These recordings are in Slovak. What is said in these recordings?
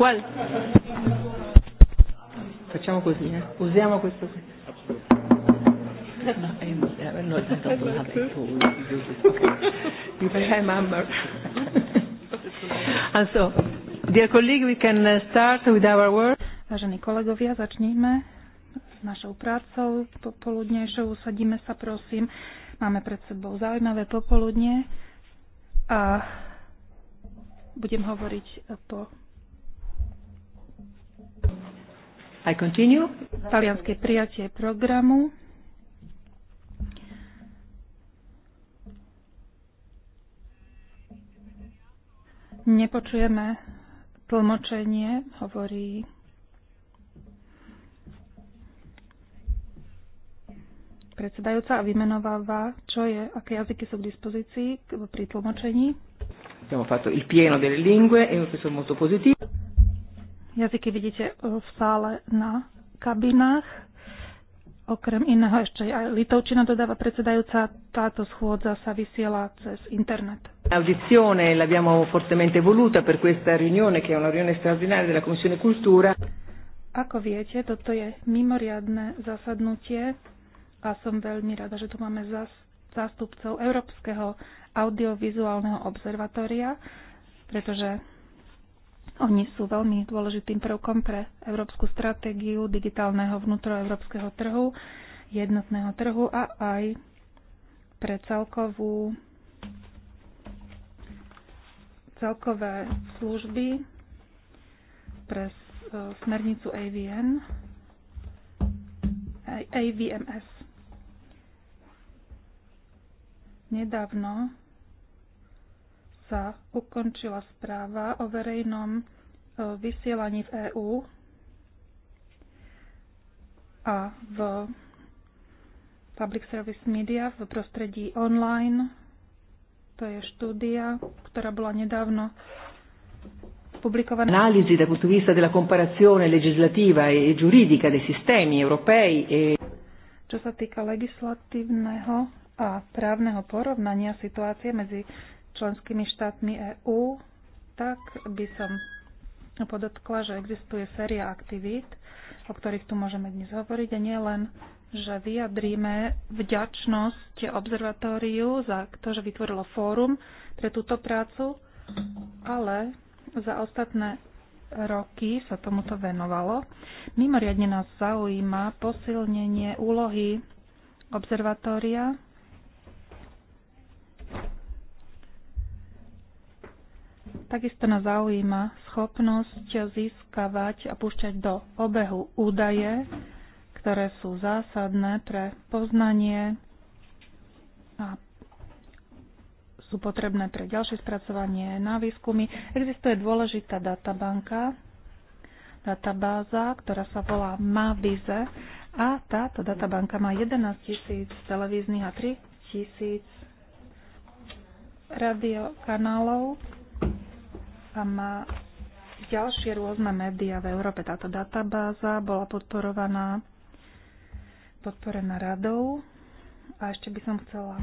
Qual? Facciamo così, eh? usiamo questo qui. Okay. You may remember. And so, eh, dear colleague, we can start with our work. Vážení kolegovia, začníme s našou prácou popoludnejšou. Usadíme sa, prosím. Máme pred sebou zaujímavé popoludne a budem hovoriť po I continue. Talianské prijatie programu. Nepočujeme tlmočenie, hovorí predsedajúca a vymenováva, čo je, aké jazyky sú k dispozícii pri tlmočení. Abbiamo fatto il pieno delle lingue e questo è molto positivo. Jazyky vidíte e, v sále na kabinách. Okrem iného ešte aj Litovčina dodáva predsedajúca. Táto schôdza sa vysiela cez internet. Audizione l'abbiamo fortemente voluta per questa riunione, che è una riunione straordinaria della Commissione Cultura. Ako viete, toto je mimoriadne zasadnutie a som veľmi rada, že tu máme zástupcov Európskeho audiovizuálneho observatória, pretože oni sú veľmi dôležitým prvkom pre európsku stratégiu digitálneho vnútroevropského trhu, jednotného trhu a aj pre celkovú celkové služby pre e, smernicu AVN, AVMS. Nedávno sa ukončila správa o verejnom e, vysielaní v EÚ a v Public Service Media v prostredí online. To je štúdia, ktorá bola nedávno Analisi dal punto di vista della comparazione legislativa e giuridica dei sistemi europei e Ciò sa tica legislatívneho a právneho porovnania situácie medzi členskými štátmi EÚ, tak by som podotkla, že existuje séria aktivít, o ktorých tu môžeme dnes hovoriť a nie len, že vyjadríme vďačnosť observatóriu za to, že vytvorilo fórum pre túto prácu, ale za ostatné roky sa tomuto venovalo. Mimoriadne nás zaujíma posilnenie úlohy observatória Takisto nás zaujíma schopnosť získavať a púšťať do obehu údaje, ktoré sú zásadné pre poznanie a sú potrebné pre ďalšie spracovanie na výskumy. Existuje dôležitá databanka, databáza, ktorá sa volá Mavize a táto databanka má 11 tisíc televíznych a 3 tisíc radiokanálov, a má ďalšie rôzne médiá v Európe. Táto databáza bola podporovaná, podporená radou. A ešte by som chcela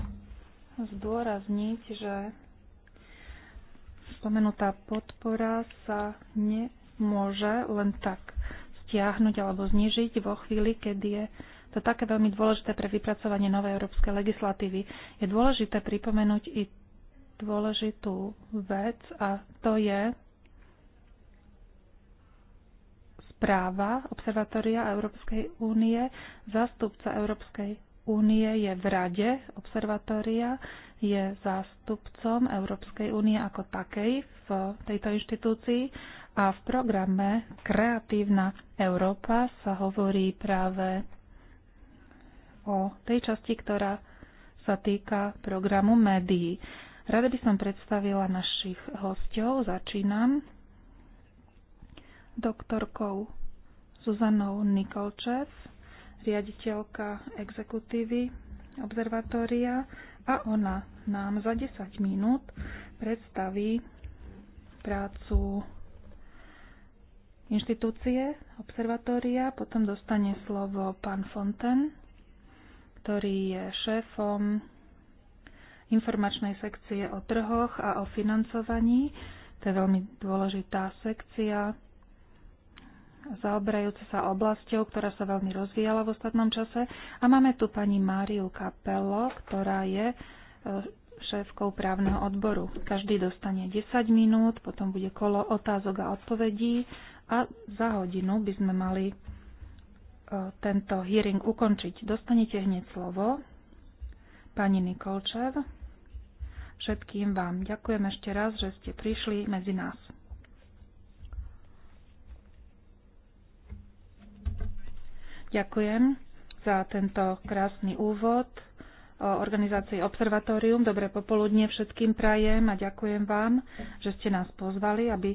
zdôrazniť, že spomenutá podpora sa nemôže len tak stiahnuť alebo znižiť vo chvíli, keď je to také veľmi dôležité pre vypracovanie novej európskej legislatívy. Je dôležité pripomenúť i dôležitú vec a to je správa Observatória Európskej únie. Zástupca Európskej únie je v rade Observatória, je zástupcom Európskej únie ako takej v tejto inštitúcii a v programe Kreatívna Európa sa hovorí práve o tej časti, ktorá sa týka programu médií. Rada by som predstavila našich hostov. Začínam doktorkou Zuzanou Nikolčev, riaditeľka exekutívy observatória a ona nám za 10 minút predstaví prácu inštitúcie observatória, potom dostane slovo pán Fonten, ktorý je šéfom informačnej sekcie o trhoch a o financovaní. To je veľmi dôležitá sekcia, zaoberajúca sa oblasťou, ktorá sa veľmi rozvíjala v ostatnom čase. A máme tu pani Máriu Kapelo, ktorá je e, šéfkou právneho odboru. Každý dostane 10 minút, potom bude kolo otázok a odpovedí a za hodinu by sme mali e, tento hearing ukončiť. Dostanete hneď slovo. Pani Nikolčev. Všetkým vám ďakujem ešte raz, že ste prišli medzi nás. Ďakujem za tento krásny úvod o organizácii Observatórium. Dobré popoludne všetkým prajem a ďakujem vám, že ste nás pozvali aby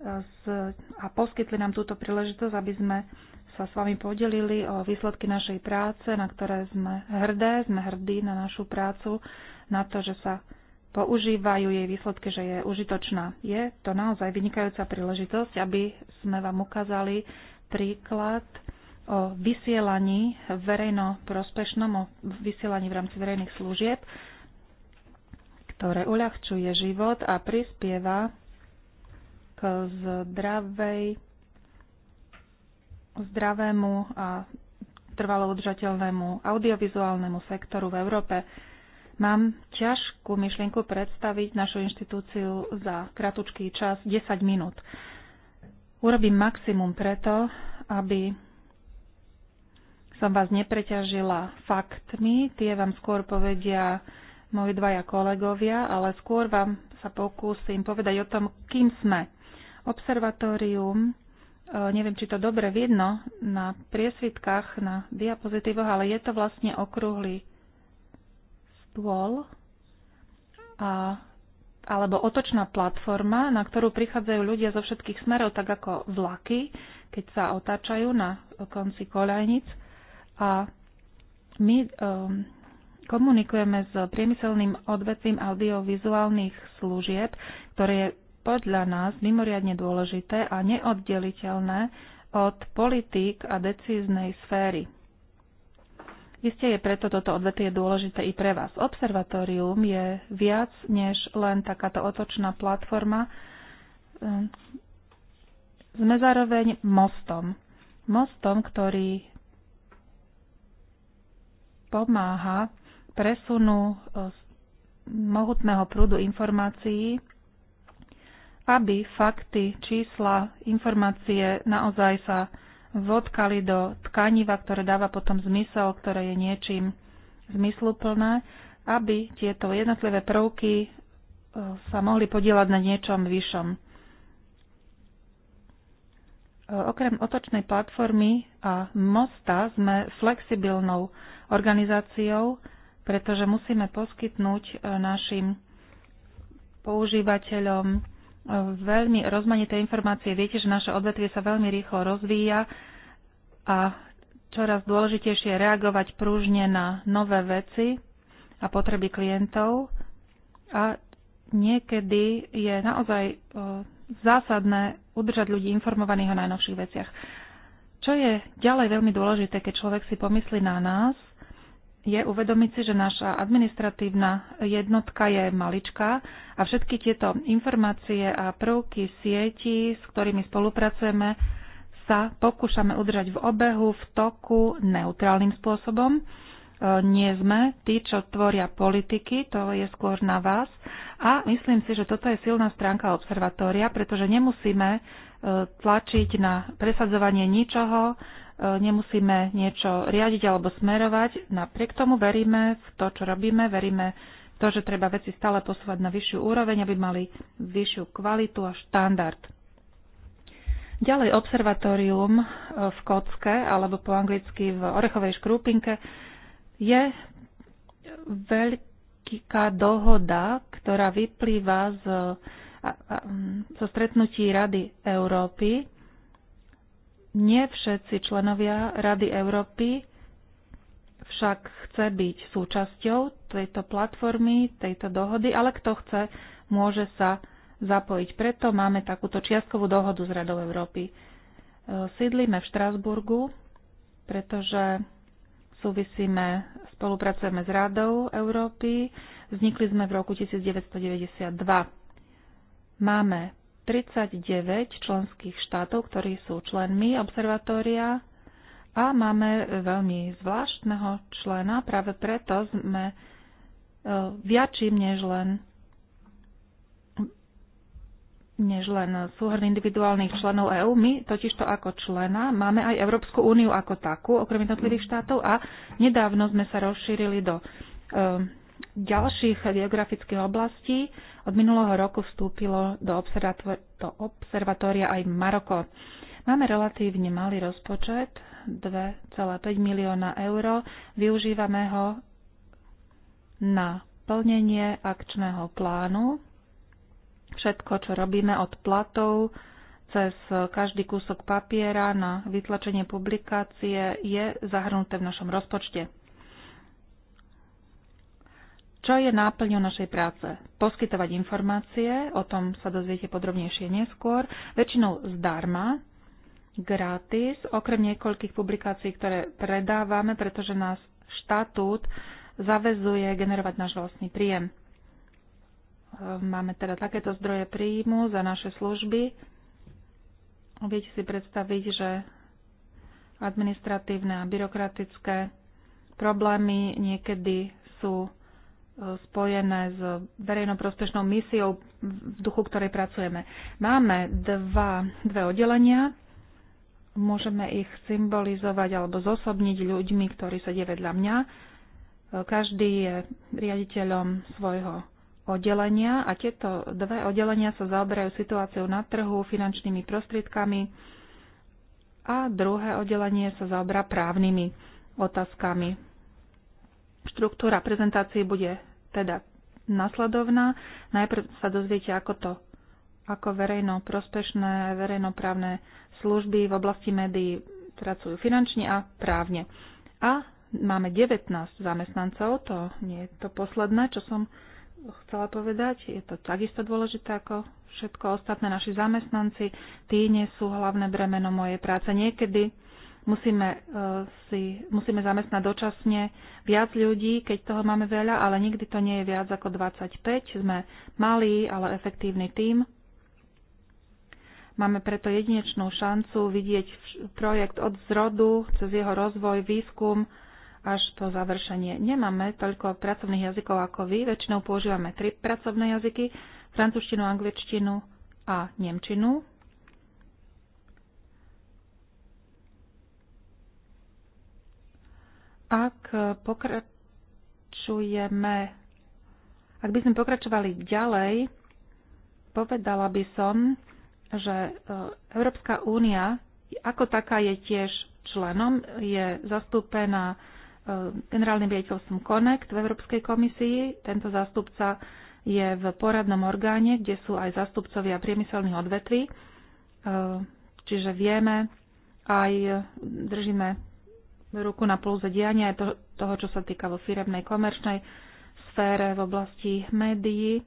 z, e, a poskytli nám túto príležitosť, aby sme sa s vami podelili o výsledky našej práce, na ktoré sme hrdé, sme hrdí na našu prácu, na to, že sa používajú jej výsledky, že je užitočná. Je to naozaj vynikajúca príležitosť, aby sme vám ukázali príklad o vysielaní verejno-prospešnom, o vysielaní v rámci verejných služieb, ktoré uľahčuje život a prispieva k zdravej, zdravému a trvalo udržateľnému audiovizuálnemu sektoru v Európe. Mám ťažkú myšlienku predstaviť našu inštitúciu za kratučký čas 10 minút. Urobím maximum preto, aby som vás nepreťažila faktmi, tie vám skôr povedia moji dvaja kolegovia, ale skôr vám sa pokúsim povedať o tom, kým sme. Observatórium, e, neviem, či to dobre vidno na priesvitkách, na diapozitívoch, ale je to vlastne okrúhly stôl a, alebo otočná platforma, na ktorú prichádzajú ľudia zo všetkých smerov, tak ako vlaky, keď sa otáčajú na konci koľajnic. A my um, komunikujeme s priemyselným odvetvím audiovizuálnych služieb, ktoré je podľa nás mimoriadne dôležité a neoddeliteľné od politík a decíznej sféry. Isté je preto toto odvetie dôležité i pre vás. Observatórium je viac než len takáto otočná platforma. Ehm, sme zároveň mostom. Mostom, ktorý pomáha presunu e, mohutného prúdu informácií, aby fakty, čísla, informácie naozaj sa vodkali do tkaniva, ktoré dáva potom zmysel, ktoré je niečím zmysluplné, aby tieto jednotlivé prvky e, sa mohli podielať na niečom vyššom. E, okrem otočnej platformy a mosta sme flexibilnou organizáciou, pretože musíme poskytnúť e, našim používateľom veľmi rozmanité informácie. Viete, že naše odvetvie sa veľmi rýchlo rozvíja a čoraz dôležitejšie reagovať prúžne na nové veci a potreby klientov a niekedy je naozaj e, zásadné udržať ľudí informovaných o najnovších veciach. Čo je ďalej veľmi dôležité, keď človek si pomyslí na nás, je uvedomiť si, že naša administratívna jednotka je maličká a všetky tieto informácie a prvky sieti, s ktorými spolupracujeme, sa pokúšame udržať v obehu, v toku, neutrálnym spôsobom. E, nie sme tí, čo tvoria politiky, to je skôr na vás. A myslím si, že toto je silná stránka observatória, pretože nemusíme e, tlačiť na presadzovanie ničoho, e, nemusíme niečo riadiť alebo smerovať. Napriek tomu veríme v to, čo robíme, veríme v to, že treba veci stále posúvať na vyššiu úroveň, aby mali vyššiu kvalitu a štandard. Ďalej observatórium e, v Kocke, alebo po anglicky v Orechovej škrupinke, je veľká dohoda, ktorá vyplýva z, zo stretnutí Rady Európy. Nie všetci členovia Rady Európy však chce byť súčasťou tejto platformy, tejto dohody, ale kto chce, môže sa zapojiť. Preto máme takúto čiastkovú dohodu s Radou Európy. E, sídlíme v Štrásburgu, pretože súvisíme, spolupracujeme s Radou Európy. Vznikli sme v roku 1992. Máme 39 členských štátov, ktorí sú členmi observatória a máme veľmi zvláštneho člena. Práve preto sme e, viačím než len než len súhrn individuálnych členov EÚ. My totižto ako člena máme aj Európsku úniu ako takú, okrem jednotlivých štátov a nedávno sme sa rozšírili do e, ďalších geografických oblastí. Od minulého roku vstúpilo do, do observatória aj Maroko. Máme relatívne malý rozpočet, 2,5 milióna eur. Využívame ho na plnenie akčného plánu Všetko, čo robíme od platov cez každý kúsok papiera na vytlačenie publikácie je zahrnuté v našom rozpočte. Čo je náplňou našej práce? Poskytovať informácie, o tom sa dozviete podrobnejšie neskôr, väčšinou zdarma, gratis, okrem niekoľkých publikácií, ktoré predávame, pretože nás štatút zavezuje generovať náš vlastný príjem. Máme teda takéto zdroje príjmu za naše služby. Viete si predstaviť, že administratívne a byrokratické problémy niekedy sú e, spojené s verejnoprospešnou misiou, v duchu ktorej pracujeme. Máme dva, dve oddelenia. Môžeme ich symbolizovať alebo zosobniť ľuďmi, ktorí sedia vedľa mňa. E, každý je riaditeľom svojho oddelenia a tieto dve oddelenia sa zaoberajú situáciou na trhu, finančnými prostriedkami a druhé oddelenie sa zaoberá právnymi otázkami. Štruktúra prezentácií bude teda nasledovná. Najprv sa dozviete, ako to ako verejno prospešné verejnoprávne služby v oblasti médií pracujú finančne a právne. A máme 19 zamestnancov, to nie je to posledné, čo som chcela povedať. Je to takisto dôležité ako všetko ostatné. Naši zamestnanci, tí nie sú hlavné bremeno mojej práce. Niekedy musíme, e, si, musíme zamestnať dočasne viac ľudí, keď toho máme veľa, ale nikdy to nie je viac ako 25. Sme malý, ale efektívny tím. Máme preto jedinečnú šancu vidieť projekt od zrodu, cez jeho rozvoj, výskum, až po završenie. Nemáme toľko pracovných jazykov ako vy, väčšinou používame tri pracovné jazyky, francúzštinu, angličtinu a nemčinu. Ak pokračujeme, ak by sme pokračovali ďalej, povedala by som, že e, Európska únia ako taká je tiež členom, je zastúpená generálnym riaditeľstvom Connect v Európskej komisii. Tento zástupca je v poradnom orgáne, kde sú aj zástupcovia priemyselných odvetví. E, čiže vieme aj držíme ruku na pulze diania aj toho, čo sa týka vo firemnej komerčnej sfére, v oblasti médií.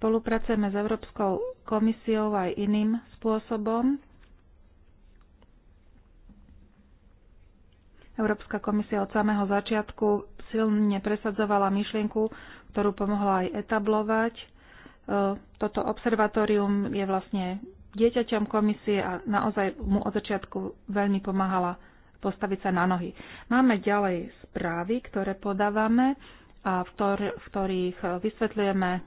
Spolupracujeme s Európskou komisiou aj iným spôsobom Európska komisia od samého začiatku silne presadzovala myšlienku, ktorú pomohla aj etablovať. E, toto observatórium je vlastne dieťaťom komisie a naozaj mu od začiatku veľmi pomáhala postaviť sa na nohy. Máme ďalej správy, ktoré podávame a v, ktor- v ktorých vysvetľujeme, e,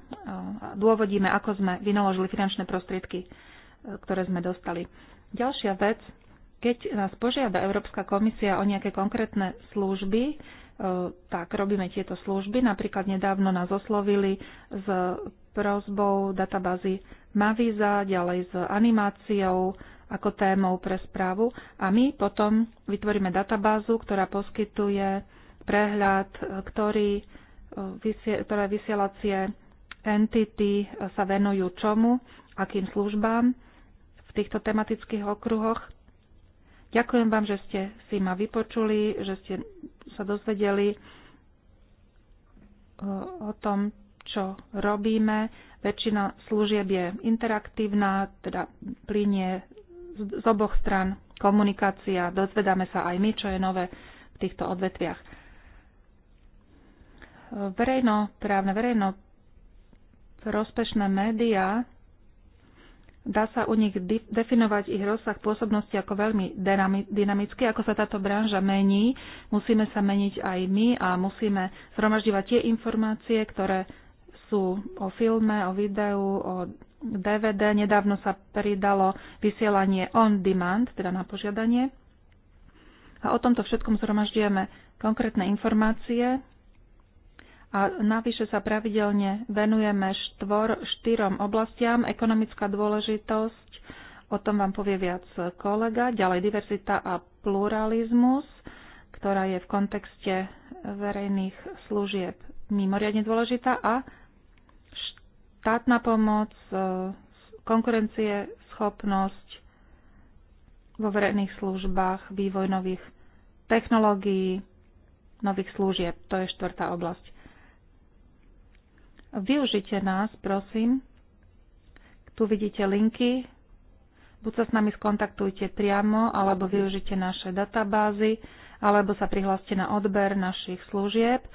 dôvodíme, ako sme vynaložili finančné prostriedky, e, ktoré sme dostali. Ďalšia vec, keď nás požiada Európska komisia o nejaké konkrétne služby, e, tak robíme tieto služby. Napríklad nedávno nás oslovili s prozbou databázy Maviza, ďalej s animáciou ako témou pre správu a my potom vytvoríme databázu, ktorá poskytuje prehľad, ktorý, e, ktoré vysielacie entity sa venujú čomu, akým službám v týchto tematických okruhoch Ďakujem vám, že ste si ma vypočuli, že ste sa dozvedeli e, o tom, čo robíme. Väčšina služieb je interaktívna, teda plinie z oboch stran komunikácia. Dozvedáme sa aj my, čo je nové v týchto odvetviach. Verejno, právne verejno prospešné médiá Dá sa u nich definovať ich rozsah pôsobnosti ako veľmi dynamický. Ako sa táto branža mení, musíme sa meniť aj my a musíme zhromažďovať tie informácie, ktoré sú o filme, o videu, o DVD. Nedávno sa pridalo vysielanie on demand, teda na požiadanie. A o tomto všetkom zhromažďujeme konkrétne informácie, a navyše sa pravidelne venujeme štvor, štyrom oblastiam. Ekonomická dôležitosť, o tom vám povie viac kolega. Ďalej diverzita a pluralizmus, ktorá je v kontexte verejných služieb mimoriadne dôležitá. A štátna pomoc, e, konkurencie, schopnosť vo verejných službách, vývoj nových technológií, nových služieb. To je štvrtá oblasť. Využite nás, prosím. Tu vidíte linky. Buď sa s nami skontaktujte priamo, alebo využite naše databázy, alebo sa prihláste na odber našich služieb. E,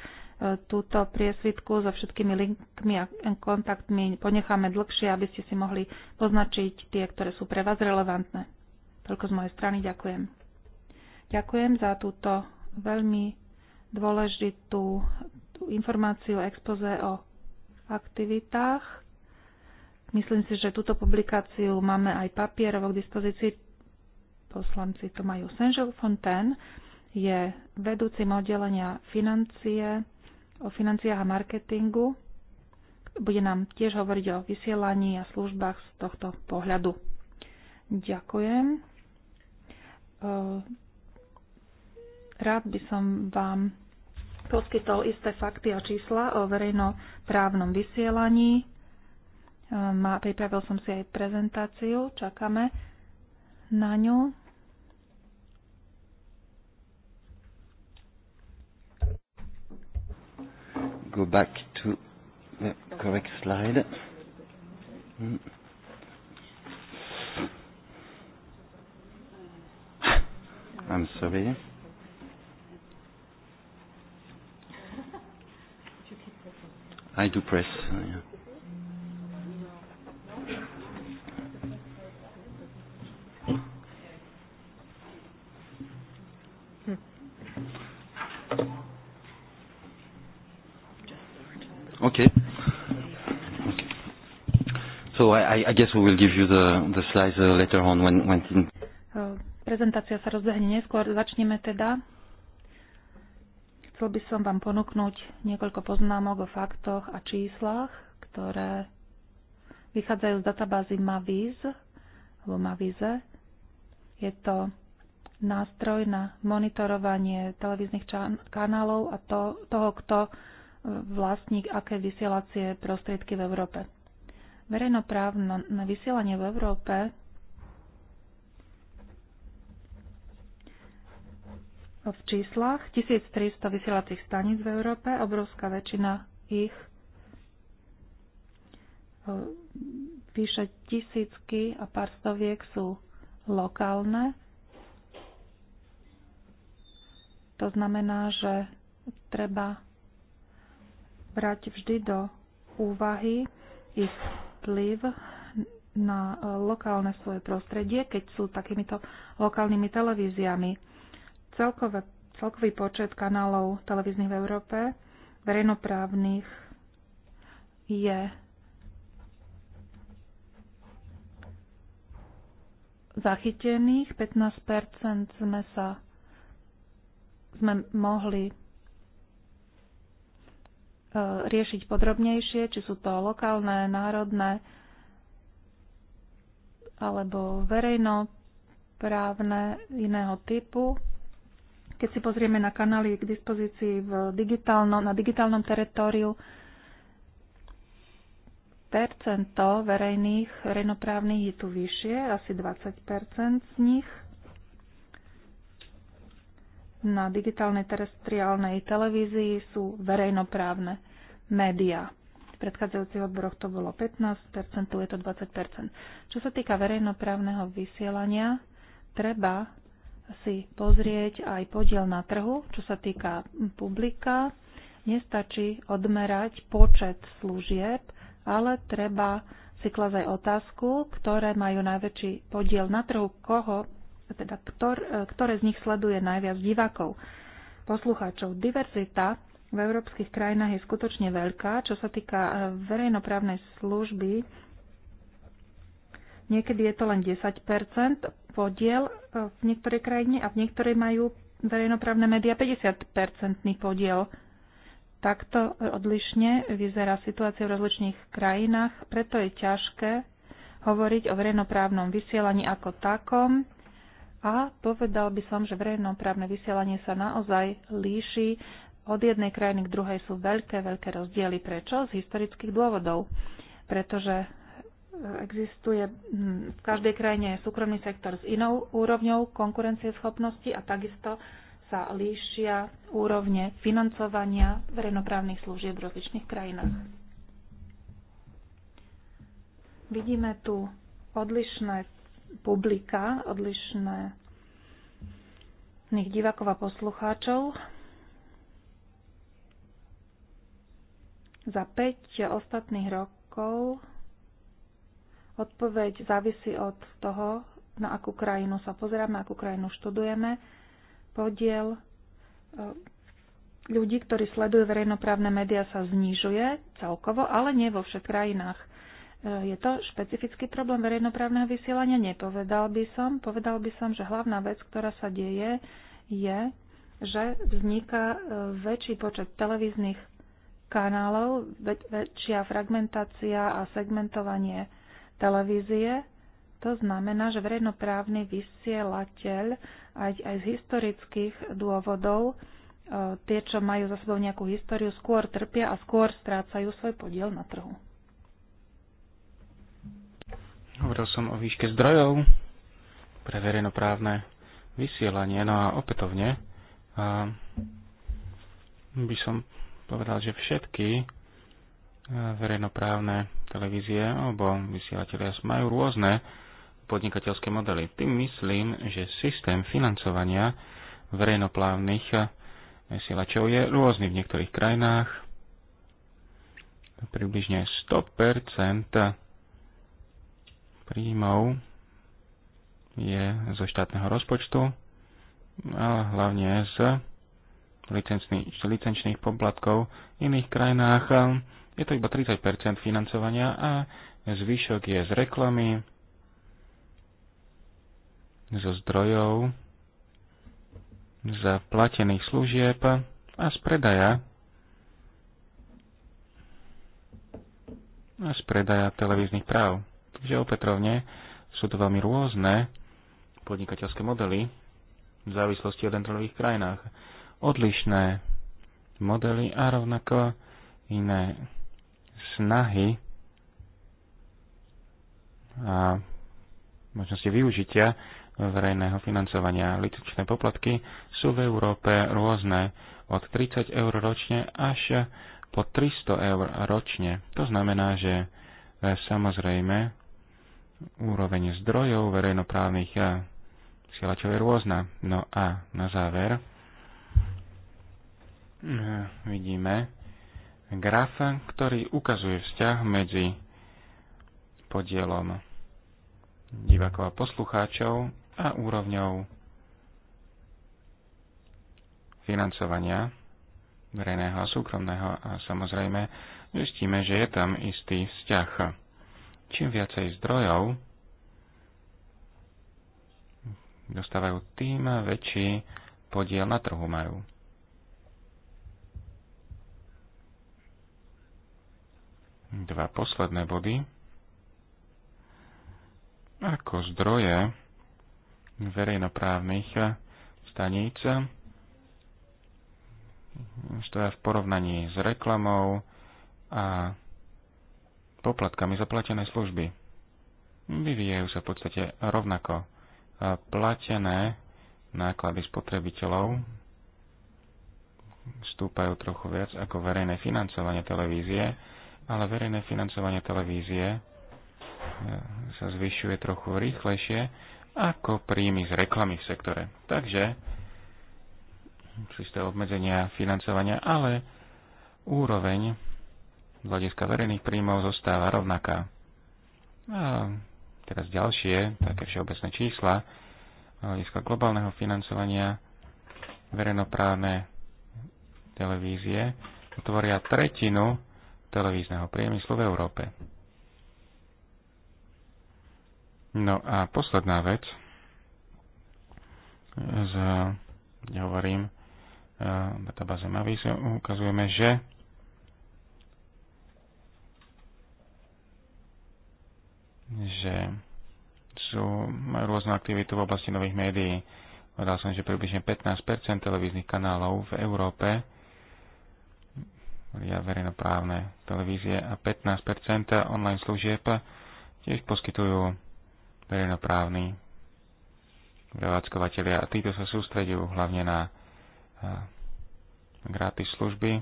túto priesvitku so všetkými linkmi a kontaktmi ponecháme dlhšie, aby ste si mohli poznačiť tie, ktoré sú pre vás relevantné. Toľko z mojej strany. Ďakujem. Ďakujem za túto veľmi dôležitú informáciu expoze o aktivitách. Myslím si, že túto publikáciu máme aj papierovo k dispozícii. Poslanci to majú. Senžel Fonten je vedúcim oddelenia financie, o financiách a marketingu. Bude nám tiež hovoriť o vysielaní a službách z tohto pohľadu. Ďakujem ehm, rád by som vám poskytol isté fakty a čísla o verejnoprávnom vysielaní. E, pripravil som si aj prezentáciu, čakáme na ňu. Go back to the correct slide. Hmm. I'm sorry. I do press. Uh, yeah. Okay. okay. So I, I guess we will give you the, the slides uh, later on when, when in... Uh, prezentácia sa rozbehne neskôr. Začneme teda Chcel by som vám ponúknuť niekoľko poznámok o faktoch a číslach, ktoré vychádzajú z databázy Maviz, alebo Mavize. Je to nástroj na monitorovanie televíznych kanálov a to, toho, kto e, vlastník aké vysielacie prostriedky v Európe. Verejnoprávne vysielanie v Európe v číslach 1300 vysielacích staníc v Európe, obrovská väčšina ich e, vyše tisícky a pár stoviek sú lokálne. To znamená, že treba brať vždy do úvahy ich vplyv na lokálne svoje prostredie, keď sú takýmito lokálnymi televíziami Celkové, celkový počet kanálov televíznych v Európe, verejnoprávnych, je 15% sme sa sme mohli e, riešiť podrobnejšie, či sú to lokálne, národné alebo verejnoprávne iného typu. Keď si pozrieme na kanály k dispozícii v digitálno, na digitálnom teritóriu, percento verejných renoprávnych je tu vyššie, asi 20 z nich. Na digitálnej terestriálnej televízii sú verejnoprávne médiá. V predchádzajúcich odboroch to bolo 15 tu je to 20 Čo sa týka verejnoprávneho vysielania, treba si pozrieť aj podiel na trhu, čo sa týka publika. Nestačí odmerať počet služieb, ale treba si klasť aj otázku, ktoré majú najväčší podiel na trhu, koho, teda ktor, ktoré z nich sleduje najviac divákov, poslucháčov. Diverzita v európskych krajinách je skutočne veľká. Čo sa týka e, verejnoprávnej služby, niekedy je to len 10 podiel e, v niektorej krajine a v niektorej majú verejnoprávne médiá 50-percentný podiel. Takto e, odlišne vyzerá situácia v rozličných krajinách, preto je ťažké hovoriť o verejnoprávnom vysielaní ako takom a povedal by som, že verejnoprávne vysielanie sa naozaj líši od jednej krajiny k druhej sú veľké, veľké rozdiely. Prečo? Z historických dôvodov. Pretože existuje hm, v každej krajine súkromný sektor s inou úrovňou konkurencieschopnosti a takisto sa líšia úrovne financovania verejnoprávnych služieb v rozličných krajinách. Vidíme tu odlišné publika, odlišné divákov a poslucháčov. Za 5 ostatných rokov Odpoveď závisí od toho, na akú krajinu sa pozeráme, akú krajinu študujeme. Podiel e, ľudí, ktorí sledujú verejnoprávne médiá, sa znižuje celkovo, ale nie vo všetkých krajinách. E, je to špecifický problém verejnoprávneho vysielania? Nepovedal by som. Povedal by som, že hlavná vec, ktorá sa deje, je, že vzniká e, väčší počet televíznych kanálov, väčšia fragmentácia a segmentovanie televízie. To znamená, že verejnoprávny vysielateľ aj, aj z historických dôvodov, e, tie, čo majú za sebou nejakú históriu, skôr trpia a skôr strácajú svoj podiel na trhu. Hovoril som o výške zdrojov pre verejnoprávne vysielanie. No a opätovne a by som povedal, že všetky verejnoprávne televízie alebo vysielatelia majú rôzne podnikateľské modely. Tým myslím, že systém financovania verejnoprávnych vysielačov je rôzny v niektorých krajinách. Približne 100% príjmov je zo štátneho rozpočtu, ale hlavne z licenčných poplatkov v iných krajinách je to iba 30 financovania a zvyšok je z reklamy, zo zdrojov, za platených služieb a z predaja a z predaja televíznych práv. Takže opätovne sú to veľmi rôzne podnikateľské modely v závislosti od jednotlivých krajinách. Odlišné modely a rovnako iné snahy a možnosti využitia verejného financovania. Licenčné poplatky sú v Európe rôzne od 30 eur ročne až po 300 eur ročne. To znamená, že e, samozrejme úroveň zdrojov verejnoprávnych e, vysielačov je rôzna. No a na záver e, vidíme, graf, ktorý ukazuje vzťah medzi podielom divákov a poslucháčov a úrovňou financovania verejného a súkromného a samozrejme zistíme, že je tam istý vzťah. Čím viacej zdrojov dostávajú, tým väčší podiel na trhu majú. dva posledné body ako zdroje verejnoprávnych staníc stoja v porovnaní s reklamou a poplatkami zaplatené služby. Vyvíjajú sa v podstate rovnako. Platené náklady spotrebiteľov stúpajú trochu viac ako verejné financovanie televízie, ale verejné financovanie televízie e, sa zvyšuje trochu rýchlejšie ako príjmy z reklamy v sektore. Takže čisté obmedzenia financovania, ale úroveň z hľadiska verejných príjmov zostáva rovnaká. A teraz ďalšie, také všeobecné čísla, z hľadiska globálneho financovania verejnoprávne televízie tvoria tretinu televízneho priemyslu v Európe. No a posledná vec, z, hovorím, eh, databáze Mavis, ukazujeme, že že sú, majú rôznu aktivitu v oblasti nových médií. Povedal som, že približne 15% televíznych kanálov v Európe médiá verejnoprávne televízie a 15 online služieb tiež poskytujú verejnoprávni prevádzkovateľia a títo sa sústredujú hlavne na gratis služby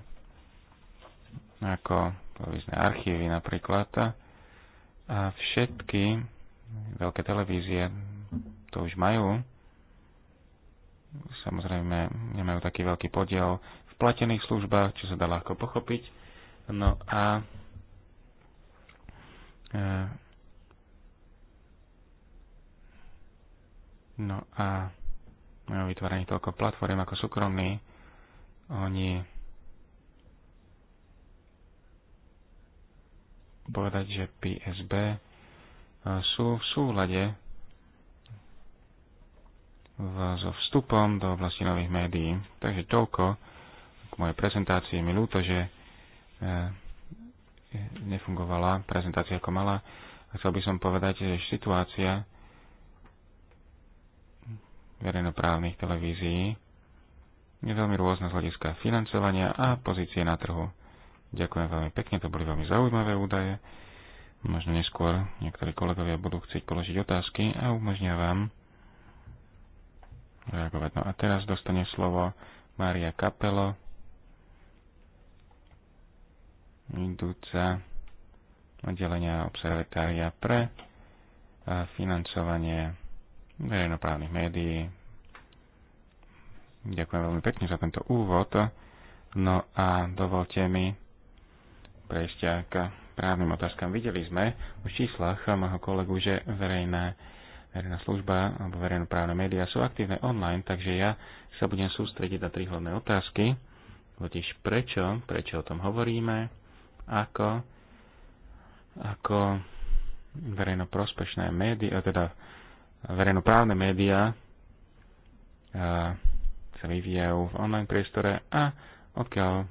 ako televízne archívy napríklad a všetky veľké televízie to už majú samozrejme nemajú taký veľký podiel platených službách, čo sa dá ľahko pochopiť. No a e, no a no, vytvorení toľko platform ako súkromní, oni povedať, že PSB e, sú v súlade v, so vstupom do oblasti nových médií. Takže toľko mojej prezentácii. Mi ľúto, že e, nefungovala prezentácia ako mala. Chcel by som povedať, že situácia verejnoprávnych televízií je veľmi rôzna z hľadiska financovania a pozície na trhu. Ďakujem veľmi pekne, to boli veľmi zaujímavé údaje. Možno neskôr niektorí kolegovia budú chcieť položiť otázky a umožňujem vám reagovať. No a teraz dostane slovo Mária Kapelo, idúca oddelenia observatária pre financovanie verejnoprávnych médií. Ďakujem veľmi pekne za tento úvod. No a dovolte mi prejsť k právnym otázkam. Videli sme v číslach môjho kolegu, že verejná, verejná služba alebo verejnoprávne médiá sú aktívne online, takže ja sa budem sústrediť na tri hlavné otázky, totiž prečo, prečo o tom hovoríme, ako, ako verejnoprospešné médiá, eh, teda verejnoprávne médiá eh, sa vyvíjajú v online priestore a odkiaľ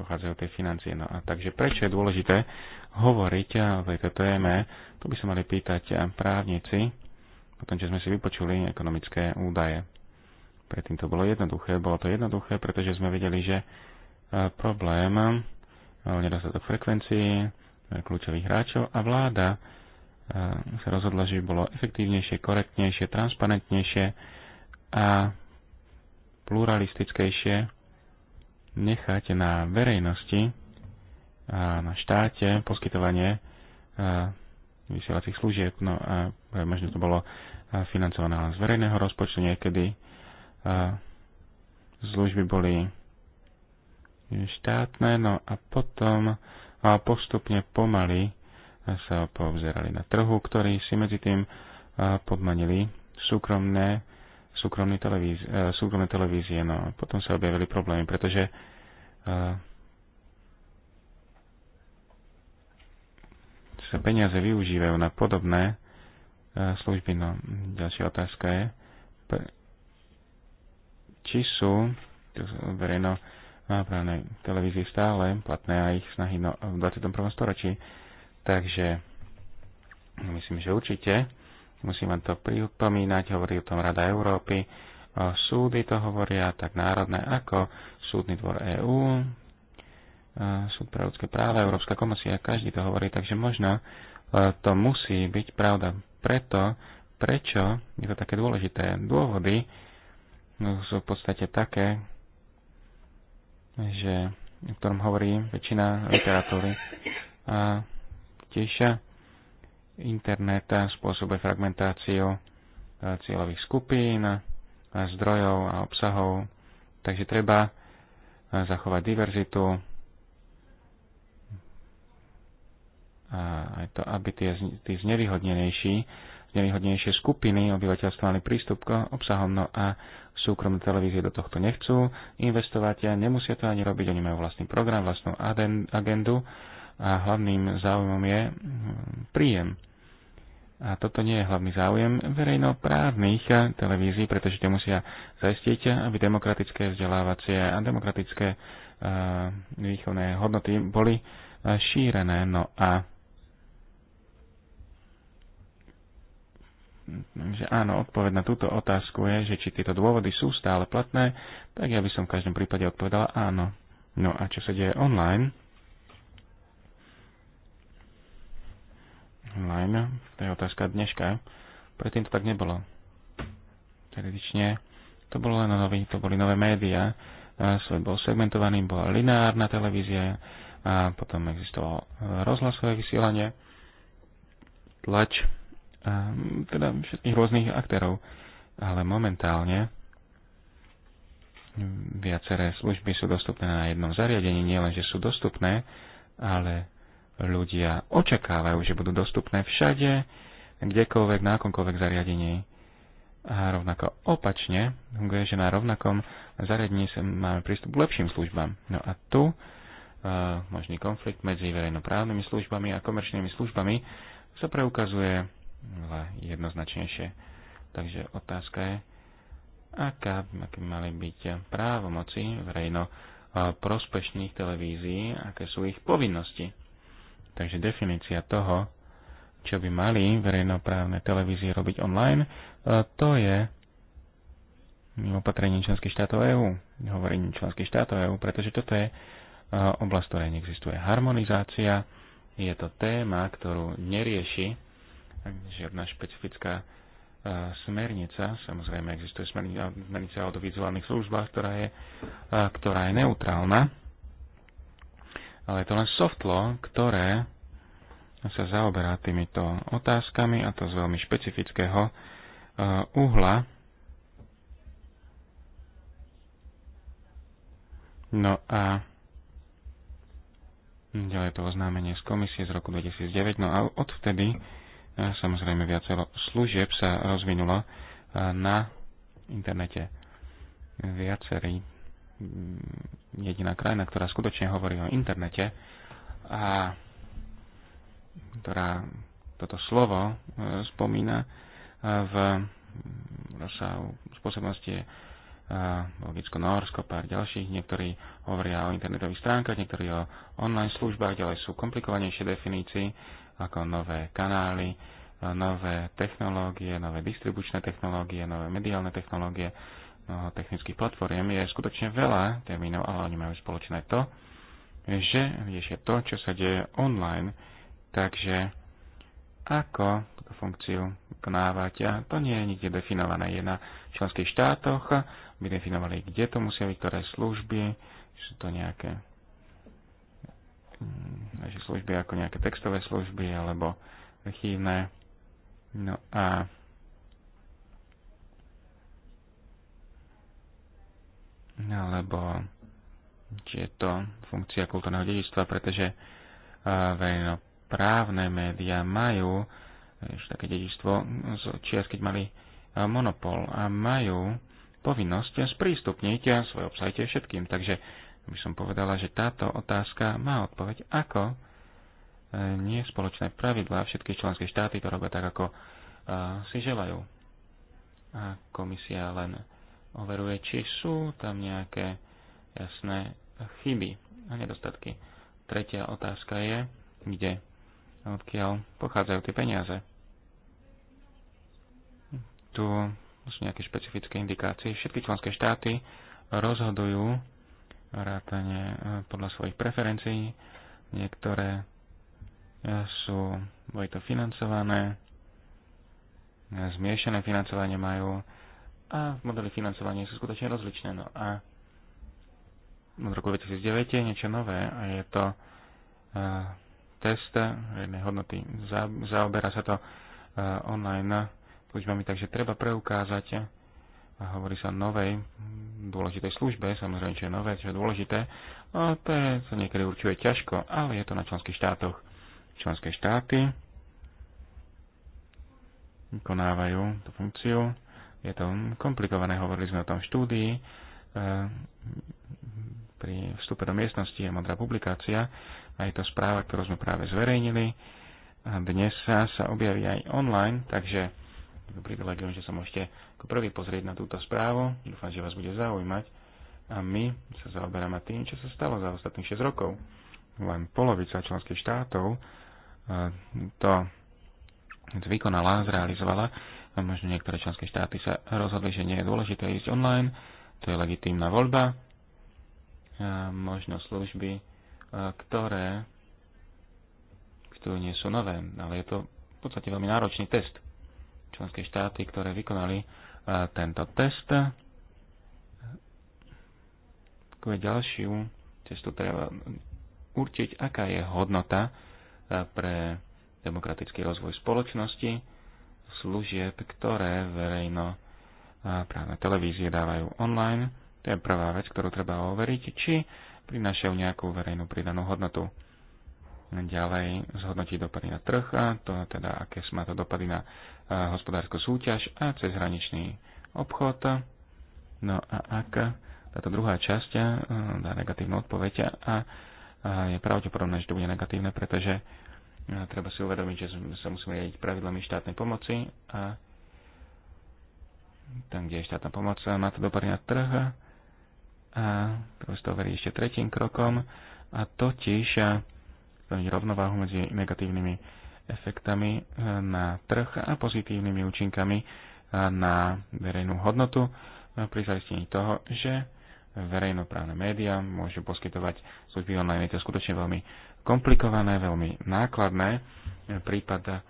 pochádzajú tie financie. No a takže prečo je dôležité hovoriť o tejto téme, to by sa mali pýtať právnici, potom čo sme si vypočuli ekonomické údaje. Predtým to bolo jednoduché, bolo to jednoduché, pretože sme vedeli, že eh, problém nedostatok frekvencií kľúčových hráčov a vláda eh, sa rozhodla, že by bolo efektívnejšie, korektnejšie, transparentnejšie a pluralistickejšie nechať na verejnosti a na štáte poskytovanie eh, vysielacích služieb. No a možno to bolo eh, financované z verejného rozpočtu niekedy. Služby boli štátne, no a potom a postupne pomaly sa povzerali na trhu, ktorý si medzi tým podmanili súkromné, súkromné, televízie, súkromné televízie. No a potom sa objavili problémy, pretože sa peniaze využívajú na podobné služby. No, ďalšia otázka je, či sú verejno právnej televízii stále platné a ich snahy no, v 21. storočí. Takže myslím, že určite musím vám to pripomínať, hovorí o tom Rada Európy, o súdy to hovoria tak národné ako Súdny dvor EÚ, Súd pre ľudské práva, Európska komisia, každý to hovorí, takže možno to musí byť pravda. Preto, prečo je to také dôležité? Dôvody no, sú v podstate také, že, o ktorom hovorí väčšina literatúry. A tiež internet spôsobuje fragmentáciu e, cieľových skupín, a zdrojov a obsahov, takže treba e, zachovať diverzitu a aj to, aby tie, tí znevýhodnenejší nevýhodnejšie skupiny obyvateľstva mali prístup k obsahom, no a súkromné televízie do tohto nechcú investovať a nemusia to ani robiť, oni majú vlastný program, vlastnú agendu a hlavným záujmom je hm, príjem. A toto nie je hlavný záujem verejnoprávnych televízií, pretože tie musia zaistiť, aby demokratické vzdelávacie a demokratické uh, výchovné hodnoty boli eh, šírené. No a že áno, odpoveď na túto otázku je, že či tieto dôvody sú stále platné, tak ja by som v každom prípade odpovedala áno. No a čo sa deje online? Online, to je otázka dneška. Predtým to tak nebolo. Tradične to, bolo len nový, to boli nové médiá, svet bol segmentovaný, bola lineárna televízia, a potom existovalo rozhlasové vysielanie, tlač, Ehm, teda všetkých rôznych aktérov. Ale momentálne viaceré služby sú dostupné na jednom zariadení, nielen, že sú dostupné, ale ľudia očakávajú, že budú dostupné všade, kdekoľvek, na akomkoľvek zariadení. A rovnako opačne funguje, že na rovnakom zariadení máme prístup k lepším službám. No a tu e, možný konflikt medzi verejnoprávnymi službami a komerčnými službami sa preukazuje oveľa jednoznačnejšie. Takže otázka je, aká, aké mali byť právomoci verejno prospešných televízií, aké sú ich povinnosti. Takže definícia toho, čo by mali verejnoprávne televízie robiť online, to je opatrenie členských štátov EÚ, hovorím členských štátov EÚ, pretože toto je oblasť, ktorej neexistuje harmonizácia, je to téma, ktorú nerieši žiadna špecifická e, smernica, samozrejme existuje smernica o vizuálnych službách, ktorá je, e, ktorá je neutrálna, ale je to len softlo, ktoré sa zaoberá týmito otázkami a to z veľmi špecifického e, uhla. No a ďalej to oznámenie z komisie z roku 2009, no a odvtedy Samozrejme, viacero služieb sa rozvinulo e, na internete. Viacerí, mm, jediná krajina, ktorá skutočne hovorí o internete a ktorá toto slovo e, spomína e, v mm, rozsahu spôsobnosti logicko Norsko, pár ďalších. Niektorí hovoria o internetových stránkach, niektorí o online službách, ďalej sú komplikovanejšie definície ako nové kanály, nové technológie, nové distribučné technológie, nové mediálne technológie, mnoho technických platform je skutočne veľa termínov, ale oni majú spoločné to, že riešia to, čo sa deje online, takže ako túto funkciu vykonávať, a to nie je nikde definované. Je na členských štátoch, by definovali, kde to musia byť, ktoré služby, sú to nejaké naše služby ako nejaké textové služby alebo archívne. No a alebo či je to funkcia kultúrneho dedičstva, pretože verejnoprávne médiá majú také dedičstvo či čias, keď mali monopol a majú povinnosť sprístupniť svoje obsahy všetkým. Takže by som povedala, že táto otázka má odpoveď, ako e, nie spoločné pravidlá všetky členské štáty to robia tak, ako e, si želajú. A komisia len overuje, či sú tam nejaké jasné chyby a nedostatky. Tretia otázka je, kde, odkiaľ pochádzajú tie peniaze. Tu sú nejaké špecifické indikácie. Všetky členské štáty rozhodujú rátane e, podľa svojich preferencií. Niektoré e, sú, boli to financované, e, zmiešané financovanie majú a modely financovania sú skutočne rozličné. No a od roku 2009 je niečo nové a je to test jednej hodnoty. Zaoberá sa to online službami, takže treba preukázať, a hovorí sa o novej dôležitej službe, samozrejme, čo je nové, čo je dôležité, no, to je, sa niekedy určuje ťažko, ale je to na členských štátoch. Členské štáty vykonávajú tú funkciu. Je to komplikované, hovorili sme o tom v štúdii. E, pri vstupe do miestnosti je modrá publikácia a je to správa, ktorú sme práve zverejnili. A dnes sa, sa objaví aj online, takže privilegium, že sa môžete ako prvý pozrieť na túto správu. Dúfam, že vás bude zaujímať. A my sa zaoberáme tým, čo sa stalo za ostatných 6 rokov. Len polovica členských štátov e, to vykonala, zrealizovala. A možno niektoré členské štáty sa rozhodli, že nie je dôležité ísť online. To je legitímna voľba. A možno služby, e, ktoré, tu nie sú nové, ale je to v podstate veľmi náročný test. Členské štáty, ktoré vykonali tento test. Takú ďalšiu cestu treba určiť, aká je hodnota e, pre demokratický rozvoj spoločnosti, služieb, ktoré verejno e, právne televízie dávajú online. To je prvá vec, ktorú treba overiť, či prinášajú nejakú verejnú pridanú hodnotu ďalej zhodnotiť dopady na trh, a to teda, aké má to dopady na hospodárskú súťaž a cezhraničný obchod. No a ak táto druhá časť dá negatívnu odpoveď a je pravdepodobné, že to bude negatívne, pretože treba si uvedomiť, že sa musíme riadiť pravidlami štátnej pomoci a tam, kde je štátna pomoc, má to dopady na trh a to verí ešte tretím krokom a totiž nastaviť rovnováhu medzi negatívnymi efektami eh, na trh a pozitívnymi účinkami eh, na verejnú hodnotu eh, pri zaistení toho, že verejnoprávne médiá môžu poskytovať služby online. Je to skutočne veľmi komplikované, veľmi nákladné. Prípad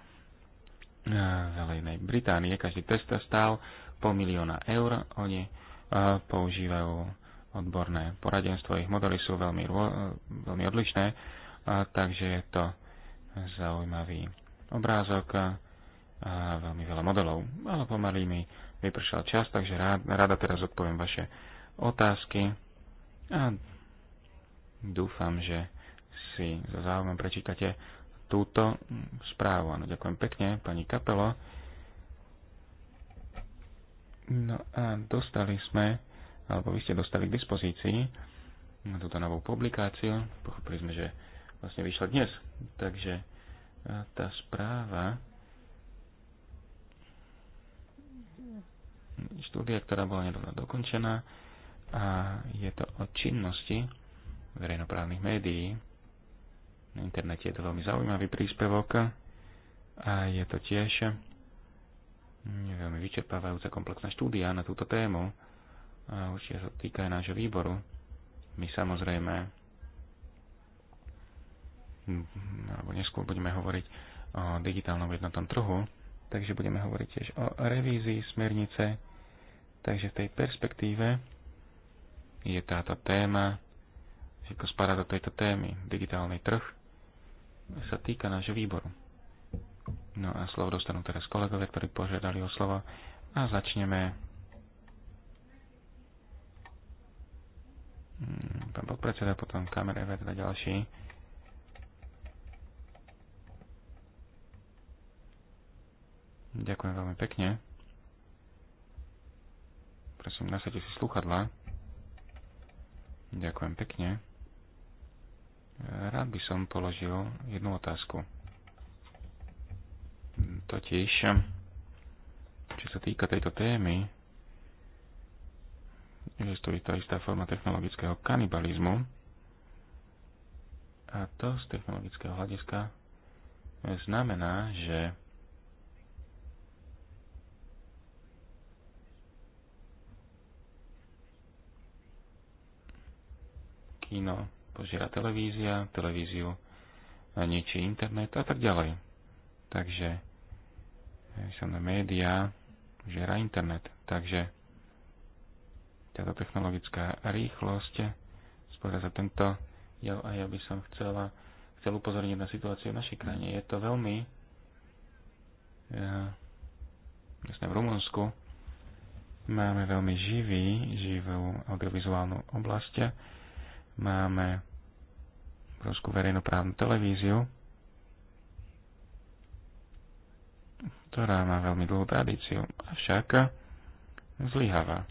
Veľejnej Británie, každý test stál pol milióna eur. Oni používajú odborné poradenstvo, ich modely sú veľmi, veľmi odlišné a, takže je to zaujímavý obrázok a, a veľmi veľa modelov. Ale pomaly mi vypršal čas, takže rád, rada teraz odpoviem vaše otázky a dúfam, že si za záujem prečítate túto správu. Ano, ďakujem pekne, pani Kapelo. No a dostali sme, alebo vy ste dostali k dispozícii túto novú publikáciu. Pochopili sme, že vlastne vyšla dnes. Takže e, tá správa štúdia, ktorá bola nedávno dokončená a je to o činnosti verejnoprávnych médií. Na internete je to veľmi zaujímavý príspevok a je to tiež veľmi vyčerpávajúca komplexná štúdia na túto tému a určite sa týka aj nášho výboru. My samozrejme alebo neskôr budeme hovoriť o digitálnom jednotnom trhu, takže budeme hovoriť tiež o revízii smernice. Takže v tej perspektíve je táto téma, všetko spadá do tejto témy, digitálny trh, sa týka nášho výboru. No a slovo dostanú teraz kolegovia, ktorí požiadali o slovo a začneme hmm, pán podpredseda, potom kamera a ďalší. Ďakujem veľmi pekne. Prosím, nasadte si sluchadla. Ďakujem pekne. Rád by som položil jednu otázku. Totiž, čo sa týka tejto témy, že stojí tá istá forma technologického kanibalizmu a to z technologického hľadiska znamená, že kino požiera televízia, televíziu eh, niečí internet a tak ďalej. Takže eh, na médiá žiera internet. Takže táto technologická rýchlosť eh, spoja za tento jav a ja by som chcela chcel upozorniť na situáciu v našej krajine. Je to veľmi ja, v Rumunsku máme veľmi živý, živú audiovizuálnu oblasť Máme obrovskú verejnoprávnu televíziu, ktorá má veľmi dlhú tradíciu, avšak zlyháva.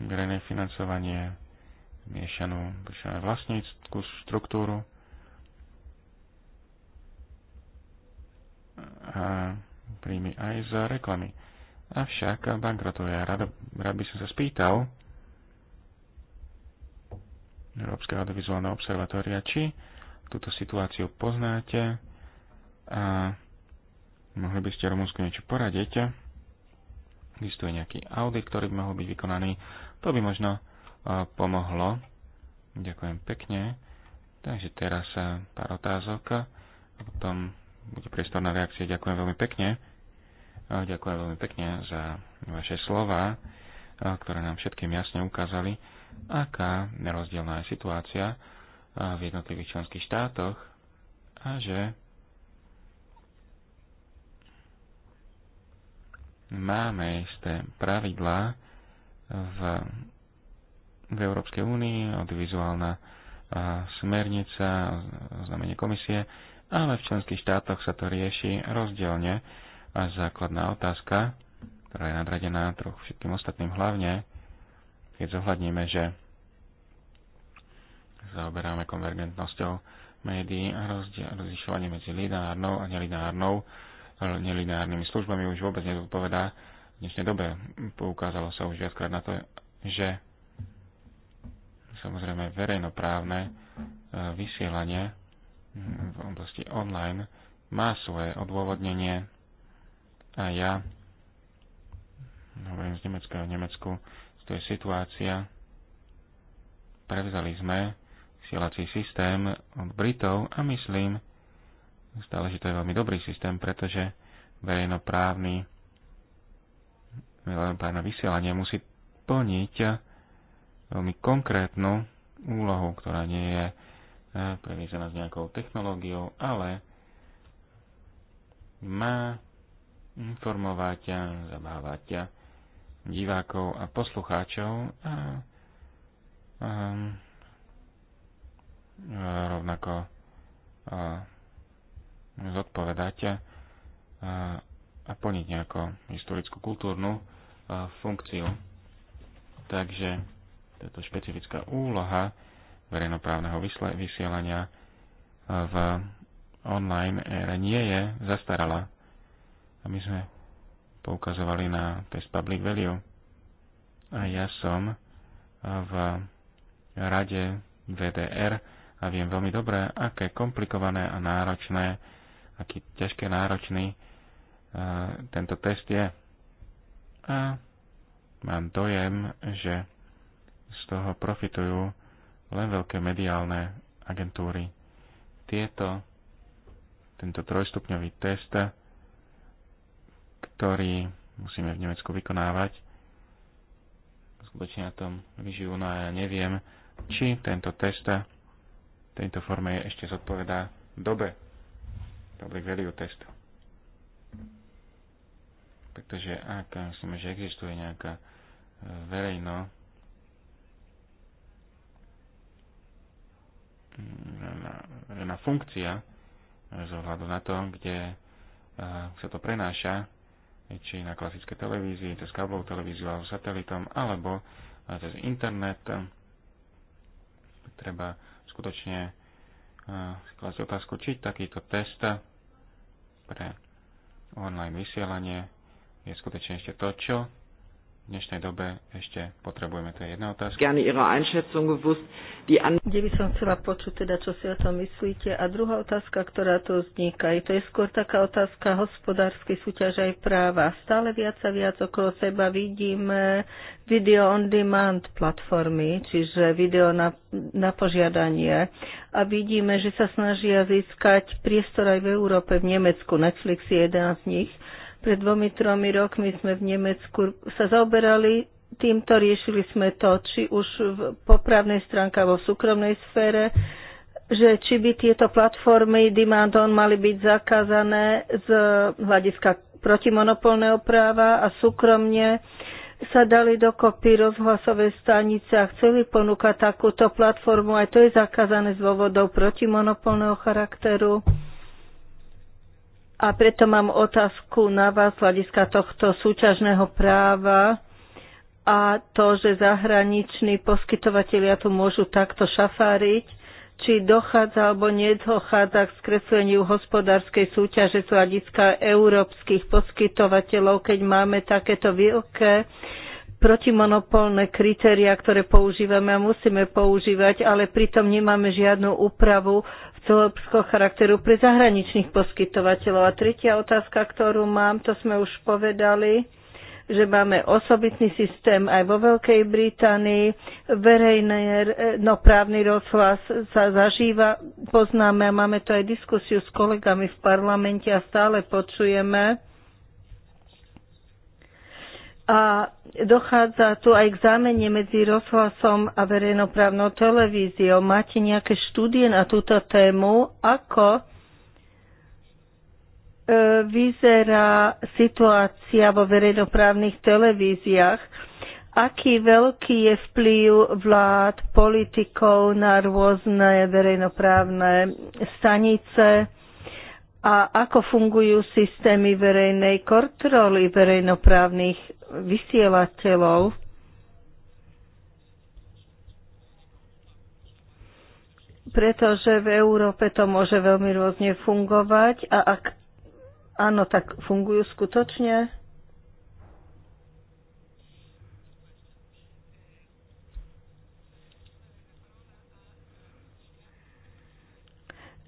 Verejné financovanie, miešanú, miešanú vlastníckú štruktúru a príjmy aj z reklamy. Avšak bankrotuje. Rád, rád by som sa spýtal, Európske audiovizuálna observatória, či túto situáciu poznáte a mohli by ste Rumunsku niečo poradiť. Existuje nejaký audit, ktorý by mohol byť vykonaný. To by možno e, pomohlo. Ďakujem pekne. Takže teraz e, pár otázok a potom bude priestor na reakcie. Ďakujem veľmi pekne. E, ďakujem veľmi pekne za vaše slova, ktoré nám všetkým jasne ukázali, aká nerozdielná je situácia v jednotlivých členských štátoch a že máme isté pravidlá v, v Európskej únii, audiovizuálna smernica, znamenie komisie, ale v členských štátoch sa to rieši rozdielne a základná otázka, ktorá je nadradená trochu všetkým ostatným hlavne, keď zohľadníme, že zaoberáme konvergentnosťou médií a rozlišovanie medzi lineárnou a nelineárnou nelineárnymi službami už vôbec nezodpovedá v dnešnej dobe. Poukázalo sa už viackrát na to, že samozrejme verejnoprávne e, vysielanie v oblasti online má svoje odôvodnenie a ja hovorím z Nemecka v Nemecku to je situácia. Prevzali sme vysielací systém od Britov a myslím stále, že to je veľmi dobrý systém, pretože verejnoprávny verejnoprávne vysielanie musí plniť veľmi konkrétnu úlohu, ktorá nie je e, previezená s nejakou technológiou, ale má informovať, zabávať divákov a poslucháčov a, a, a rovnako a, zodpovedať a, a plniť nejakú historickú kultúrnu a, funkciu. Takže táto špecifická úloha verejnoprávneho vysielania v online ére nie je zastarala. A my sme poukazovali na test public value. A ja som e, v rade VDR a viem veľmi dobre, aké komplikované a náročné, aký ťažké náročný e, tento test je. A mám dojem, že z toho profitujú len veľké mediálne agentúry. Tieto, tento trojstupňový test ktorý musíme v Nemecku vykonávať. Skutočne na tom vyžijú, no a ja neviem, či tento test v tejto forme ešte zodpovedá dobe. by value testu. Pretože ak myslíme, že existuje nejaká e, verejno na funkcia e, z ohľadu na to, kde e, sa to prenáša či na klasické televízii, cez káblovú televíziu alebo satelitom, alebo cez internet. Treba skutočne eh, klásť otázku, či takýto test pre online vysielanie je skutočne ešte to, čo v dnešnej dobe ešte potrebujeme. To je jedna otázka. Gerne Ihre Einschätzung Die an... Kde by som chcela počuť, teda, čo si o tom myslíte. A druhá otázka, ktorá tu vzniká, je to je skôr taká otázka hospodárskej súťaže aj práva. Stále viac a viac okolo seba vidíme eh, video on demand platformy, čiže video na, na požiadanie. A vidíme, že sa snažia získať priestor aj v Európe, v Nemecku. Netflix je jeden z nich pred dvomi, tromi rokmi sme v Nemecku sa zaoberali týmto, riešili sme to, či už v popravnej stránke alebo v súkromnej sfére, že či by tieto platformy demand on mali byť zakázané z hľadiska protimonopolného práva a súkromne sa dali dokopy rozhlasové stanice a chceli ponúkať takúto platformu. Aj to je zakázané z dôvodov protimonopolného charakteru. A preto mám otázku na vás z hľadiska tohto súťažného práva a to, že zahraniční poskytovateľia tu môžu takto šafáriť, či dochádza alebo nedochádza k skresleniu hospodárskej súťaže z hľadiska európskych poskytovateľov, keď máme takéto veľké protimonopolné kritéria, ktoré používame a musíme používať, ale pritom nemáme žiadnu úpravu celopského charakteru pre zahraničných poskytovateľov. A tretia otázka, ktorú mám, to sme už povedali, že máme osobitný systém aj vo Veľkej Británii, verejný no, právny rozhlas sa zažíva, poznáme a máme to aj diskusiu s kolegami v parlamente a stále počujeme, a dochádza tu aj k zámene medzi rozhlasom a verejnoprávnou televíziou. Máte nejaké štúdie na túto tému? Ako e, vyzerá situácia vo verejnoprávnych televíziách? Aký veľký je vplyv vlád, politikov na rôzne verejnoprávne stanice? a ako fungujú systémy verejnej kontroly verejnoprávnych vysielateľov. Pretože v Európe to môže veľmi rôzne fungovať a ak áno, tak fungujú skutočne.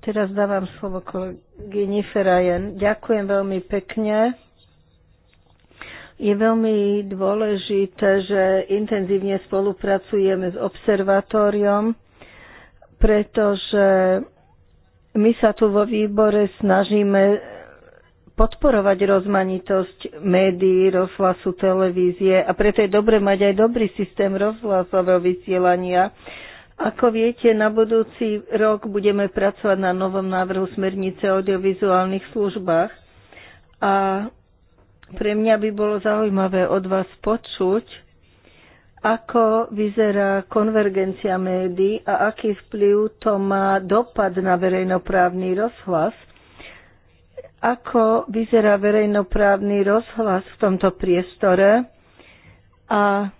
Teraz dávam slovo kolegyni Ferajen. Ďakujem veľmi pekne. Je veľmi dôležité, že intenzívne spolupracujeme s observatóriom, pretože my sa tu vo výbore snažíme podporovať rozmanitosť médií, rozhlasu, televízie a preto je dobre mať aj dobrý systém rozhlasového vysielania. Ako viete, na budúci rok budeme pracovať na novom návrhu smernice o audiovizuálnych službách a pre mňa by bolo zaujímavé od vás počuť, ako vyzerá konvergencia médií a aký vplyv to má dopad na verejnoprávny rozhlas. Ako vyzerá verejnoprávny rozhlas v tomto priestore a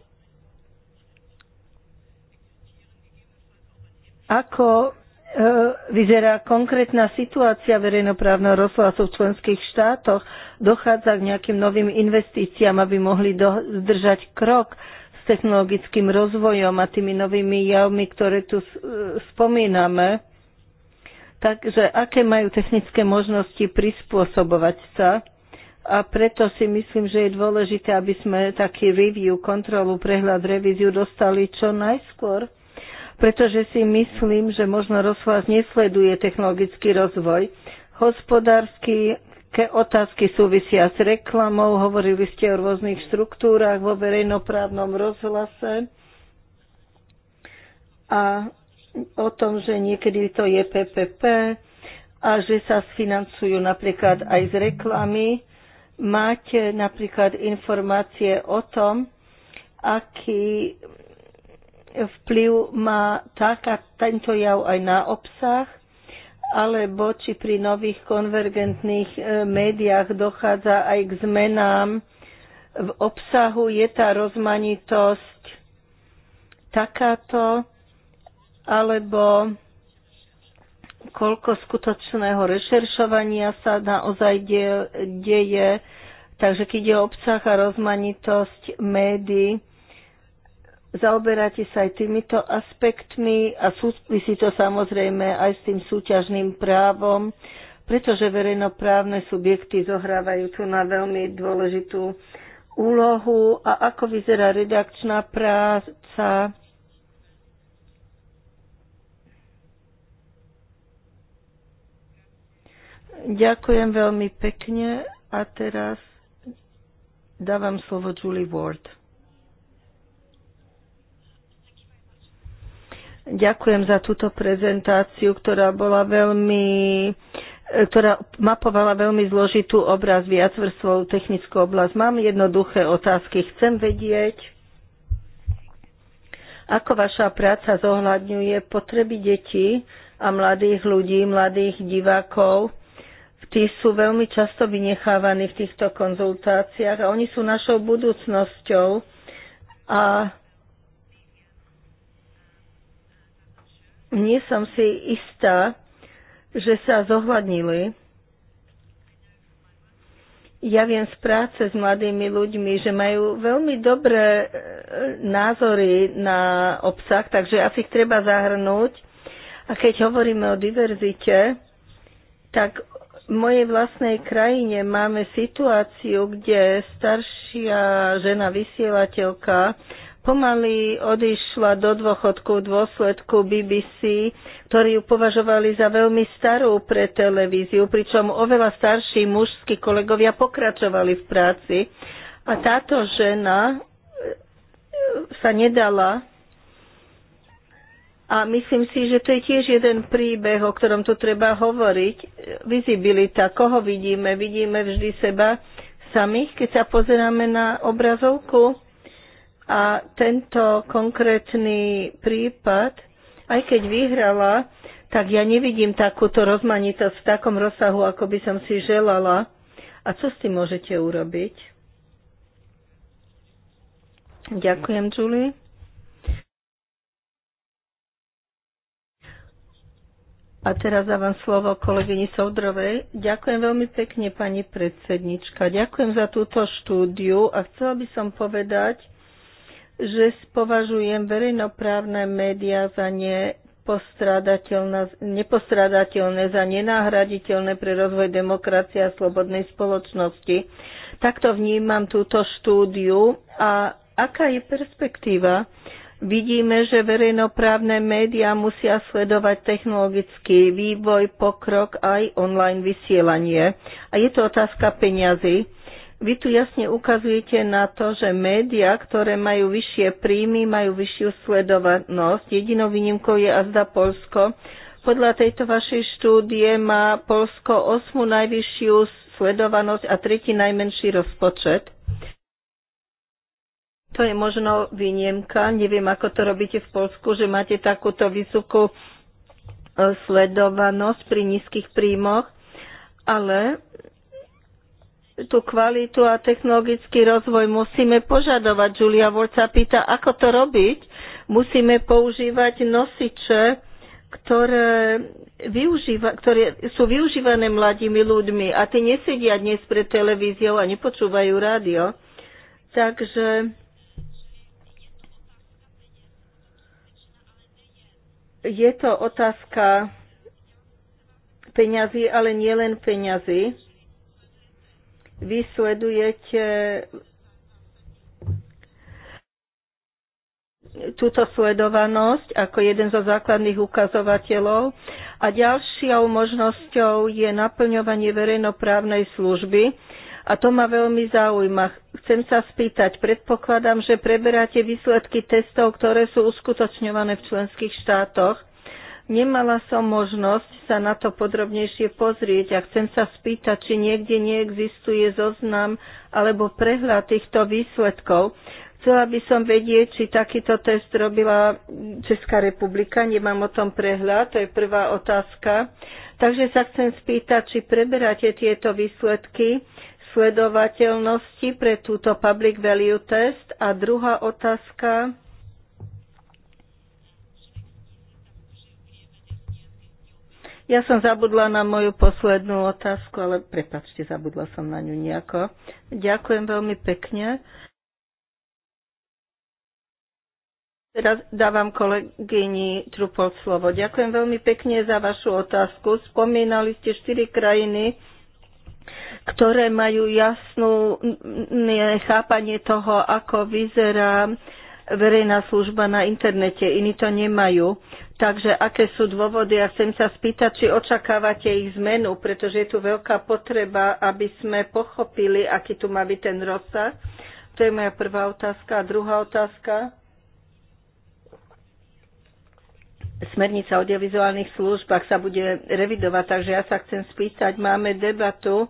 ako E, vyzerá konkrétna situácia verejnoprávneho rozhlasu v členských štátoch, dochádza k nejakým novým investíciám, aby mohli do, zdržať krok s technologickým rozvojom a tými novými javmi, ktoré tu e, spomíname. Takže aké majú technické možnosti prispôsobovať sa? A preto si myslím, že je dôležité, aby sme taký review, kontrolu, prehľad, revíziu dostali čo najskôr pretože si myslím, že možno rozhlas nesleduje technologický rozvoj. Hospodársky Ke otázky súvisia s reklamou, hovorili ste o rôznych štruktúrach vo verejnoprávnom rozhlase a o tom, že niekedy to je PPP a že sa sfinancujú napríklad aj z reklamy. Máte napríklad informácie o tom, aký vplyv má taká, tento jav aj na obsah, alebo či pri nových konvergentných e, médiách dochádza aj k zmenám v obsahu, je tá rozmanitosť takáto, alebo koľko skutočného rešeršovania sa naozaj deje. Takže keď je obsah a rozmanitosť médií, Zaoberáte sa aj týmito aspektmi a súvisí to samozrejme aj s tým súťažným právom, pretože verejnoprávne subjekty zohrávajú tu na veľmi dôležitú úlohu a ako vyzerá redakčná práca. Ďakujem veľmi pekne a teraz dávam slovo Julie Ward. Ďakujem za túto prezentáciu, ktorá bola veľmi e, ktorá mapovala veľmi zložitú obraz viacvrstvou technickú oblasť. Mám jednoduché otázky. Chcem vedieť, ako vaša práca zohľadňuje potreby detí a mladých ľudí, mladých divákov. Tí sú veľmi často vynechávaní v týchto konzultáciách a oni sú našou budúcnosťou. A nie som si istá, že sa zohľadnili. Ja viem z práce s mladými ľuďmi, že majú veľmi dobré e, názory na obsah, takže asi ich treba zahrnúť. A keď hovoríme o diverzite, tak v mojej vlastnej krajine máme situáciu, kde staršia žena vysielateľka pomaly odišla do dôchodku v dôsledku BBC, ktorí ju považovali za veľmi starú pre televíziu, pričom oveľa starší mužskí kolegovia pokračovali v práci. A táto žena e, sa nedala a myslím si, že to je tiež jeden príbeh, o ktorom tu treba hovoriť. Vizibilita, koho vidíme? Vidíme vždy seba samých, keď sa pozeráme na obrazovku. A tento konkrétny prípad, aj keď vyhrala, tak ja nevidím takúto rozmanitosť v takom rozsahu, ako by som si želala. A co s tým môžete urobiť? Ďakujem, Julie. A teraz dávam slovo kolegyni Soudrovej. Ďakujem veľmi pekne, pani predsednička. Ďakujem za túto štúdiu a chcela by som povedať, že považujem verejnoprávne médiá za ne nepostradateľné, za nenáhraditeľné pre rozvoj demokracie a slobodnej spoločnosti. Takto vnímam túto štúdiu a aká je perspektíva? Vidíme, že verejnoprávne médiá musia sledovať technologický vývoj, pokrok aj online vysielanie. A je to otázka peňazí. Vy tu jasne ukazujete na to, že médiá, ktoré majú vyššie príjmy, majú vyššiu sledovanosť. Jedinou výnimkou je azda Polsko. Podľa tejto vašej štúdie má Polsko osmu najvyššiu sledovanosť a tretí najmenší rozpočet. To je možno výnimka. Neviem, ako to robíte v Polsku, že máte takúto vysokú e, sledovanosť pri nízkych príjmoch, ale tú kvalitu a technologický rozvoj musíme požadovať. Julia Ward sa pýta, ako to robiť. Musíme používať nosiče, ktoré, využíva, ktoré sú využívané mladými ľuďmi a tie nesedia dnes pred televíziou a nepočúvajú rádio. Takže je to otázka peňazí, ale nie len peňazí vy sledujete túto sledovanosť ako jeden zo základných ukazovateľov a ďalšou možnosťou je naplňovanie verejnoprávnej služby a to ma veľmi zaujíma. Chcem sa spýtať, predpokladám, že preberáte výsledky testov, ktoré sú uskutočňované v členských štátoch Nemala som možnosť sa na to podrobnejšie pozrieť a chcem sa spýtať, či niekde neexistuje zoznam alebo prehľad týchto výsledkov. Chcela by som vedieť, či takýto test robila Česká republika. Nemám o tom prehľad, to je prvá otázka. Takže sa chcem spýtať, či preberáte tieto výsledky sledovateľnosti pre túto public value test. A druhá otázka, Ja som zabudla na moju poslednú otázku, ale prepačte, zabudla som na ňu nejako. Ďakujem veľmi pekne. Teraz dávam kolegyni Trupol slovo. Ďakujem veľmi pekne za vašu otázku. Spomínali ste štyri krajiny, ktoré majú jasnú chápanie toho, ako vyzerá verejná služba na internete. Iní to nemajú. Takže aké sú dôvody? Ja chcem sa spýtať, či očakávate ich zmenu, pretože je tu veľká potreba, aby sme pochopili, aký tu má byť ten rozsah. To je moja prvá otázka. A druhá otázka? Smernica o audiovizuálnych službách sa bude revidovať, takže ja sa chcem spýtať, máme debatu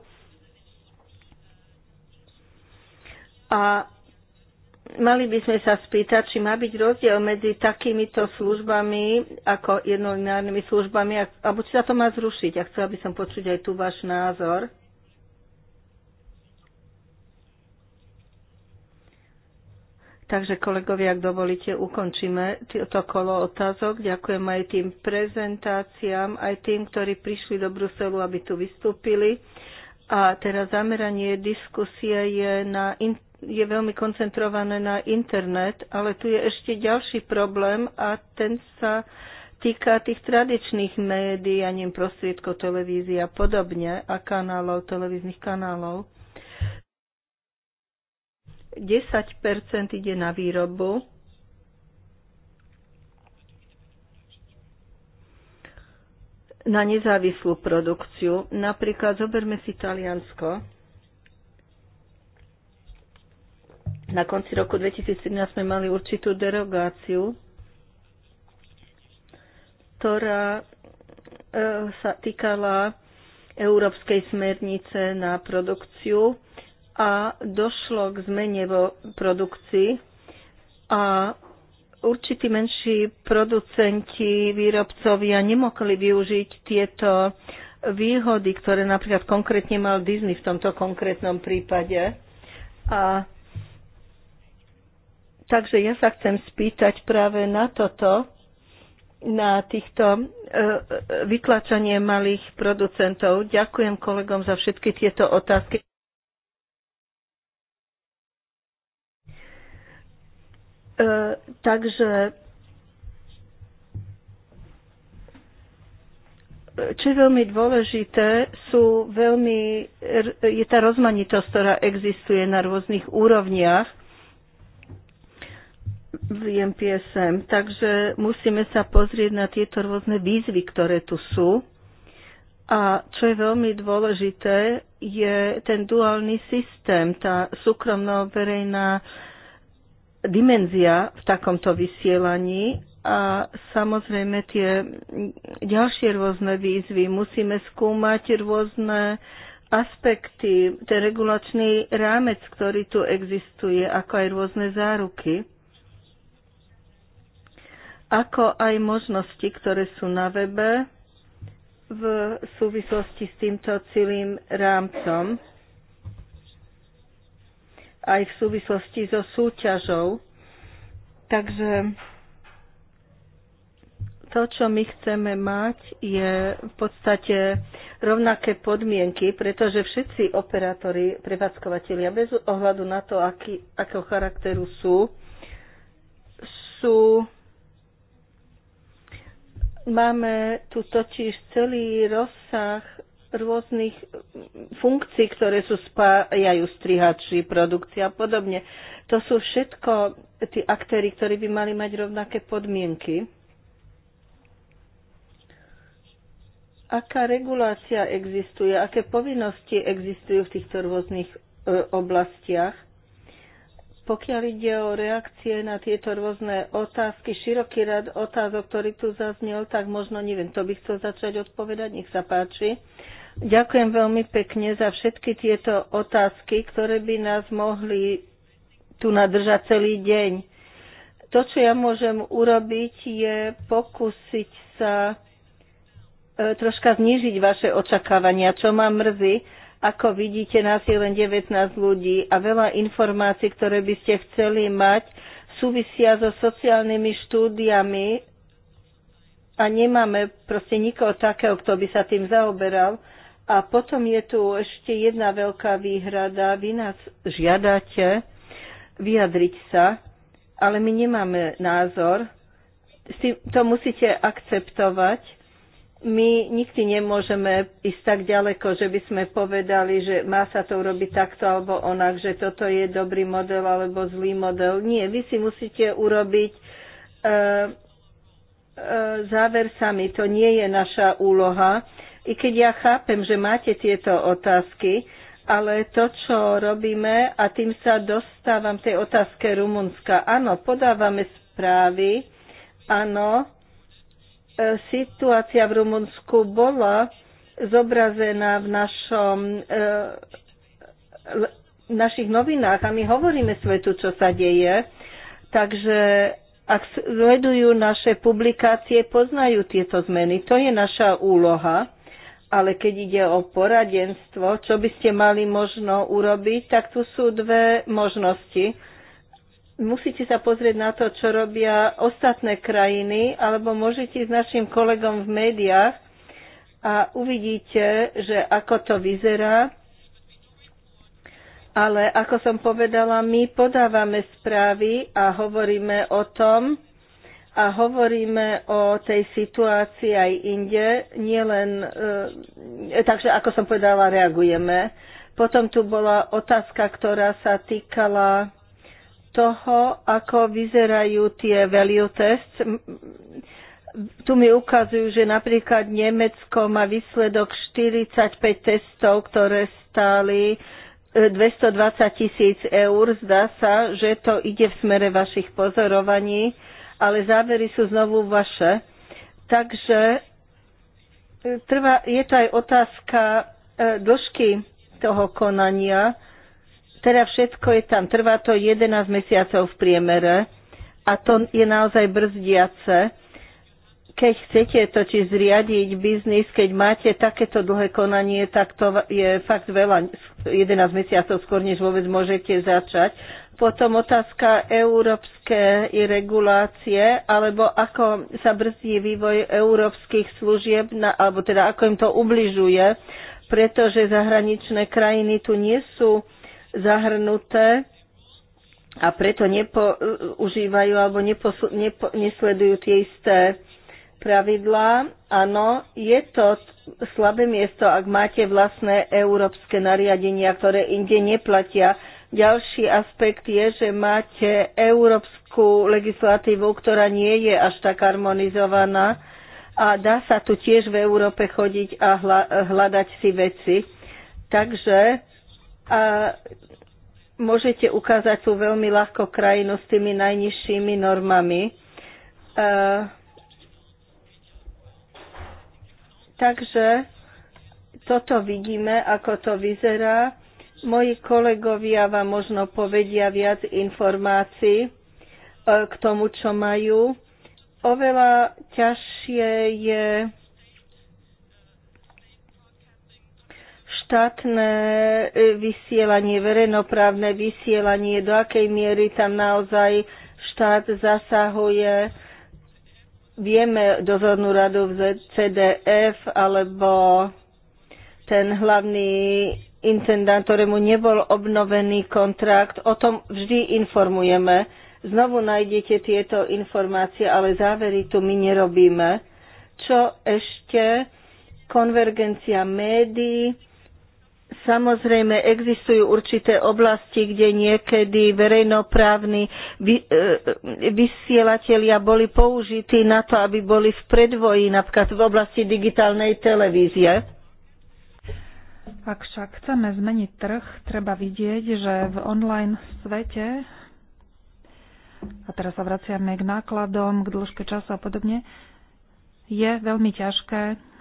a mali by sme sa spýtať, či má byť rozdiel medzi takýmito službami ako jednolinárnymi službami, alebo či sa to má zrušiť. A chcela by som počuť aj tu váš názor. Takže kolegovia, ak dovolíte, ukončíme toto kolo otázok. Ďakujem aj tým prezentáciám, aj tým, ktorí prišli do Bruselu, aby tu vystúpili. A teraz zameranie diskusie je na je veľmi koncentrované na internet, ale tu je ešte ďalší problém a ten sa týka tých tradičných médií, ani prostriedkov televízie a podobne a kanálov, televíznych kanálov. 10% ide na výrobu, na nezávislú produkciu. Napríklad zoberme si Taliansko Na konci roku 2017 sme mali určitú derogáciu, ktorá e, sa týkala Európskej smernice na produkciu a došlo k zmene vo produkcii a určití menší producenti, výrobcovia nemohli využiť tieto výhody, ktoré napríklad konkrétne mal Disney v tomto konkrétnom prípade. A Takže ja sa chcem spýtať práve na toto, na týchto e, e, vytlačanie malých producentov. Ďakujem kolegom za všetky tieto otázky. E, takže čo je veľmi dôležité, sú veľmi, je tá rozmanitosť, ktorá existuje na rôznych úrovniach viem piesem. Takže musíme sa pozrieť na tieto rôzne výzvy, ktoré tu sú. A čo je veľmi dôležité, je ten duálny systém, tá súkromno-verejná dimenzia v takomto vysielaní a samozrejme tie ďalšie rôzne výzvy. Musíme skúmať rôzne aspekty, ten regulačný rámec, ktorý tu existuje, ako aj rôzne záruky ako aj možnosti, ktoré sú na webe v súvislosti s týmto celým rámcom, aj v súvislosti so súťažou. Takže to, čo my chceme mať, je v podstate rovnaké podmienky, pretože všetci operátori, prevádzkovateľia, bez ohľadu na to, aký, akého charakteru sú, sú Máme tu totiž celý rozsah rôznych funkcií, ktoré sú spájajú strihači, produkcia a podobne. To sú všetko tí aktéry, ktorí by mali mať rovnaké podmienky. Aká regulácia existuje, aké povinnosti existujú v týchto rôznych e, oblastiach pokiaľ ide o reakcie na tieto rôzne otázky, široký rad otázok, ktorý tu zaznel, tak možno neviem, to by chcel začať odpovedať, nech sa páči. Ďakujem veľmi pekne za všetky tieto otázky, ktoré by nás mohli tu nadržať celý deň. To, čo ja môžem urobiť, je pokúsiť sa e, troška znížiť vaše očakávania, čo ma mrzí, ako vidíte, nás je len 19 ľudí a veľa informácií, ktoré by ste chceli mať, súvisia so sociálnymi štúdiami a nemáme proste nikoho takého, kto by sa tým zaoberal. A potom je tu ešte jedna veľká výhrada. Vy nás žiadate vyjadriť sa, ale my nemáme názor. To musíte akceptovať my nikdy nemôžeme ísť tak ďaleko, že by sme povedali, že má sa to urobiť takto alebo onak, že toto je dobrý model alebo zlý model. Nie, vy si musíte urobiť e, e, záver sami. To nie je naša úloha. I keď ja chápem, že máte tieto otázky, ale to, čo robíme, a tým sa dostávam tej otázke Rumunska. Áno, podávame správy, áno, E, situácia v Rumunsku bola zobrazená v našom v e, našich novinách a my hovoríme svetu, čo sa deje. Takže ak sledujú naše publikácie, poznajú tieto zmeny. To je naša úloha. Ale keď ide o poradenstvo, čo by ste mali možno urobiť, tak tu sú dve možnosti musíte sa pozrieť na to, čo robia ostatné krajiny, alebo môžete s našim kolegom v médiách a uvidíte, že ako to vyzerá. Ale ako som povedala, my podávame správy a hovoríme o tom a hovoríme o tej situácii aj inde, nielen, e, takže ako som povedala, reagujeme. Potom tu bola otázka, ktorá sa týkala toho, ako vyzerajú tie value tests, tu mi ukazujú, že napríklad Nemecko má výsledok 45 testov, ktoré stáli 220 e, tisíc eur. Zdá sa, že to ide v smere vašich pozorovaní, ale závery sú znovu vaše. Takže e, trvá, je to aj otázka e, dĺžky toho konania teda všetko je tam. Trvá to 11 mesiacov v priemere a to je naozaj brzdiace. Keď chcete totiž zriadiť biznis, keď máte takéto dlhé konanie, tak to je fakt veľa, 11 mesiacov skôr, než vôbec môžete začať. Potom otázka európskej regulácie, alebo ako sa brzdí vývoj európskych služieb, na, alebo teda ako im to ubližuje, pretože zahraničné krajiny tu nie sú zahrnuté a preto nepoužívajú alebo neposu, nepo, nesledujú tie isté pravidlá. Áno, je to slabé miesto, ak máte vlastné európske nariadenia, ktoré inde neplatia. Ďalší aspekt je, že máte európsku legislatívu, ktorá nie je až tak harmonizovaná a dá sa tu tiež v Európe chodiť a hľadať si veci. Takže a môžete ukázať tú veľmi ľahko krajinu s tými najnižšími normami. A, takže toto vidíme, ako to vyzerá. Moji kolegovia vám možno povedia viac informácií e, k tomu, čo majú. Oveľa ťažšie je štátne e, vysielanie, verejnoprávne vysielanie, do akej miery tam naozaj štát zasahuje. Vieme dozornú radu v CDF alebo ten hlavný intendant, ktorému nebol obnovený kontrakt, o tom vždy informujeme. Znovu nájdete tieto informácie, ale závery tu my nerobíme. Čo ešte? Konvergencia médií, Samozrejme, existujú určité oblasti, kde niekedy verejnoprávni e, e, vysielatelia boli použití na to, aby boli v predvoji, napríklad v oblasti digitálnej televízie. Ak však chceme zmeniť trh, treba vidieť, že v online svete, a teraz sa vraciame k nákladom, k dĺžke času a podobne, je veľmi ťažké E,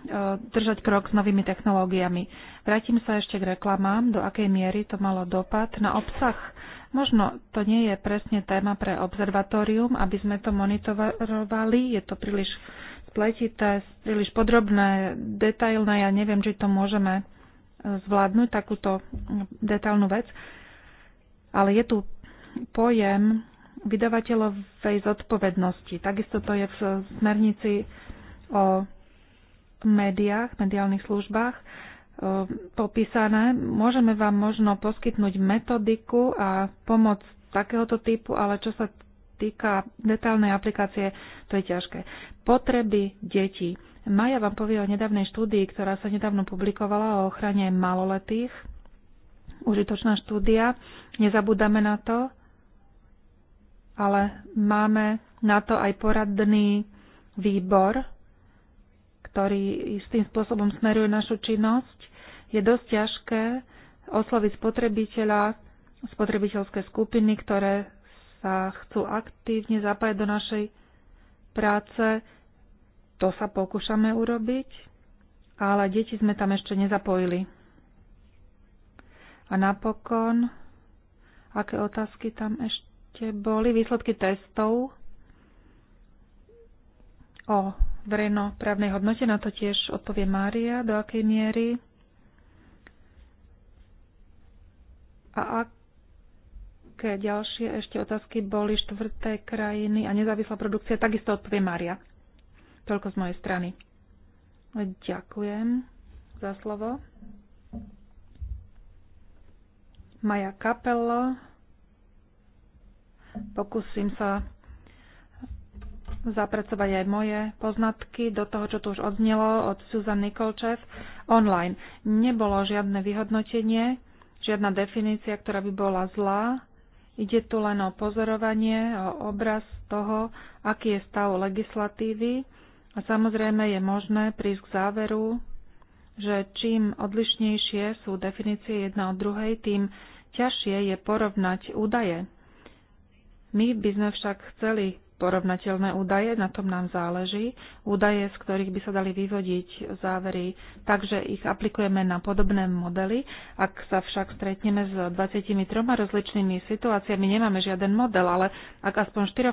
držať krok s novými technológiami. Vrátim sa ešte k reklamám, do akej miery to malo dopad na obsah. Možno to nie je presne téma pre observatórium, aby sme to monitorovali, je to príliš spletité, príliš podrobné, detailné, ja neviem, či to môžeme e, zvládnuť, takúto detailnú vec. Ale je tu pojem vydavateľovej zodpovednosti. Takisto to je v smernici o médiách, mediálnych službách eh, popísané. Môžeme vám možno poskytnúť metodiku a pomoc takéhoto typu, ale čo sa týka detálnej aplikácie, to je ťažké. Potreby detí. Maja vám povie o nedávnej štúdii, ktorá sa nedávno publikovala o ochrane maloletých. Užitočná štúdia. Nezabúdame na to, ale máme na to aj poradný výbor ktorý istým spôsobom smeruje našu činnosť, je dosť ťažké osloviť spotrebiteľa, spotrebiteľské skupiny, ktoré sa chcú aktívne zapájať do našej práce. To sa pokúšame urobiť, ale deti sme tam ešte nezapojili. A napokon, aké otázky tam ešte boli? Výsledky testov o verejnoprávnej hodnote. Na to tiež odpovie Mária, do akej miery a aké ďalšie ešte otázky boli štvrté krajiny a nezávislá produkcia, takisto odpovie Mária. Toľko z mojej strany. Ďakujem za slovo. Maja Kapelo. Pokúsim sa zapracovať aj moje poznatky do toho, čo tu už odznelo od Susan Nikolčev online. Nebolo žiadne vyhodnotenie, žiadna definícia, ktorá by bola zlá. Ide tu len o pozorovanie, o obraz toho, aký je stav legislatívy. A samozrejme je možné prísť k záveru, že čím odlišnejšie sú definície jedna od druhej, tým ťažšie je porovnať údaje. My by sme však chceli porovnateľné údaje, na tom nám záleží, údaje, z ktorých by sa dali vyvodiť závery, takže ich aplikujeme na podobné modely. Ak sa však stretneme s 23 rozličnými situáciami, nemáme žiaden model, ale ak aspoň v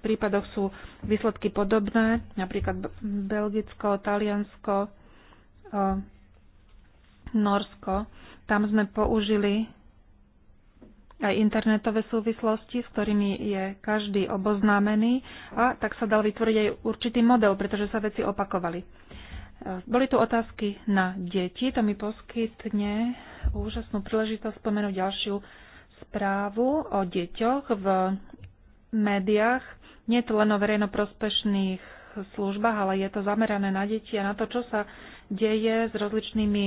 4-5 prípadoch sú výsledky podobné, napríklad Belgicko, Taliansko, e, Norsko, tam sme použili aj internetové súvislosti, s ktorými je každý oboznámený a tak sa dal vytvoriť aj určitý model, pretože sa veci opakovali. E, boli tu otázky na deti, to mi poskytne úžasnú príležitosť spomenúť ďalšiu správu o deťoch v médiách. Nie je to len o verejnoprospešných službách, ale je to zamerané na deti a na to, čo sa deje s rozličnými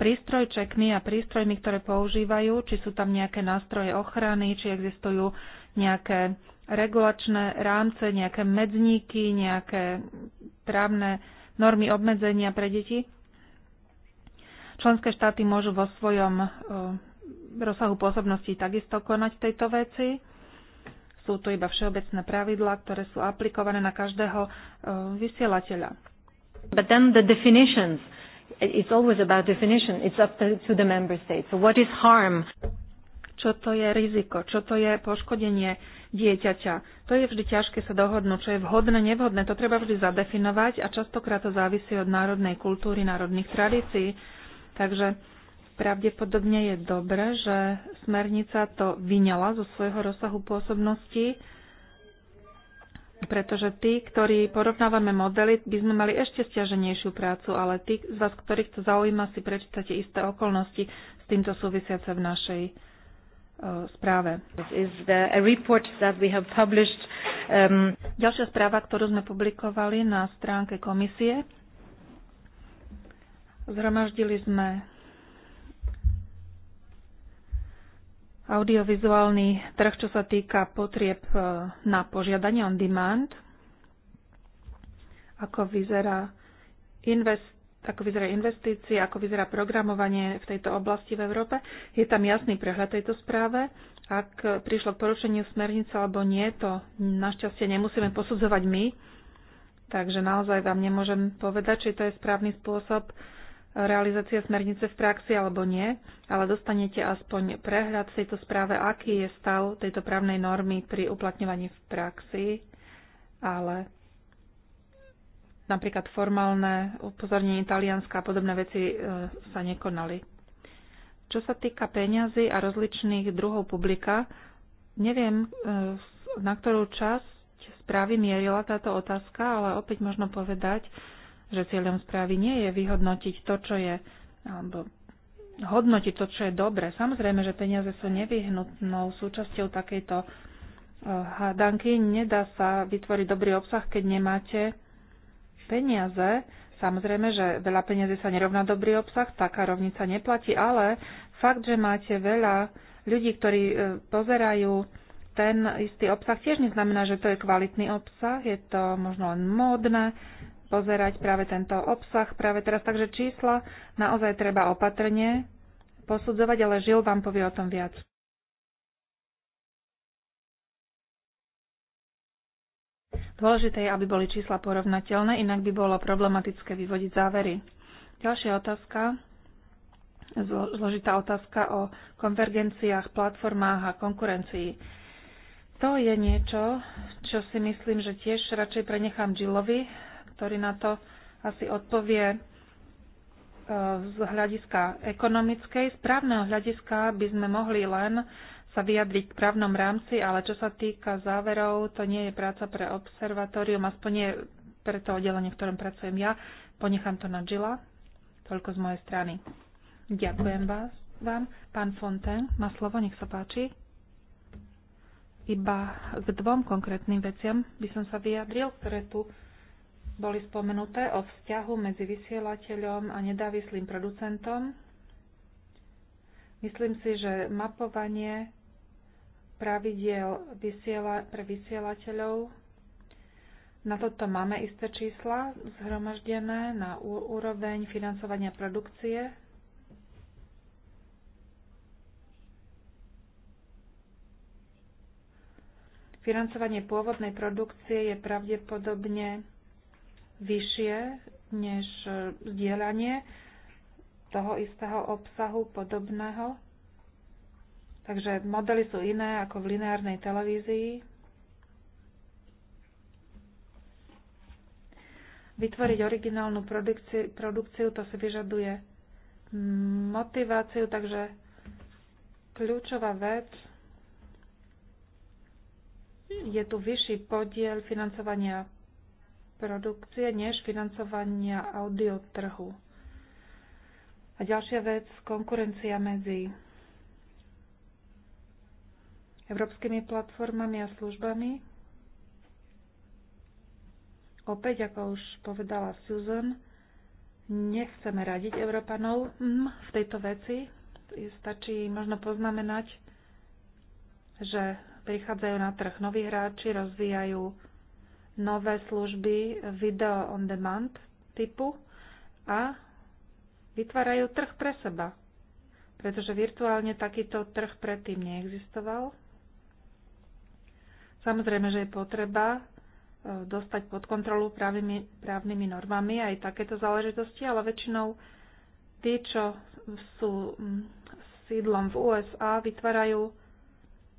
prístrojčekmi a prístrojmi, ktoré používajú, či sú tam nejaké nástroje ochrany, či existujú nejaké regulačné rámce, nejaké medzníky, nejaké právne normy obmedzenia pre deti. Členské štáty môžu vo svojom e, rozsahu pôsobnosti takisto konať v tejto veci. Sú to iba všeobecné pravidlá, ktoré sú aplikované na každého e, vysielateľa. But then the definitions it's always about definition. It's up to the member state. So what is harm? Čo to je riziko? Čo to je poškodenie dieťaťa? To je vždy ťažké sa dohodnúť, čo je vhodné, nevhodné. To treba vždy zadefinovať a častokrát to závisí od národnej kultúry, národných tradícií. Takže pravdepodobne je dobré, že smernica to vyňala zo svojho rozsahu pôsobnosti pretože tí, ktorí porovnávame modely, by sme mali ešte stiaženejšiu prácu, ale tí z vás, ktorých to zaujíma, si prečítate isté okolnosti s týmto súvisiace v našej e, správe. Um, Ďalšia správa, ktorú sme publikovali na stránke komisie. Zhromaždili sme audiovizuálny trh, čo sa týka potrieb e, na požiadanie on demand, ako vyzerá, invest, ako vyzerá investície, ako vyzerá programovanie v tejto oblasti v Európe. Je tam jasný prehľad tejto správe. Ak prišlo k porušeniu smernice alebo nie, to našťastie nemusíme posudzovať my. Takže naozaj vám nemôžem povedať, či to je správny spôsob realizácia smernice v praxi alebo nie, ale dostanete aspoň prehľad v tejto správe, aký je stav tejto právnej normy pri uplatňovaní v praxi, ale napríklad formálne upozornenie Talianska a podobné veci e, sa nekonali. Čo sa týka peňazí a rozličných druhov publika, neviem, e, na ktorú časť správy mierila táto otázka, ale opäť možno povedať, že cieľom správy nie je vyhodnotiť to, čo je, alebo hodnotiť to, čo je dobre. Samozrejme, že peniaze sú nevyhnutnou súčasťou takejto eh, hádanky. Nedá sa vytvoriť dobrý obsah, keď nemáte peniaze. Samozrejme, že veľa peniazy sa nerovná dobrý obsah, taká rovnica neplatí, ale fakt, že máte veľa ľudí, ktorí eh, pozerajú ten istý obsah, tiež neznamená, že to je kvalitný obsah, je to možno len módne, pozerať práve tento obsah práve teraz. Takže čísla naozaj treba opatrne posudzovať, ale Žil vám povie o tom viac. Dôležité je, aby boli čísla porovnateľné, inak by bolo problematické vyvodiť závery. Ďalšia otázka, zložitá otázka o konvergenciách, platformách a konkurencii. To je niečo, čo si myslím, že tiež radšej prenechám Jillovi, ktorý na to asi odpovie e, z hľadiska ekonomickej. Z právneho hľadiska by sme mohli len sa vyjadriť k právnom rámci, ale čo sa týka záverov, to nie je práca pre observatórium, aspoň nie pre to oddelenie, v ktorom pracujem ja. Ponechám to na Gila. Toľko z mojej strany. Ďakujem vás, vám. Pán Fonten, má slovo, nech sa páči. Iba k dvom konkrétnym veciam by som sa vyjadril, ktoré tu boli spomenuté o vzťahu medzi vysielateľom a nedávislým producentom. Myslím si, že mapovanie pravidiel vysiela, pre vysielateľov na toto máme isté čísla zhromaždené na úroveň financovania produkcie. Financovanie pôvodnej produkcie je pravdepodobne vyššie než e, zdieľanie toho istého obsahu podobného. Takže modely sú iné ako v lineárnej televízii. Vytvoriť originálnu produkciu, produkciu to si vyžaduje motiváciu, takže kľúčová vec je tu vyšší podiel financovania produkcie než financovania audiotrhu. A ďalšia vec, konkurencia medzi európskymi platformami a službami. Opäť, ako už povedala Susan, nechceme radiť Európanov mm, v tejto veci. Stačí možno poznamenať, že prichádzajú na trh noví hráči, rozvíjajú nové služby video on demand typu a vytvárajú trh pre seba. Pretože virtuálne takýto trh predtým neexistoval. Samozrejme, že je potreba e, dostať pod kontrolu právnymi, právnymi normami aj takéto záležitosti, ale väčšinou tí, čo sú sídlom v USA, vytvárajú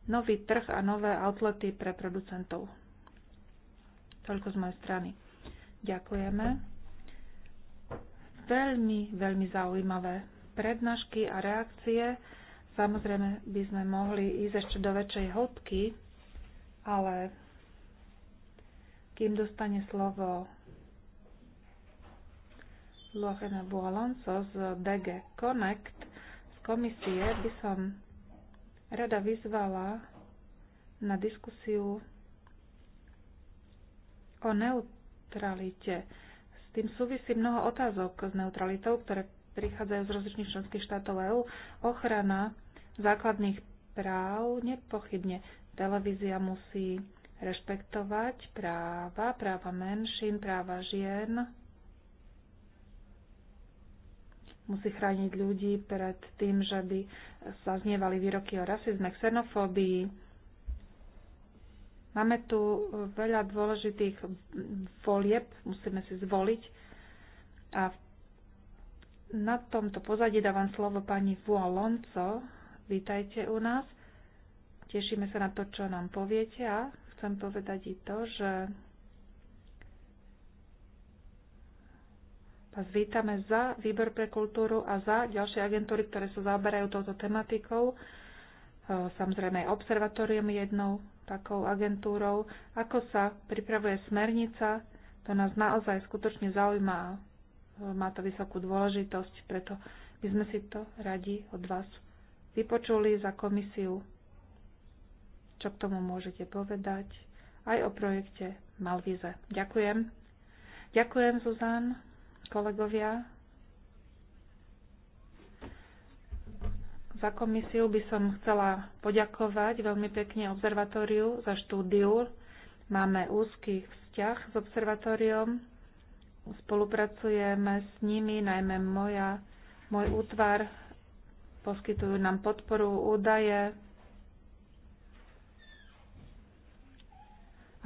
nový trh a nové outlety pre producentov. Toľko z mojej strany. Ďakujeme. Veľmi, veľmi zaujímavé prednášky a reakcie. Samozrejme by sme mohli ísť ešte do väčšej hĺbky, ale kým dostane slovo Lohena Bualonso z DG Connect z komisie, by som rada vyzvala na diskusiu o neutralite. S tým súvisí mnoho otázok s neutralitou, ktoré prichádzajú z rozličných členských štátov EÚ. Ochrana základných práv nepochybne. Televízia musí rešpektovať práva, práva menšín, práva žien. Musí chrániť ľudí pred tým, že by sa znievali výroky o rasizme, xenofóbii, Máme tu veľa dôležitých volieb, musíme si zvoliť. A na tomto pozadí dávam slovo pani Vualonco. Vítajte u nás. Tešíme sa na to, čo nám poviete a chcem povedať i to, že vás vítame za Výber pre kultúru a za ďalšie agentúry, ktoré sa zaoberajú touto tematikou. Samozrejme, aj observatórium jednou takou agentúrou, ako sa pripravuje smernica, to nás naozaj skutočne zaujíma. E, má to vysokú dôležitosť, preto by sme si to radi od vás vypočuli za komisiu. Čo k tomu môžete povedať? Aj o projekte Malvize. Ďakujem. Ďakujem, Zuzan, kolegovia. Za komisiu by som chcela poďakovať veľmi pekne observatóriu za štúdiu. Máme úzky vzťah s observatóriom. Spolupracujeme s nimi, najmä moja, môj útvar. Poskytujú nám podporu, údaje.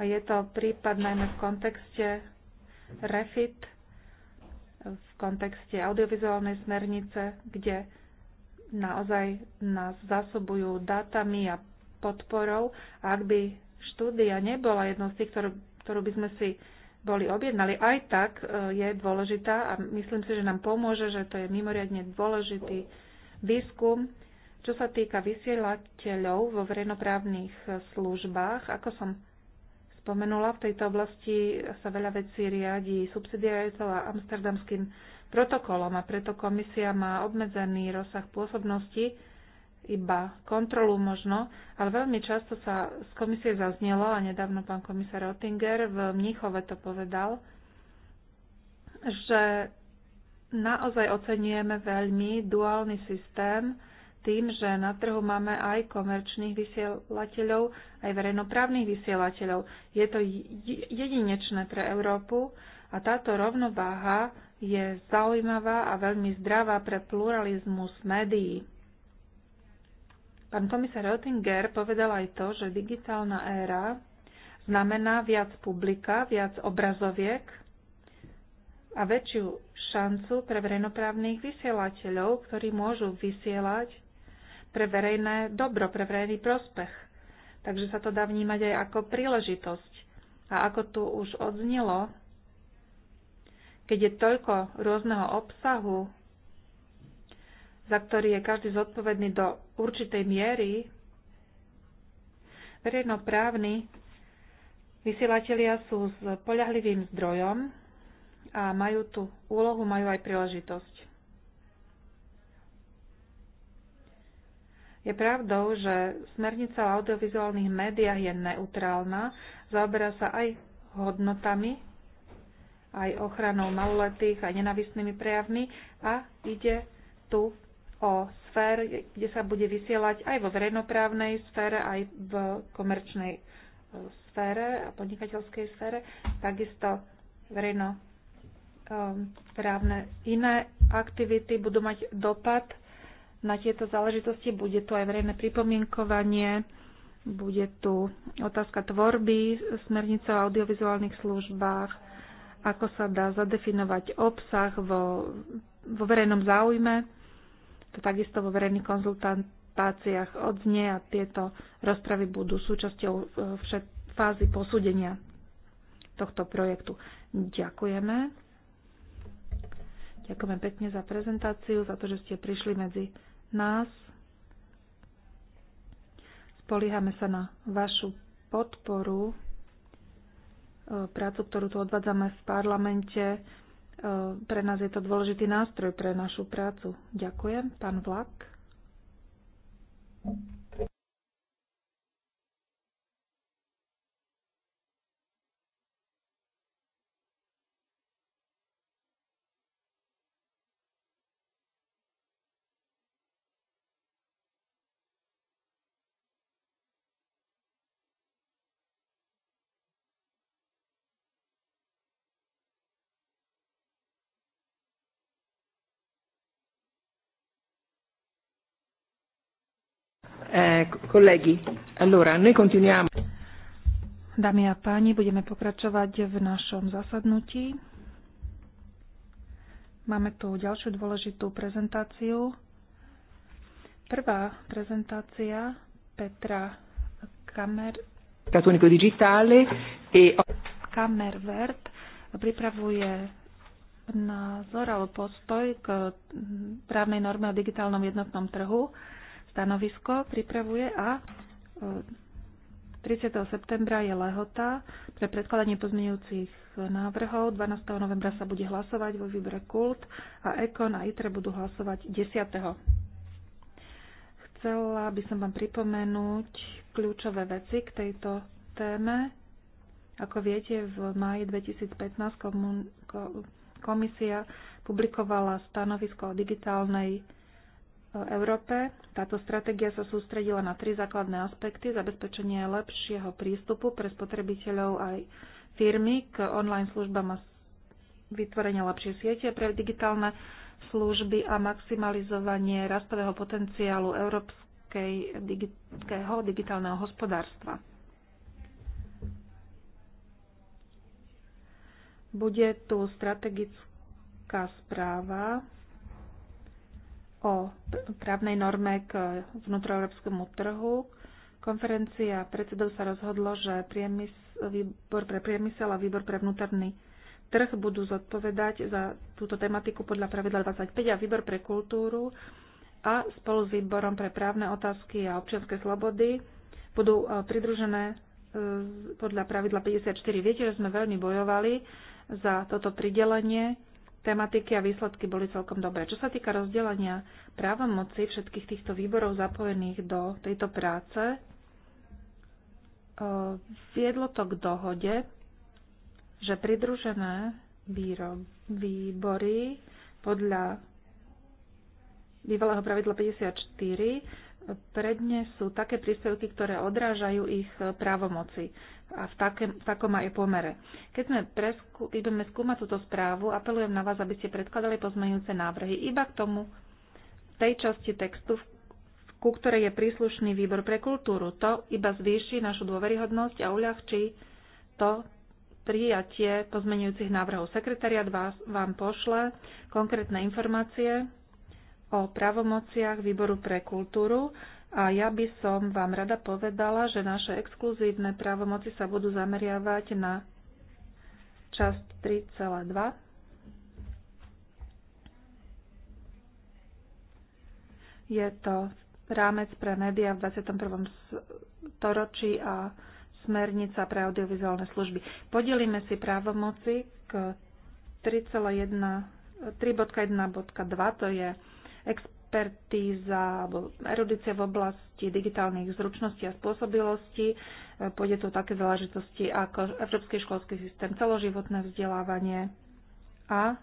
A je to prípad najmä v kontexte REFIT, v kontexte audiovizuálnej smernice, kde naozaj nás zásobujú dátami a podporou. A ak by štúdia nebola jednou z tých, ktorú, ktorú by sme si boli objednali, aj tak e, je dôležitá a myslím si, že nám pomôže, že to je mimoriadne dôležitý výskum. Čo sa týka vysielateľov vo verejnoprávnych službách, ako som spomenula, v tejto oblasti sa veľa vecí riadi subsidiaritou a amsterdamským protokolom a preto komisia má obmedzený rozsah pôsobnosti, iba kontrolu možno, ale veľmi často sa z komisie zaznelo, a nedávno pán komisár Oettinger v Mníchove to povedal, že naozaj oceňujeme veľmi duálny systém tým, že na trhu máme aj komerčných vysielateľov, aj verejnoprávnych vysielateľov. Je to jedinečné pre Európu a táto rovnováha je zaujímavá a veľmi zdravá pre pluralizmus médií. Pán komisár Oettinger povedal aj to, že digitálna éra znamená viac publika, viac obrazoviek a väčšiu šancu pre verejnoprávnych vysielateľov, ktorí môžu vysielať pre verejné dobro, pre verejný prospech. Takže sa to dá vnímať aj ako príležitosť. A ako tu už odznelo, keď je toľko rôzneho obsahu, za ktorý je každý zodpovedný do určitej miery, verejnoprávni vysielatelia sú s poľahlivým zdrojom a majú tú úlohu, majú aj príležitosť. Je pravdou, že smernica o audiovizuálnych médiách je neutrálna, zaoberá sa aj hodnotami aj ochranou maloletých a nenavistnými prejavmi a ide tu o sfér, kde sa bude vysielať aj vo verejnoprávnej sfére, aj v komerčnej e, sfére a podnikateľskej sfére, takisto verejno e, právne iné aktivity budú mať dopad na tieto záležitosti. Bude tu aj verejné pripomienkovanie, bude tu otázka tvorby smernice o audiovizuálnych službách, ako sa dá zadefinovať obsah vo, vo verejnom záujme. To takisto vo verejných konzultáciách odznie a tieto rozpravy budú súčasťou e, všet, fázy posúdenia tohto projektu. Ďakujeme. Ďakujeme pekne za prezentáciu, za to, že ste prišli medzi nás. Spoliehame sa na vašu podporu Eh, prácu, ktorú tu odvádzame v parlamente. Eh, pre nás je to dôležitý nástroj pre našu prácu. Ďakujem. Pán Vlak. Thank you. Eh, colleghi, allora, noi continuiamo. Dámy a páni, budeme pokračovať v našom zasadnutí. Máme tu ďalšiu dôležitú prezentáciu. Prvá prezentácia Petra Kamer... Katunico Digitale e... Kamervert pripravuje názor alebo postoj k právnej norme o digitálnom jednotnom trhu stanovisko pripravuje a 30. E, septembra je lehota pre predkladanie pozmeňujúcich návrhov. 12. novembra sa bude hlasovať vo výbore Kult a Ekon a ITRE budú hlasovať 10. Chcela by som vám pripomenúť kľúčové veci k tejto téme. Ako viete, v maji 2015 komisia publikovala stanovisko o digitálnej Európe. Táto stratégia sa sústredila na tri základné aspekty. Zabezpečenie lepšieho prístupu pre spotrebiteľov aj firmy k online službám a vytvorenie lepšie siete pre digitálne služby a maximalizovanie rastového potenciálu európskeho digitálneho hospodárstva. Bude tu strategická správa o právnej norme k vnútroeurópskemu trhu. Konferencia predsedov sa rozhodlo, že priemys, výbor pre priemysel a výbor pre vnútorný trh budú zodpovedať za túto tematiku podľa pravidla 25 a výbor pre kultúru a spolu s výborom pre právne otázky a občianske slobody budú e, pridružené e, podľa pravidla 54. Viete, že sme veľmi bojovali za toto pridelenie tematiky a výsledky boli celkom dobré. Čo sa týka rozdelenia právomoci všetkých týchto výborov zapojených do tejto práce, e, viedlo to k dohode, že pridružené výbory podľa bývalého pravidla 54 prednesú také príspevky, ktoré odrážajú ich právomoci a v, take, v takom aj pomere. Keď sme presku, ideme skúmať túto správu, apelujem na vás, aby ste predkladali pozmeňujúce návrhy iba k tomu, tej časti textu, ku ktorej je príslušný výbor pre kultúru. To iba zvýši našu dôveryhodnosť a uľahčí to prijatie pozmeňujúcich návrhov. Sekretariat vás, vám pošle konkrétne informácie o pravomociach výboru pre kultúru a ja by som vám rada povedala, že naše exkluzívne právomoci sa budú zameriavať na časť 3,2. Je to rámec pre médiá v 21. storočí a smernica pre audiovizuálne služby. Podelíme si právomoci k 3.1.2, to je expertíza alebo erudícia v oblasti digitálnych zručností a spôsobilostí. E, pôjde tu také záležitosti ako Európsky školský systém, celoživotné vzdelávanie a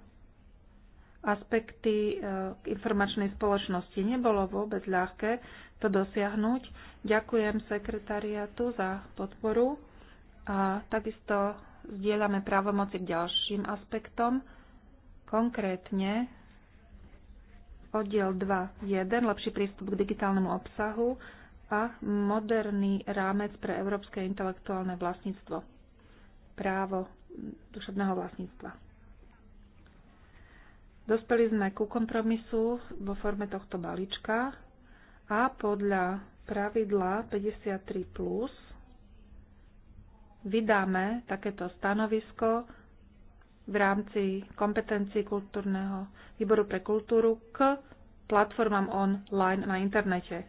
aspekty k e, informačnej spoločnosti. Nebolo vôbec ľahké to dosiahnuť. Ďakujem sekretariatu za podporu a takisto zdieľame právomoci k ďalším aspektom, konkrétne oddiel 2.1, lepší prístup k digitálnemu obsahu a moderný rámec pre európske intelektuálne vlastníctvo, právo duševného vlastníctva. Dospeli sme ku kompromisu vo forme tohto balíčka a podľa pravidla 53+, plus vydáme takéto stanovisko v rámci kompetencií kultúrneho výboru pre kultúru k platformám online na internete,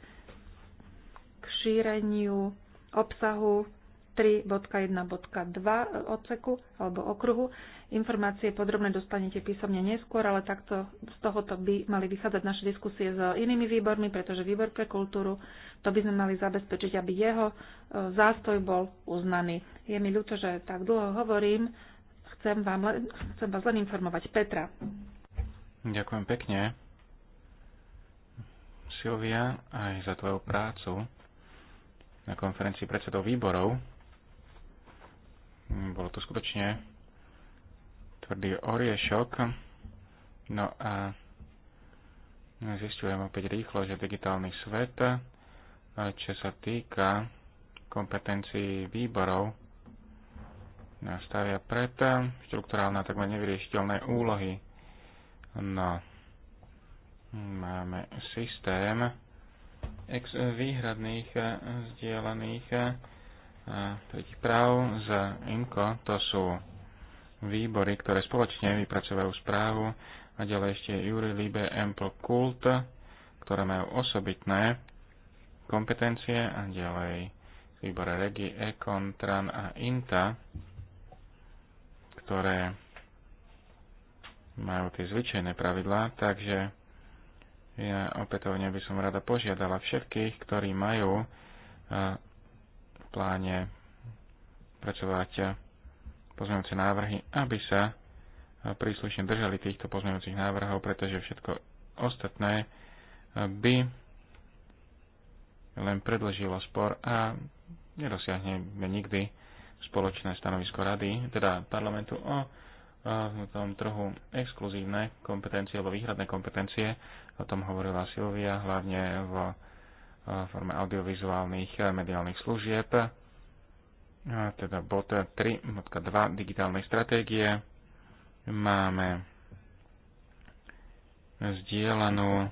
k šíreniu obsahu 3.1.2 odseku alebo okruhu. Informácie podrobne dostanete písomne neskôr, ale takto z tohoto by mali vychádzať naše diskusie s inými výbormi, pretože výbor pre kultúru, to by sme mali zabezpečiť, aby jeho e, zástoj bol uznaný. Je mi ľúto, že tak dlho hovorím, Chcem, vám len, chcem vás len informovať. Petra. Ďakujem pekne. Silvia, aj za tvoju prácu na konferencii predsedov výborov. Bolo to skutočne tvrdý oriešok. No a zistujem opäť rýchlo, že digitálny svet, čo sa týka kompetencií výborov, Nastavia pred štruktúrálne takmer nevyriešiteľné úlohy. No, máme systém ex výhradných eh, zdieľaných eh, tretich práv z INCO. To sú výbory, ktoré spoločne vypracovajú správu a ďalej ešte Juri Libe Empl Kult, ktoré majú osobitné kompetencie a ďalej výbore Regi, Econ, Tran a Inta ktoré majú tie zvyčajné pravidlá, takže ja opätovne by som rada požiadala všetkých, ktorí majú eh, v pláne pracovať eh, pozmeňujúce návrhy, aby sa eh, príslušne držali týchto pozmeňujúcich návrhov, pretože všetko ostatné by len predlžilo spor a nedosiahneme nikdy spoločné stanovisko rady, teda parlamentu o tom trhu exkluzívne kompetencie alebo výhradné kompetencie. O tom hovorila Silvia, hlavne v forme audiovizuálnych e, mediálnych služieb, e, teda bod 3.2 digitálnej stratégie. Máme zdieľanú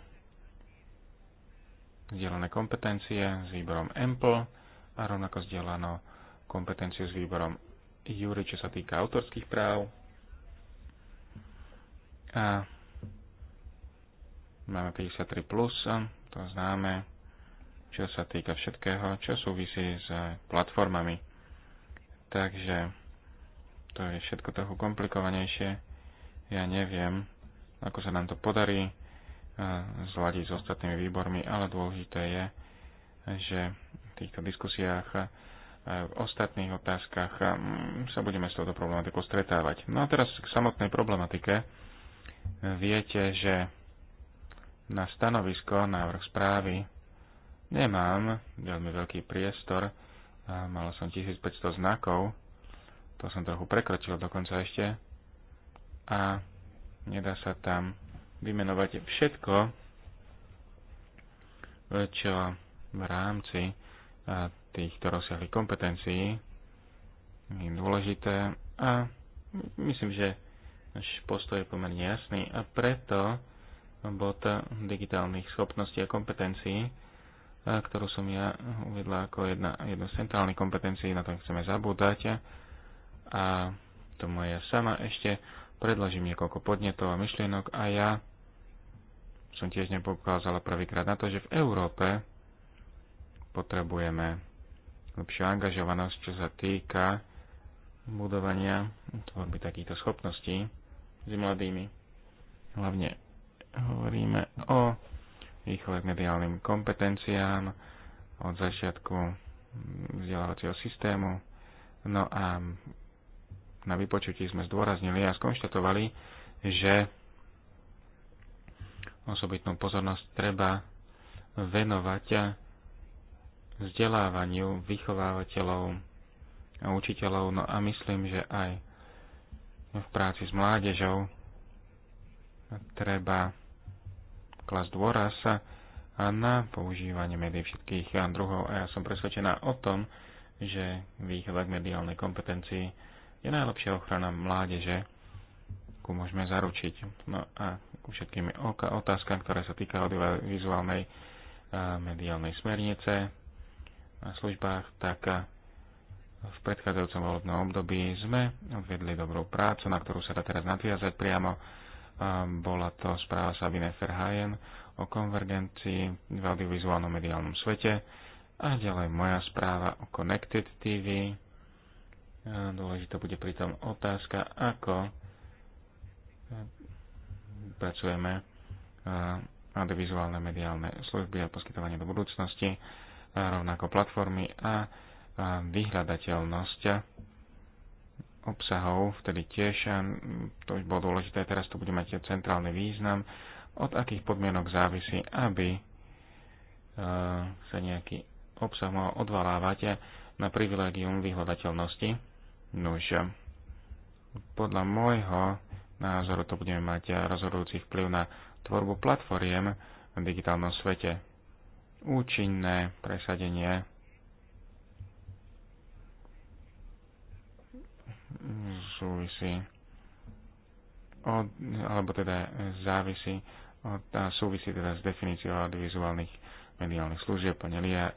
zdieľané kompetencie s výborom EMPL a rovnako zdieľanú kompetenciu s výborom Júri, čo sa týka autorských práv. A máme 53+, plus, to známe, čo sa týka všetkého, čo súvisí s platformami. Takže to je všetko trochu komplikovanejšie. Ja neviem, ako sa nám to podarí zladiť s ostatnými výbormi, ale dôležité je, že v týchto diskusiách v ostatných otázkach mm, sa budeme s touto problematikou stretávať. No a teraz k samotnej problematike. Viete, že na stanovisko, návrh správy nemám veľmi veľký priestor. Mal som 1500 znakov. To som trochu prekročil dokonca ešte. A nedá sa tam vymenovať všetko, čo v rámci týchto rozsiahlých kompetencií je dôležité a myslím, že náš postoj je pomerne jasný a preto bod digitálnych schopností a kompetencií, ktorú som ja uvedla ako jedna, jednu z centrálnych kompetencií, na to chceme zabúdať a tomu ja sama ešte predložím niekoľko podnetov a myšlienok a ja som tiež nepokázala prvýkrát na to, že v Európe potrebujeme lepšia angažovanosť, čo sa týka budovania tvorby takýchto schopností s mladými. Hlavne hovoríme o výchove k mediálnym kompetenciám od začiatku vzdelávacieho systému. No a na vypočutí sme zdôraznili a skonštatovali, že osobitnú pozornosť treba venovať vzdelávaniu vychovávateľov a učiteľov, no a myslím, že aj v práci s mládežou treba klas dôraz a na používanie médií všetkých druhov a ja som presvedčená o tom, že výchova k mediálnej kompetencii je najlepšia ochrana mládeže, ku môžeme zaručiť. No a ku všetkým otázkam, ktoré sa týkajú vizuálnej mediálnej smernice, službách, tak eh, v predchádzajúcom volebnom období sme odvedli dobrú prácu, na ktorú sa dá teraz nadviazať priamo. Eh, bola to správa Sabine Ferhajen o konvergencii v audiovizuálnom mediálnom svete a ďalej moja správa o Connected TV. Eh, dôležitá bude pritom otázka, ako pracujeme audiovizuálne mediálne služby a poskytovanie do budúcnosti rovnako platformy a vyhľadateľnosť obsahov, vtedy tiež, to už bolo dôležité, teraz tu bude mať centrálny význam, od akých podmienok závisí, aby sa nejaký obsah mohol odvalávať na privilegium vyhľadateľnosti. Nož, podľa môjho názoru to budeme mať rozhodujúci vplyv na tvorbu platformiem v digitálnom svete účinné presadenie súvisí od, alebo teda závisí od, a súvisí teda s definíciou audiovizuálnych mediálnych služieb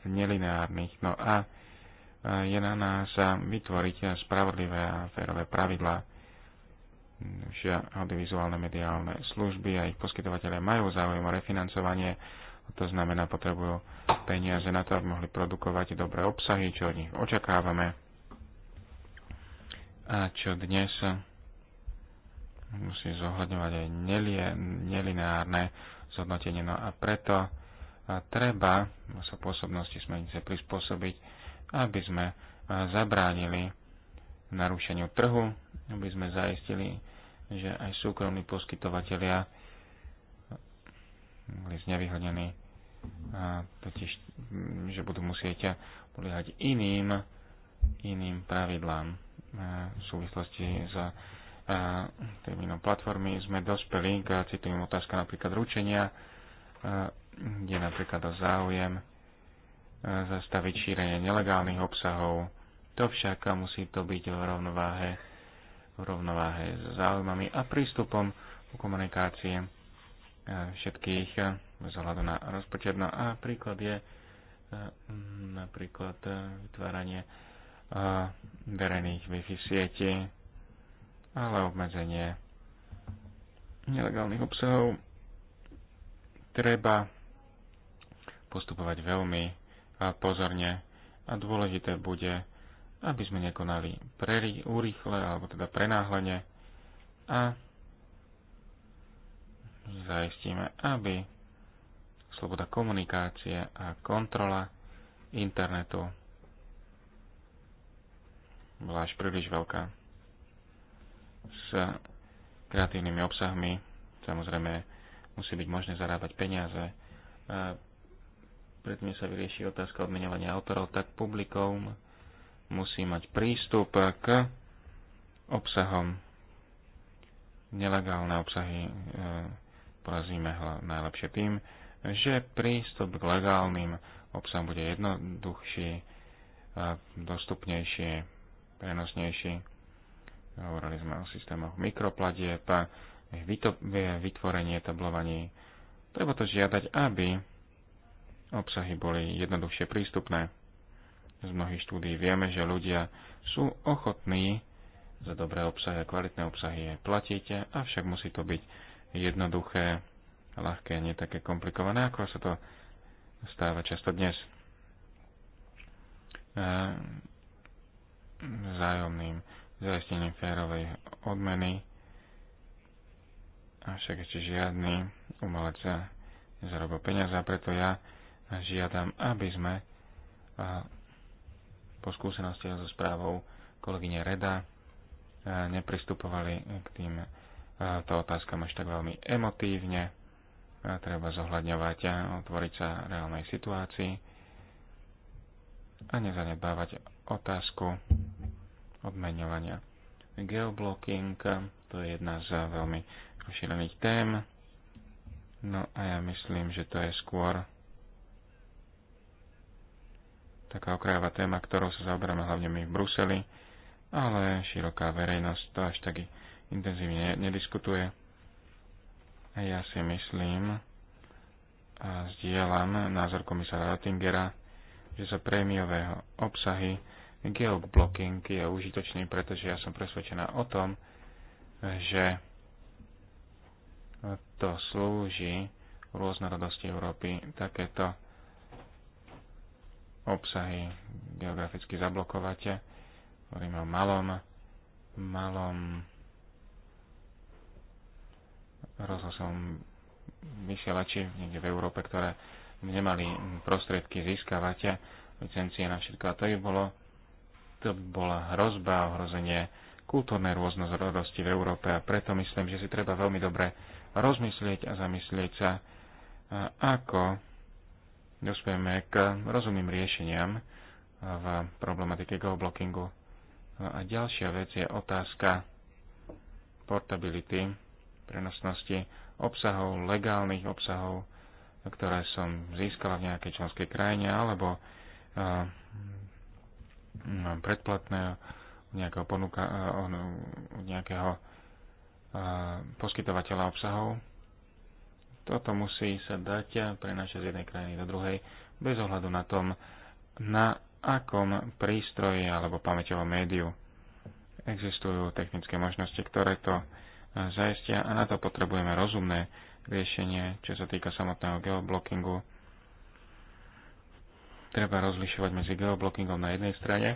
nelineárnych. No a je na nás vytvoriť spravodlivé a férové pravidlá. Audiovizuálne mediálne služby a ich poskytovateľe majú záujem o refinancovanie to znamená, potrebujú peniaze na to, aby mohli produkovať dobré obsahy, čo od nich očakávame a čo dnes musí zohľadňovať aj nelineárne zhodnotenie. No a preto a treba sa pôsobnosti smernice prispôsobiť, aby sme zabránili narušeniu trhu, aby sme zaistili, že aj súkromní poskytovateľia boli znevýhodnení, totiž, že budú musieť podliehať iným, iným pravidlám. V súvislosti s termínom platformy sme dospeli k citujem otázka napríklad ručenia, kde napríklad o záujem zastaviť šírenie nelegálnych obsahov. To však musí to byť v rovnováhe, v rovnováhe s záujmami a prístupom ku komunikácie všetkých eh, z ohľadu na rozpočet. No a príklad je eh, napríklad eh, vytváranie verejných Wi-Fi sieti, ale obmedzenie nelegálnych obsahov treba postupovať veľmi pozorne a dôležité bude, aby sme nekonali prerýchle alebo teda prenáhlenie a zaistíme, aby sloboda komunikácie a kontrola internetu bola až príliš veľká. S kreatívnymi obsahmi samozrejme musí byť možné zarábať peniaze. A predtým sa vyrieši otázka odmenovania autorov, tak publikum musí mať prístup k obsahom. Nelegálne obsahy e, porazíme najlepšie tým, že prístup k legálnym obsahom bude jednoduchší, e, dostupnejší, prenosnejší. Hovorili sme o systémoch mikroplatieb, vytvorenie tablovaní. Treba to žiadať, aby obsahy boli jednoduchšie prístupné. Z mnohých štúdí vieme, že ľudia sú ochotní za dobré obsahy a kvalitné obsahy platiť, avšak musí to byť jednoduché, ľahké, nie také komplikované, ako sa to stáva často dnes. E, Zájomným zaistením férovej odmeny avšak ešte žiadny umelec zarobil peniaze a preto ja žiadam, aby sme e, po skúsenosti so správou kolegyne Reda e, nepristupovali k tým tá otázka až tak veľmi emotívne, a treba zohľadňovať a otvoriť sa reálnej situácii a nezanedbávať otázku odmeňovania. Geoblocking to je jedna z veľmi rozšírených tém. No a ja myslím, že to je skôr taká okrajová téma, ktorou sa zaoberáme hlavne my v Bruseli, ale široká verejnosť to až taký intenzívne nediskutuje. A ja si myslím a zdieľam názor komisára Rattingera, že sa prémiového obsahy geoblocking je užitočný, pretože ja som presvedčená o tom, že to slúži rôznorodosti Európy takéto obsahy geograficky zablokovate. Hovoríme o malom, malom rozhlasom vysielači niekde v Európe, ktoré nemali prostriedky získavať licencie na všetko. A to by bolo to by bola hrozba, a ohrozenie kultúrnej rôznorodosti v Európe a preto myslím, že si treba veľmi dobre rozmyslieť a zamyslieť sa, ako dospieme k rozumným riešeniam v problematike geoblockingu. A ďalšia vec je otázka portability prenosnosti obsahov, legálnych obsahov, ktoré som získala v nejakej členskej krajine, alebo uh, predplatné nejakého ponuka, uh, nejakého uh, poskytovateľa obsahov. Toto musí sa dať prenašať z jednej krajiny do druhej bez ohľadu na tom, na akom prístroji alebo pamäťovom médiu. Existujú technické možnosti, ktoré to zaistia a na to potrebujeme rozumné riešenie, čo sa týka samotného geoblockingu. Treba rozlišovať medzi geoblockingom na jednej strane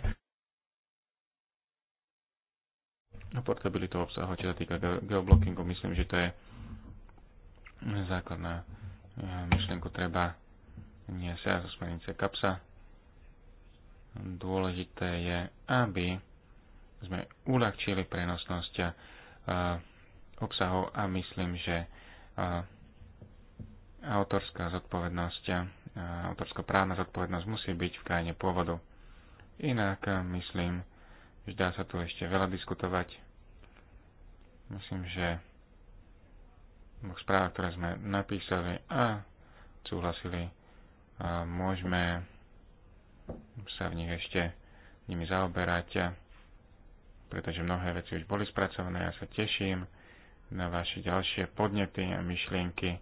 a portabilitou obsahu, čo sa týka geoblockingu. Myslím, že to je základná myšlienku treba nie sa zo smernice kapsa. Dôležité je, aby sme uľahčili prenosnosť obsahov a myslím, že autorská zodpovednosť, autorskoprávna zodpovednosť musí byť v krajine pôvodu. Inak myslím, že dá sa tu ešte veľa diskutovať. Myslím, že v správach, ktoré sme napísali a súhlasili, môžeme sa v nich ešte nimi zaoberať, pretože mnohé veci už boli spracované. Ja sa teším na vaše ďalšie podnety a myšlienky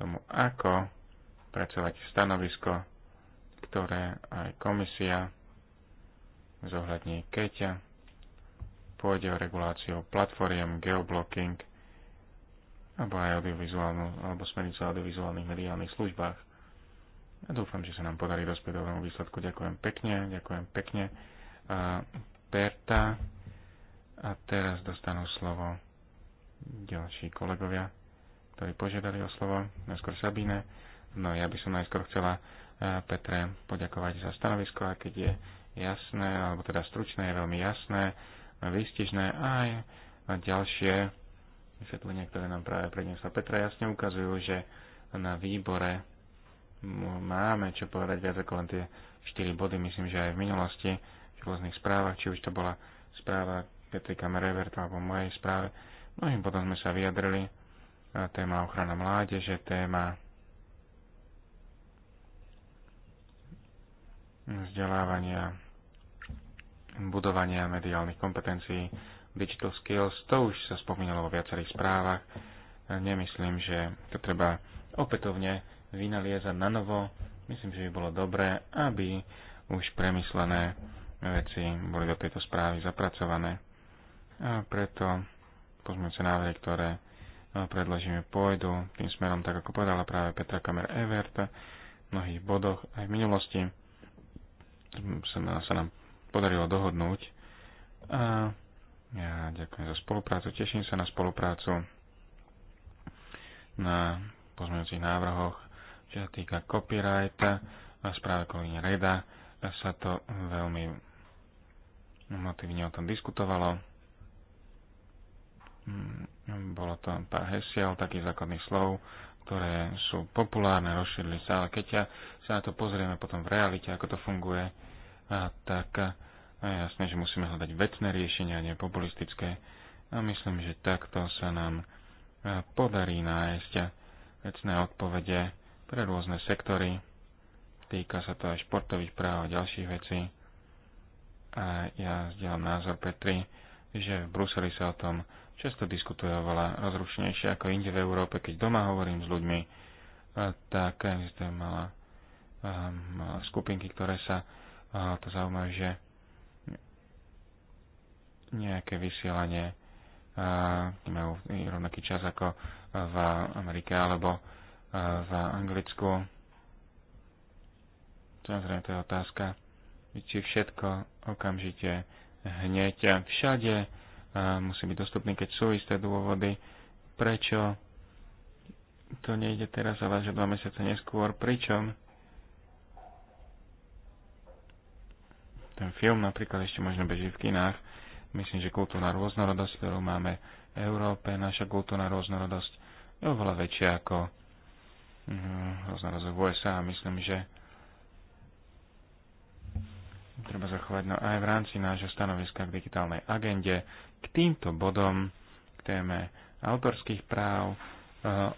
tomu, ako pracovať stanovisko, ktoré aj komisia zohľadní Keťa, pôjde o reguláciu platformiem, geoblocking alebo aj audiovizuálnu, alebo smernicu audiovizuálnych mediálnych službách. A dúfam, že sa nám podarí dospieť dobrému výsledku. Ďakujem pekne, ďakujem pekne. A eh, Berta a teraz dostanú slovo ďalší kolegovia, ktorí požiadali o slovo, najskôr Sabine. No ja by som najskôr chcela e, Petre poďakovať za stanovisko, a keď je jasné, alebo teda stručné, je veľmi jasné, výstižné a aj ďalšie vysvetlenie, ktoré nám práve predniesla Petra, jasne ukazujú, že na výbore máme čo povedať viac ako len tie 4 body, myslím, že aj v minulosti v rôznych správach, či už to bola správa Petrika Kamerevert alebo mojej správe, No a potom sme sa vyjadrili. E, téma ochrana mládeže, téma vzdelávania, budovania mediálnych kompetencií, digital skills, to už sa spomínalo vo viacerých správach. E, nemyslím, že to treba opätovne vynaliezať na novo. Myslím, že by bolo dobré, aby už premyslené veci boli do tejto správy zapracované. A preto pozmeňujúce návrhy, ktoré e, predložíme, pôjdu tým smerom, tak ako povedala práve Petra Kamer Evert v mnohých bodoch aj v minulosti sa nám podarilo dohodnúť a ja ďakujem za spoluprácu, teším sa na spoluprácu na pozmeňujúcich návrhoch, čo sa týka copyright a správe kolíne Reda sa to veľmi motivne o tom diskutovalo Mm, bolo to pár hesiel, takých základných slov, ktoré sú populárne, rozšírili sa, ale keď ja, sa na to pozrieme potom v realite, ako to funguje, a tak a jasné, že musíme hľadať vecné riešenia, nie populistické. A myslím, že takto sa nám podarí nájsť vecné odpovede pre rôzne sektory. Týka sa to aj športových práv a ďalších vecí. A ja zdieľam názor Petri, že v Bruseli sa o tom často diskutuje oveľa rozrušenejšie ako inde v Európe. Keď doma hovorím s ľuďmi, eh, tak existuje malá, eh, skupinky, ktoré sa eh, to zaujímajú, že nejaké vysielanie majú rovnaký čas ako v Amerike alebo v Anglicku. Samozrejme, to je otázka, či všetko okamžite hneď všade musí byť dostupný, keď sú isté dôvody, prečo to nejde teraz, ale že dva mesiace neskôr, pričom ten film napríklad ešte možno beží v kinách. Myslím, že kultúrna rôznorodosť, ktorú máme v Európe, naša kultúrna rôznorodosť je oveľa väčšia ako mhm, rôznorodosť v USA a myslím, že treba zachovať no aj v rámci nášho stanoviska k digitálnej agende k týmto bodom, k téme autorských práv, eh,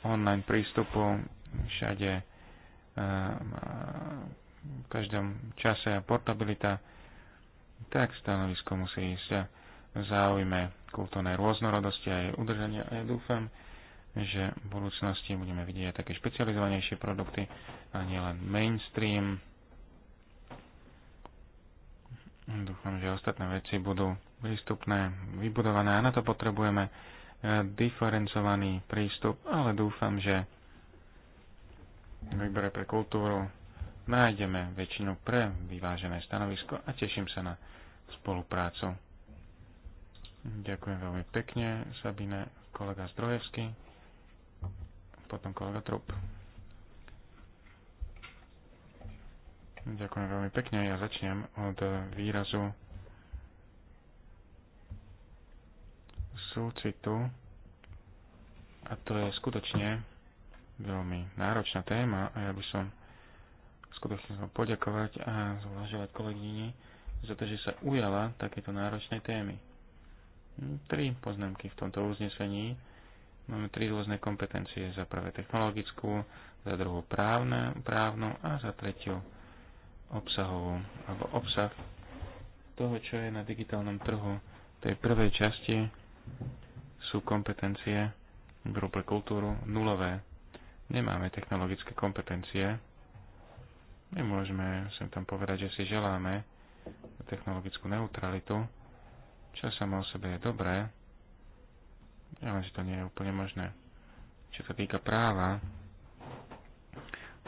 online prístupu všade, eh, v každom čase a portabilita, tak stanovisko musí ísť v záujme kultúrnej rôznorodosti a jej udržania. A ja dúfam, že v budúcnosti budeme vidieť aj také špecializovanejšie produkty a nielen mainstream. Dúfam, že ostatné veci budú prístupné, vybudované a na to potrebujeme e, diferencovaný prístup, ale dúfam, že v výbore pre kultúru nájdeme väčšinu pre vyvážené stanovisko a teším sa na spoluprácu. Ďakujem veľmi pekne, Sabine, kolega Zdrojevský, potom kolega Trup. Ďakujem veľmi pekne, ja začnem od výrazu súcitu. A to je skutočne veľmi náročná téma a ja by som skutočne chcel poďakovať a zvažovať kolegyni za to, že sa ujala takéto náročnej témy. Hm, tri poznámky v tomto uznesení. Máme tri rôzne kompetencie. Za prvé technologickú, za druhú právne, právnu a za tretiu obsahovú, alebo obsah toho, čo je na digitálnom trhu. tej prvej časti sú kompetencie v pre kultúru nulové. Nemáme technologické kompetencie. My môžeme sem tam povedať, že si želáme technologickú neutralitu, čo samo o sebe je dobré, ale že to nie je úplne možné. Čo sa týka práva,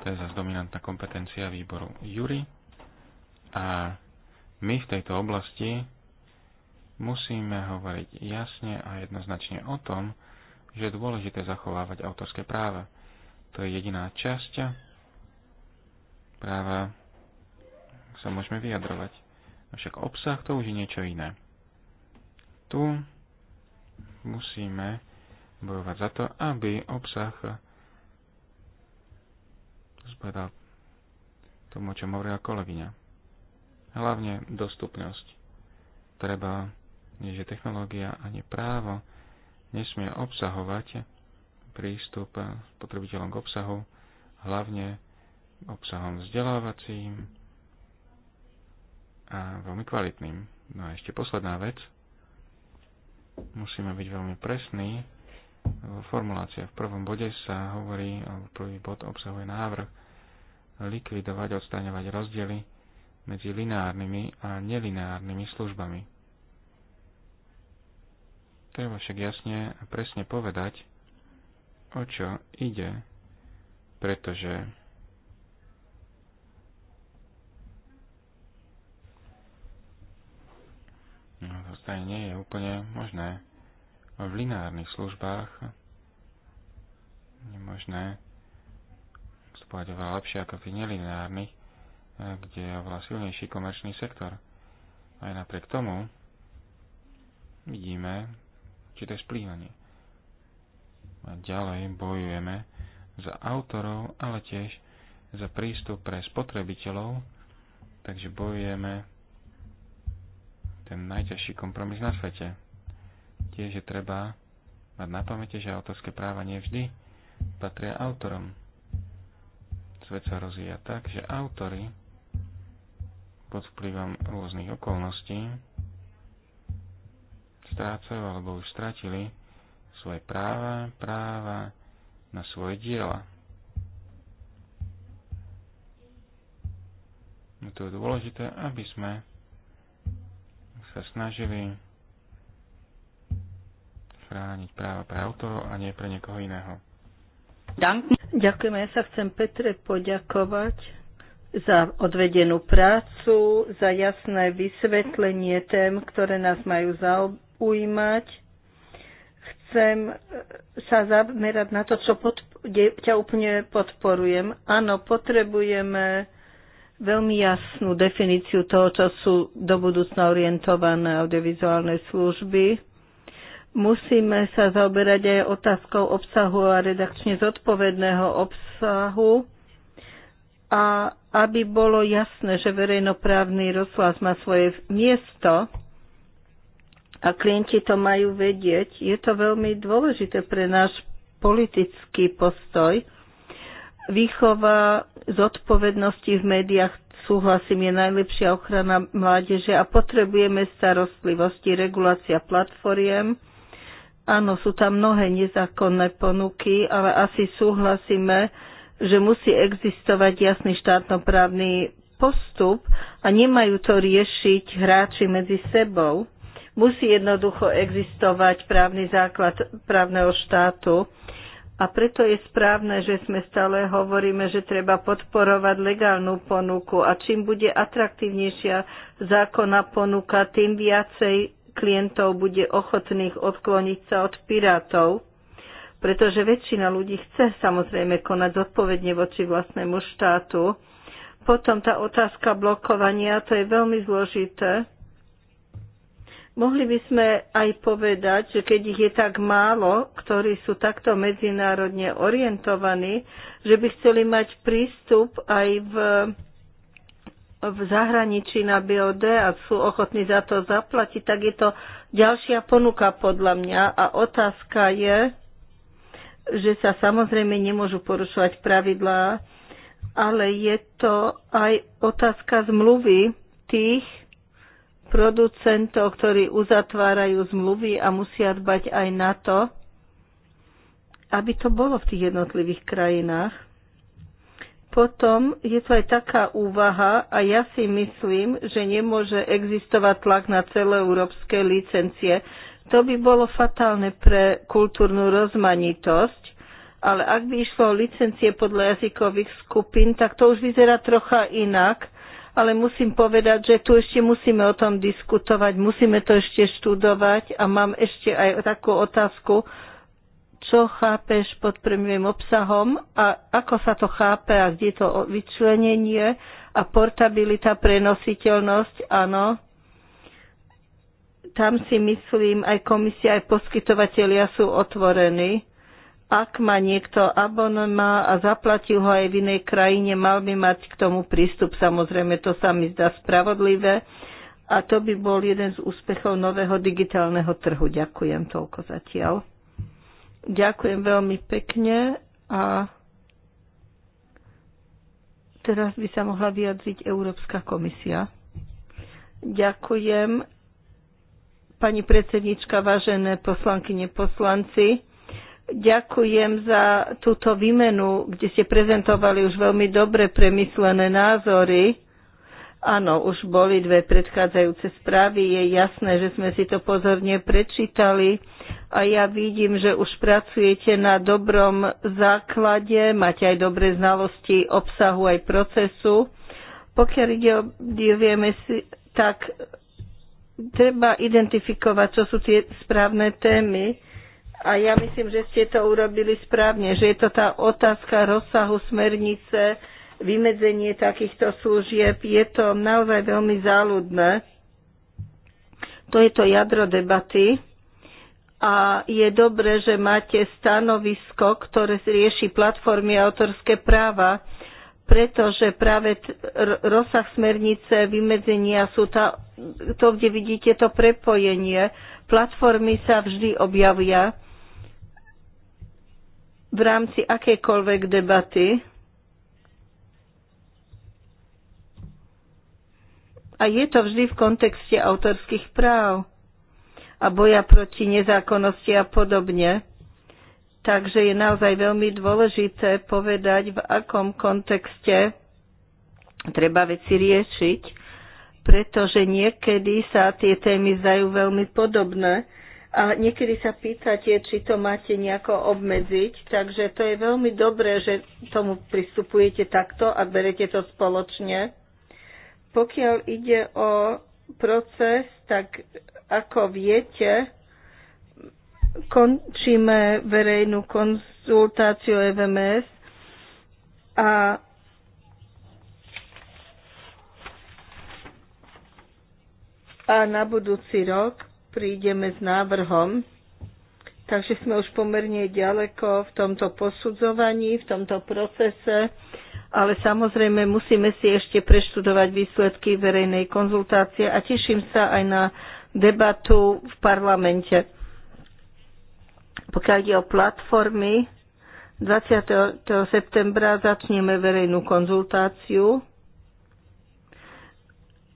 to je zase dominantná kompetencia výboru Jury a my v tejto oblasti musíme hovoriť jasne a jednoznačne o tom, že je dôležité zachovávať autorské práva. To je jediná časť práva, sa môžeme vyjadrovať. Avšak obsah to už je niečo iné. Tu musíme bojovať za to, aby obsah zbadal tomu, čo hovorila kolegyňa. Hlavne dostupnosť. Treba že technológia ani právo nesmie obsahovať prístup spotrebiteľom k obsahu, hlavne obsahom vzdelávacím a veľmi kvalitným. No a ešte posledná vec. Musíme byť veľmi presní. Formulácia v prvom bode sa hovorí, alebo prvý bod obsahuje návrh likvidovať, odstraňovať rozdiely medzi lineárnymi a nelineárnymi službami. Treba však jasne a presne povedať, o čo ide, pretože no, to nie je úplne možné. V lineárnych službách je možné vstupovať oveľa lepšie ako v nelineárnych, kde je oveľa silnejší komerčný sektor. Aj napriek tomu vidíme určité splývanie. A ďalej bojujeme za autorov, ale tiež za prístup pre spotrebiteľov, takže bojujeme ten najťažší kompromis na svete. Tiež je treba mať na pamäte, že autorské práva nevždy patria autorom. Svet sa rozvíja tak, že autory pod vplyvom rôznych okolností strácajú alebo už stratili svoje práva, práva na svoje diela. No to je dôležité, aby sme sa snažili chrániť práva pre autorov a nie pre niekoho iného. Ďakujem, ja sa chcem Petre poďakovať za odvedenú prácu, za jasné vysvetlenie tém, ktoré nás majú zaoberať ujímať. Chcem sa zamerať na to, čo pod, ťa úplne podporujem. Áno, potrebujeme veľmi jasnú definíciu toho, čo sú do budúcna orientované audiovizuálne služby. Musíme sa zaoberať aj otázkou obsahu a redakčne zodpovedného obsahu a aby bolo jasné, že verejnoprávny rozhlas má svoje miesto a klienti to majú vedieť. Je to veľmi dôležité pre náš politický postoj. Výchova zodpovednosti v médiách, súhlasím, je najlepšia ochrana mládeže a potrebujeme starostlivosti, regulácia platformiem. Áno, sú tam mnohé nezákonné ponuky, ale asi súhlasíme, že musí existovať jasný štátnoprávny postup a nemajú to riešiť hráči medzi sebou Musí jednoducho existovať právny základ právneho štátu. A preto je správne, že sme stále hovoríme, že treba podporovať legálnu ponuku a čím bude atraktívnejšia zákonná ponuka, tým viacej klientov bude ochotných odkloniť sa od pirátov, pretože väčšina ľudí chce samozrejme konať zodpovedne voči vlastnému štátu. Potom tá otázka blokovania, to je veľmi zložité Mohli by sme aj povedať, že keď ich je tak málo, ktorí sú takto medzinárodne orientovaní, že by chceli mať prístup aj v, v zahraničí na BOD a sú ochotní za to zaplatiť, tak je to ďalšia ponuka podľa mňa. A otázka je, že sa samozrejme nemôžu porušovať pravidlá, ale je to aj otázka zmluvy tých, producentov, ktorí uzatvárajú zmluvy a musia dbať aj na to, aby to bolo v tých jednotlivých krajinách. Potom je to aj taká úvaha a ja si myslím, že nemôže existovať tlak na celé európske licencie. To by bolo fatálne pre kultúrnu rozmanitosť, ale ak by išlo o licencie podľa jazykových skupín, tak to už vyzerá trocha inak – ale musím povedať, že tu ešte musíme o tom diskutovať, musíme to ešte študovať a mám ešte aj takú otázku, čo chápeš pod prvým obsahom a ako sa to chápe a kde to vyčlenenie a portabilita, prenositeľnosť, áno. Tam si myslím, aj komisia, aj poskytovateľia sú otvorení ak má niekto abonema a zaplatil ho aj v inej krajine, mal by mať k tomu prístup. Samozrejme, to sa mi zdá spravodlivé a to by bol jeden z úspechov nového digitálneho trhu. Ďakujem toľko zatiaľ. Ďakujem veľmi pekne a teraz by sa mohla vyjadriť Európska komisia. Ďakujem. Pani predsednička, vážené poslankyne, poslanci. Ďakujem za túto výmenu, kde ste prezentovali už veľmi dobre premyslené názory. Áno, už boli dve predchádzajúce správy. Je jasné, že sme si to pozorne prečítali a ja vidím, že už pracujete na dobrom základe, máte aj dobré znalosti obsahu aj procesu. Pokiaľ ide o vieme si, tak treba identifikovať, čo sú tie správne témy a ja myslím, že ste to urobili správne, že je to tá otázka rozsahu smernice, vymedzenie takýchto služieb, je to naozaj veľmi záľudné. To je to jadro debaty. A je dobré, že máte stanovisko, ktoré rieši platformy a autorské práva, pretože práve rozsah smernice vymedzenia sú tá, to, kde vidíte to prepojenie. Platformy sa vždy objavia v rámci akejkoľvek debaty. A je to vždy v kontexte autorských práv a boja proti nezákonnosti a podobne. Takže je naozaj veľmi dôležité povedať, v akom kontexte treba veci riešiť, pretože niekedy sa tie témy zdajú veľmi podobné a niekedy sa pýtate, či to máte nejako obmedziť, takže to je veľmi dobré, že tomu pristupujete takto a berete to spoločne. Pokiaľ ide o proces, tak ako viete, končíme verejnú konzultáciu EVMS a a na budúci rok prídeme s návrhom. Takže sme už pomerne ďaleko v tomto posudzovaní, v tomto procese, ale samozrejme musíme si ešte preštudovať výsledky verejnej konzultácie a teším sa aj na debatu v parlamente. Pokiaľ ide o platformy, 20. septembra začneme verejnú konzultáciu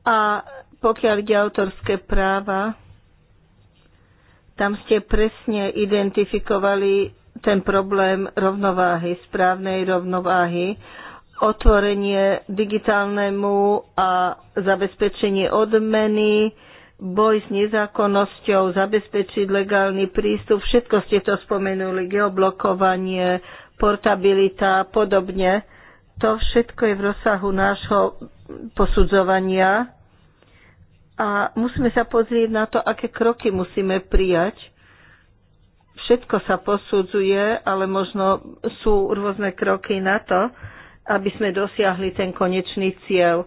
a pokiaľ ide autorské práva, tam ste presne identifikovali ten problém rovnováhy, správnej rovnováhy, otvorenie digitálnemu a zabezpečenie odmeny, boj s nezákonnosťou, zabezpečiť legálny prístup, všetko ste to spomenuli, geoblokovanie, portabilita a podobne. To všetko je v rozsahu nášho posudzovania a musíme sa pozrieť na to, aké kroky musíme prijať. Všetko sa posudzuje, ale možno sú rôzne kroky na to, aby sme dosiahli ten konečný cieľ.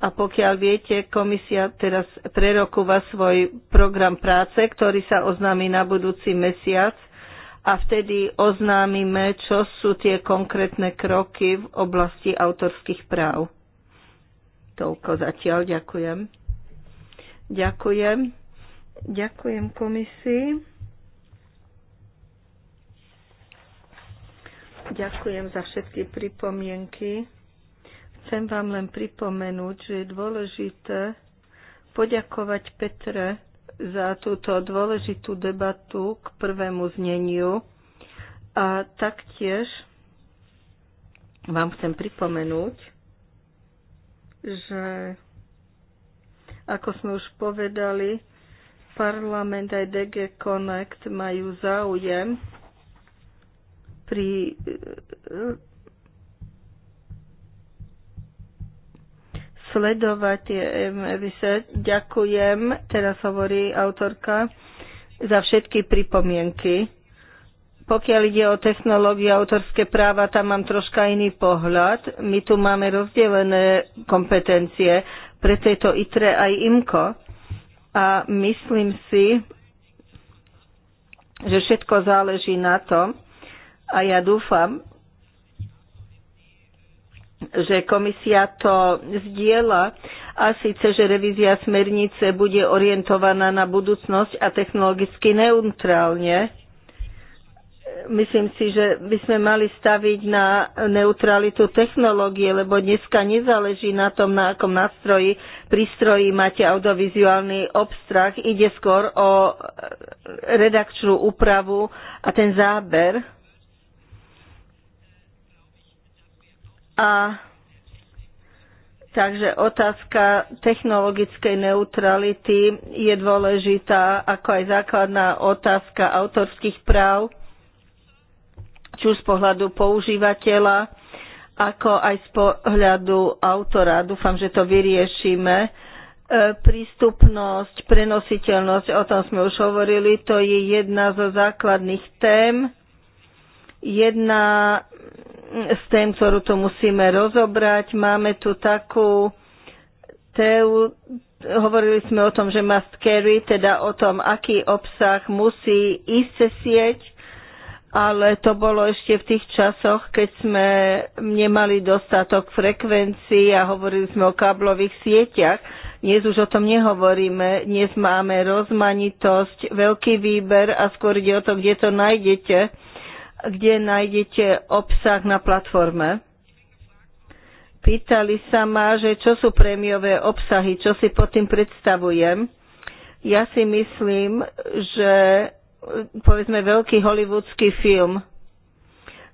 A pokiaľ viete, komisia teraz prerokúva svoj program práce, ktorý sa oznámi na budúci mesiac a vtedy oznámime, čo sú tie konkrétne kroky v oblasti autorských práv. Toľko zatiaľ, ďakujem. Ďakujem. Ďakujem komisii. Ďakujem za všetky pripomienky. Chcem vám len pripomenúť, že je dôležité poďakovať Petre za túto dôležitú debatu k prvému zneniu a taktiež vám chcem pripomenúť, že ako sme už povedali, parlament aj DG Connect majú záujem pri eh, sledovať tie emise. Eh, ďakujem, teraz hovorí autorka, za všetky pripomienky. Pokiaľ ide o technológie autorské práva, tam mám troška iný pohľad. My tu máme rozdelené kompetencie preto je to ITRE aj IMKO. A myslím si, že všetko záleží na tom a ja dúfam, že komisia to zdieľa a síce, že revízia smernice bude orientovaná na budúcnosť a technologicky neutrálne myslím si, že by sme mali staviť na neutralitu technológie, lebo dneska nezáleží na tom, na akom nástroji, prístroji máte audiovizuálny obstrach. Ide skôr o redakčnú úpravu a ten záber. A Takže otázka technologickej neutrality je dôležitá, ako aj základná otázka autorských práv či už z pohľadu používateľa, ako aj z pohľadu autora. Dúfam, že to vyriešime. E, prístupnosť, prenositeľnosť, o tom sme už hovorili, to je jedna zo základných tém. Jedna z tém, ktorú tu musíme rozobrať, máme tu takú teu, hovorili sme o tom, že must carry, teda o tom, aký obsah musí ísť cez sieť ale to bolo ešte v tých časoch, keď sme nemali dostatok frekvencií a hovorili sme o káblových sieťach. Dnes už o tom nehovoríme, dnes máme rozmanitosť, veľký výber a skôr ide o to, kde to nájdete, kde nájdete obsah na platforme. Pýtali sa ma, že čo sú prémiové obsahy, čo si pod tým predstavujem. Ja si myslím, že povedzme veľký hollywoodsky film.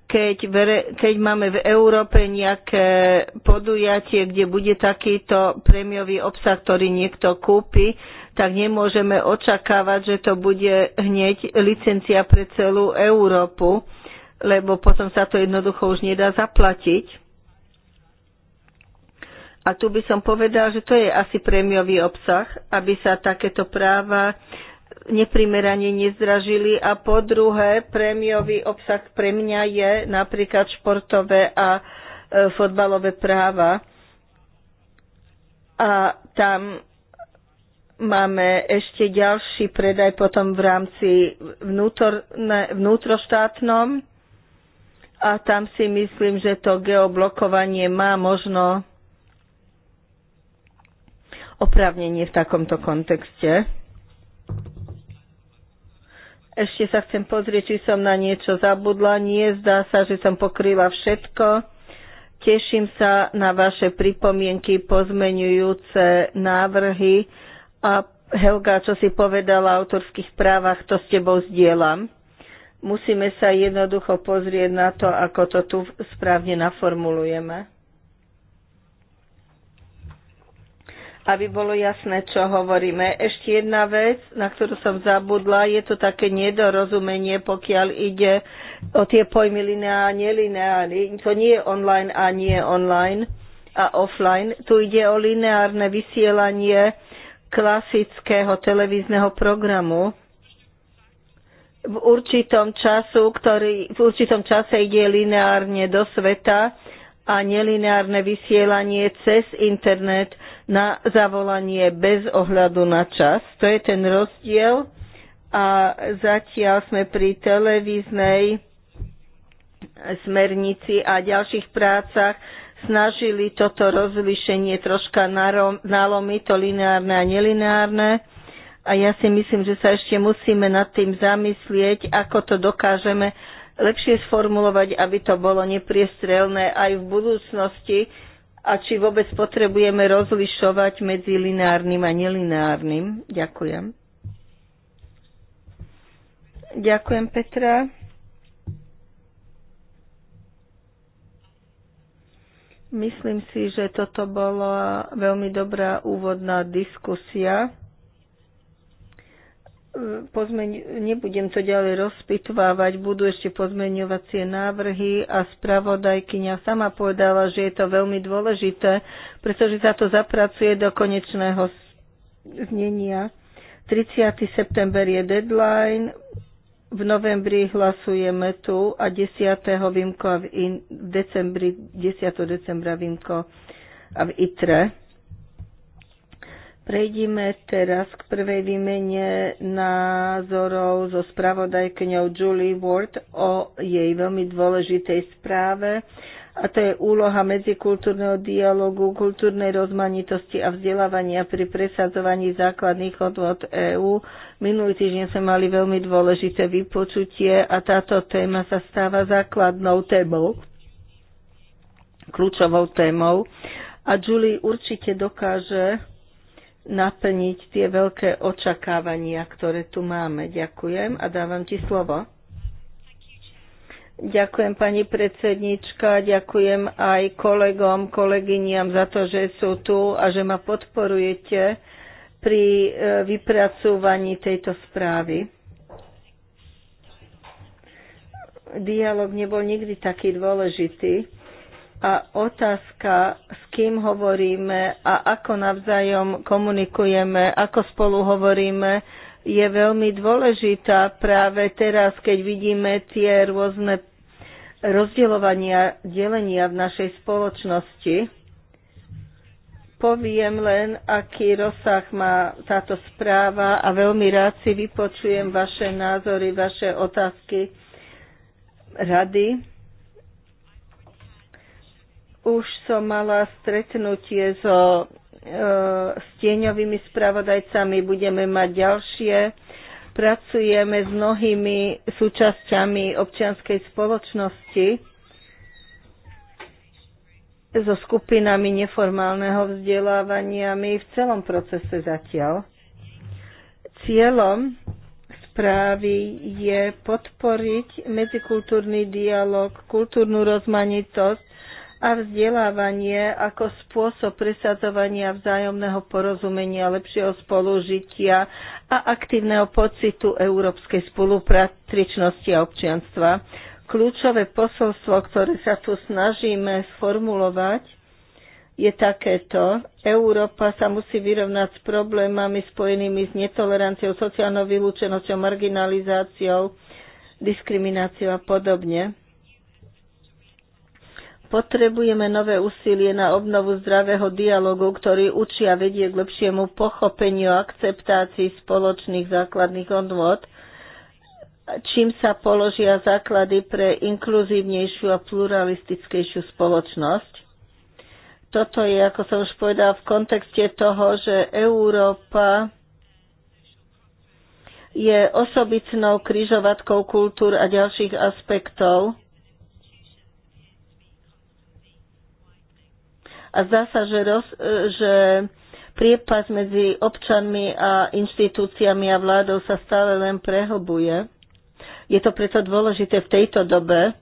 Keď, vere, keď máme v Európe nejaké podujatie, kde bude takýto prémiový obsah, ktorý niekto kúpi, tak nemôžeme očakávať, že to bude hneď licencia pre celú Európu, lebo potom sa to jednoducho už nedá zaplatiť. A tu by som povedal, že to je asi prémiový obsah, aby sa takéto práva neprimerane nezdražili a po druhé prémiový obsah pre mňa je napríklad športové a e, fotbalové práva. A tam máme ešte ďalší predaj potom v rámci ne, vnútroštátnom a tam si myslím, že to geoblokovanie má možno oprávnenie v takomto kontexte. Ešte sa chcem pozrieť, či som na niečo zabudla. Nie, zdá sa, že som pokryla všetko. Teším sa na vaše pripomienky, pozmenujúce návrhy a Helga, čo si povedala o autorských právach, to s tebou zdieľam. Musíme sa jednoducho pozrieť na to, ako to tu správne naformulujeme. aby bolo jasné, čo hovoríme. Ešte jedna vec, na ktorú som zabudla, je to také nedorozumenie, pokiaľ ide o tie pojmy lineárne, a To nie je online a nie online a offline. Tu ide o lineárne vysielanie klasického televízneho programu. V určitom, času, ktorý, v určitom čase ide lineárne do sveta a nelineárne vysielanie cez internet na zavolanie bez ohľadu na čas. To je ten rozdiel a zatiaľ sme pri televíznej smernici a ďalších prácach snažili toto rozlišenie troška nalomiť, to lineárne a nelineárne. A ja si myslím, že sa ešte musíme nad tým zamyslieť, ako to dokážeme lepšie sformulovať, aby to bolo nepriestrelné aj v budúcnosti, a či vôbec potrebujeme rozlišovať medzi lineárnym a nelineárnym. Ďakujem. Ďakujem, Petra. Myslím si, že toto bola veľmi dobrá úvodná diskusia pozmeň, nebudem to ďalej rozpitvávať, budú ešte pozmeňovacie návrhy a spravodajkyňa sama povedala, že je to veľmi dôležité, pretože sa to zapracuje do konečného znenia. 30. september je deadline, v novembri hlasujeme tu a 10. Vymko a v, in, decembri, 10. decembra Vimko a v ITRE. Prejdime teraz k prvej výmene názorov so spravodajkňou Julie Ward o jej veľmi dôležitej správe a to je úloha medzikultúrneho dialogu, kultúrnej rozmanitosti a vzdelávania pri presadzovaní základných odvod EÚ. Minulý týždeň sme mali veľmi dôležité vypočutie a táto téma sa stáva základnou témou, kľúčovou témou a Julie určite dokáže naplniť tie veľké očakávania, ktoré tu máme. Ďakujem a dávam ti slovo. Ďakujem pani predsednička, ďakujem aj kolegom, kolegyniam za to, že sú tu a že ma podporujete pri e, vypracúvaní tejto správy. Dialóg nebol nikdy taký dôležitý a otázka, s kým hovoríme a ako navzájom komunikujeme, ako spolu hovoríme, je veľmi dôležitá práve teraz, keď vidíme tie rôzne rozdielovania, delenia v našej spoločnosti. Poviem len, aký rozsah má táto správa a veľmi rád si vypočujem vaše názory, vaše otázky, rady už som mala stretnutie so e, stieňovými spravodajcami, budeme mať ďalšie. Pracujeme s mnohými súčasťami občianskej spoločnosti, so skupinami neformálneho vzdelávania my v celom procese zatiaľ. Cieľom správy je podporiť medzikultúrny dialog, kultúrnu rozmanitosť a vzdelávanie ako spôsob presadzovania vzájomného porozumenia, lepšieho spolužitia a aktívneho pocitu európskej spolupratričnosti a občianstva. Kľúčové posolstvo, ktoré sa tu snažíme sformulovať, je takéto. Európa sa musí vyrovnať s problémami spojenými s netoleranciou, sociálnou vylúčenosťou, marginalizáciou, diskrimináciou a podobne Potrebujeme nové úsilie na obnovu zdravého dialogu, ktorý učia vedie k lepšiemu pochopeniu a akceptácii spoločných základných odvod, čím sa položia základy pre inkluzívnejšiu a pluralistickejšiu spoločnosť. Toto je, ako som už povedala, v kontexte toho, že Európa je osobitnou kryžovatkou kultúr a ďalších aspektov, A zdá sa, že, roz, e, že priepas medzi občanmi a inštitúciami a vládou sa stále len prehobuje. Je to preto dôležité v tejto dobe.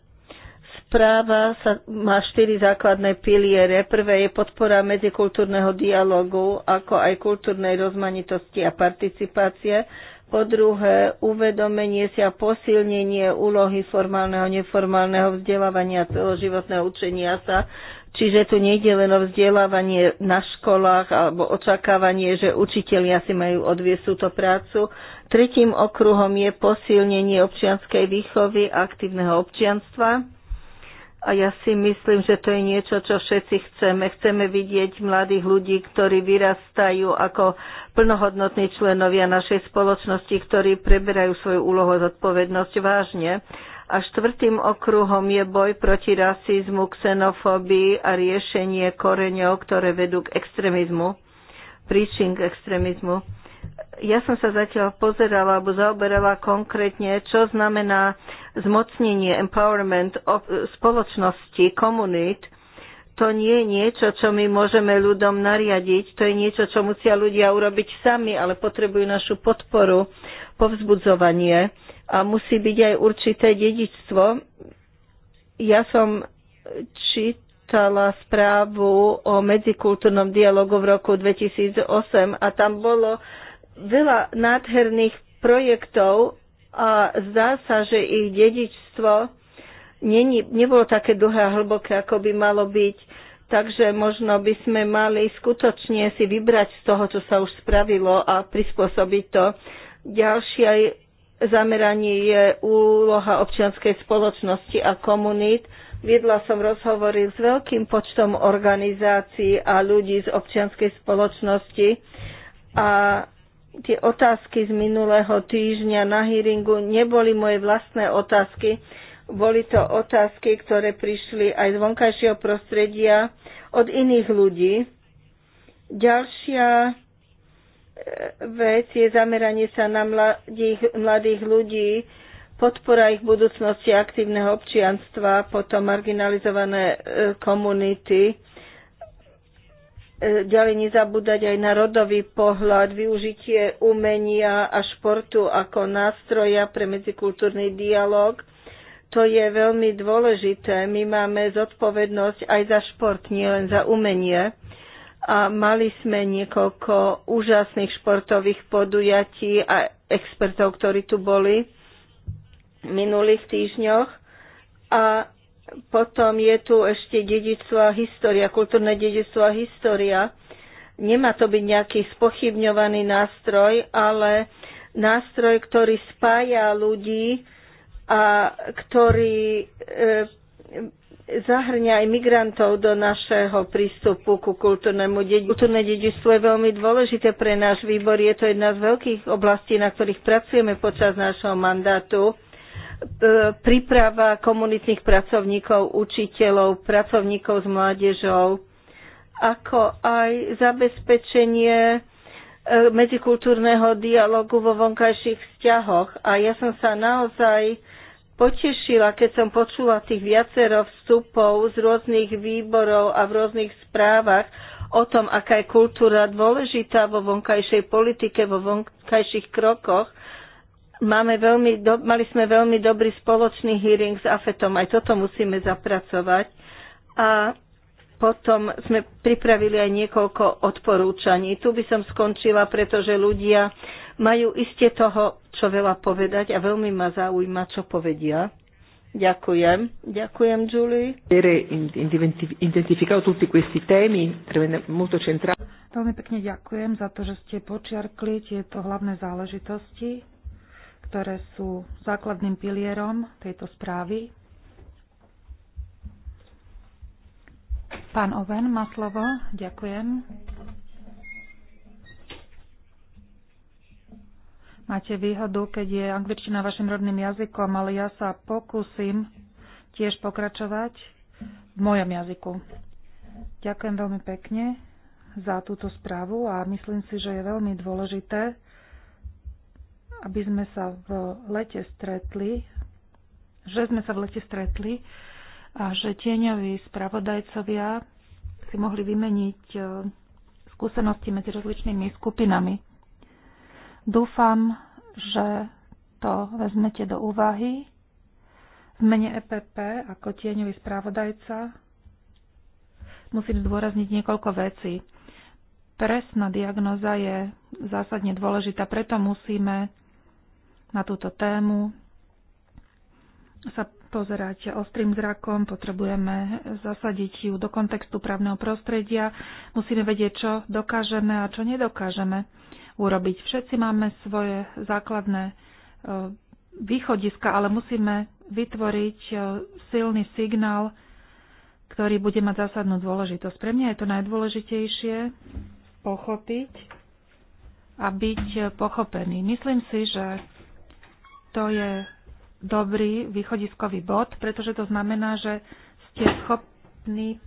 Správa sa, má štyri základné piliere. Prvé je podpora medzikultúrneho dialogu, ako aj kultúrnej rozmanitosti a participácie. Po druhé, uvedomenie si a posilnenie úlohy formálneho, neformálneho vzdelávania, celoživotného učenia sa Čiže tu nejde len o vzdelávanie na školách alebo očakávanie, že učitelia si majú odviesť túto prácu. Tretím okruhom je posilnenie občianskej výchovy a aktívneho občianstva. A ja si myslím, že to je niečo, čo všetci chceme. Chceme vidieť mladých ľudí, ktorí vyrastajú ako plnohodnotní členovia našej spoločnosti, ktorí preberajú svoju úlohu a zodpovednosť vážne. A štvrtým okruhom je boj proti rasizmu, xenofóbii a riešenie koreňov, ktoré vedú k extrémizmu, príčin k extrémizmu. Ja som sa zatiaľ pozerala alebo zaoberala konkrétne, čo znamená zmocnenie, empowerment spoločnosti, komunít. To nie je niečo, čo my môžeme ľuďom nariadiť, to je niečo, čo musia ľudia urobiť sami, ale potrebujú našu podporu povzbudzovanie a musí byť aj určité dedičstvo. Ja som čítala správu o medzikultúrnom dialogu v roku 2008 a tam bolo veľa nádherných projektov a zdá sa, že ich dedičstvo není, nebolo také dlhé a hlboké, ako by malo byť. Takže možno by sme mali skutočne si vybrať z toho, čo sa už spravilo a prispôsobiť to Ďalšie zameranie je úloha občianskej spoločnosti a komunít. Viedla som rozhovory s veľkým počtom organizácií a ľudí z občianskej spoločnosti a tie otázky z minulého týždňa na hearingu neboli moje vlastné otázky, boli to otázky, ktoré prišli aj z vonkajšieho prostredia od iných ľudí. Ďalšia vec je zameranie sa na mladých, mladých ľudí, podpora ich budúcnosti aktívneho občianstva, potom marginalizované e, komunity. E, ďalej nezabúdať aj na rodový pohľad, využitie umenia a športu ako nástroja pre medzikultúrny dialog. To je veľmi dôležité. My máme zodpovednosť aj za šport, nielen za umenie a mali sme niekoľko úžasných športových podujatí a expertov, ktorí tu boli v minulých týždňoch. A potom je tu ešte dedictvo a história, kultúrne dedictvo a história. Nemá to byť nejaký spochybňovaný nástroj, ale nástroj, ktorý spája ľudí a ktorý e, zahrňa aj migrantov do našeho prístupu ku kultúrnemu dedičstvu. Kultúrne dedičstvo je veľmi dôležité pre náš výbor. Je to jedna z veľkých oblastí, na ktorých pracujeme počas nášho mandátu. E, Príprava komunitných pracovníkov, učiteľov, pracovníkov s mládežou, ako aj zabezpečenie e, medzikultúrneho dialogu vo vonkajších vzťahoch. A ja som sa naozaj potešila, keď som počula tých viacero vstupov z rôznych výborov a v rôznych správach o tom, aká je kultúra dôležitá vo vonkajšej politike, vo vonkajších krokoch. Máme veľmi do, mali sme veľmi dobrý spoločný hearing s AFETom, aj toto musíme zapracovať. A potom sme pripravili aj niekoľko odporúčaní. Tu by som skončila, pretože ľudia majú iste toho, čo veľa povedať a veľmi ma zaujíma, čo povedia. Ďakujem. Ďakujem, Julie. Veľmi pekne ďakujem za to, že ste počiarkli tieto hlavné záležitosti, ktoré sú základným pilierom tejto správy. Pán Oven má slovo. Ďakujem. Máte výhodu, keď je angličtina vašim rodným jazykom, ale ja sa pokúsim tiež pokračovať v mojom jazyku. Ďakujem veľmi pekne za túto správu a myslím si, že je veľmi dôležité, aby sme sa v lete stretli, že sme sa v lete stretli a že tieňoví spravodajcovia si mohli vymeniť e, skúsenosti medzi rozličnými skupinami. Dúfam, že to vezmete do úvahy. V mene EPP ako tieňový správodajca musím zdôrazniť niekoľko vecí. Presná diagnoza je zásadne dôležitá, preto musíme na túto tému sa pozerať ostrým zrakom, potrebujeme zasadiť ju do kontextu právneho prostredia, musíme vedieť, čo dokážeme a čo nedokážeme urobiť. Všetci máme svoje základné e, východiska, ale musíme vytvoriť e, silný signál, ktorý bude mať zásadnú dôležitosť. Pre mňa je to najdôležitejšie pochopiť a byť pochopený. Myslím si, že to je dobrý východiskový bod, pretože to znamená, že ste schopní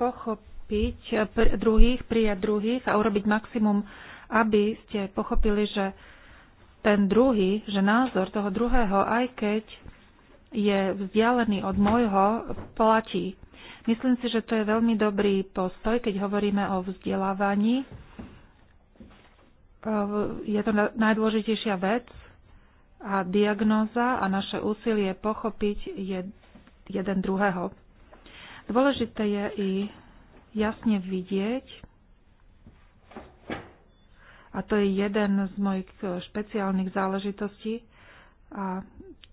pochopiť druhých, prijať druhých a urobiť maximum, aby ste pochopili, že ten druhý, že názor toho druhého, aj keď je vzdialený od môjho, platí. Myslím si, že to je veľmi dobrý postoj, keď hovoríme o vzdelávaní. Ehm, je to najdôležitejšia vec a diagnóza a naše úsilie pochopiť je jeden druhého. Dôležité je i jasne vidieť, a to je jeden z mojich e, špeciálnych záležitostí, a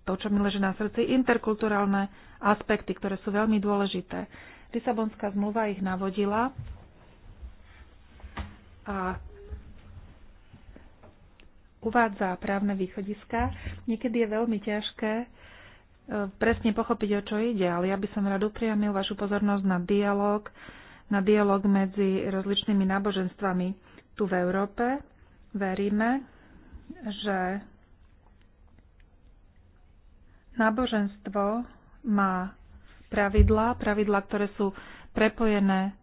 to, čo mi leží na srdci, interkulturálne aspekty, ktoré sú veľmi dôležité. Lisabonská zmluva ich navodila a uvádza právne východiska, niekedy je veľmi ťažké e, presne pochopiť, o čo ide, ale ja by som rád upriamil vašu pozornosť na dialog, na dialog medzi rozličnými náboženstvami tu v Európe. Veríme, že náboženstvo má pravidlá, pravidlá, ktoré sú prepojené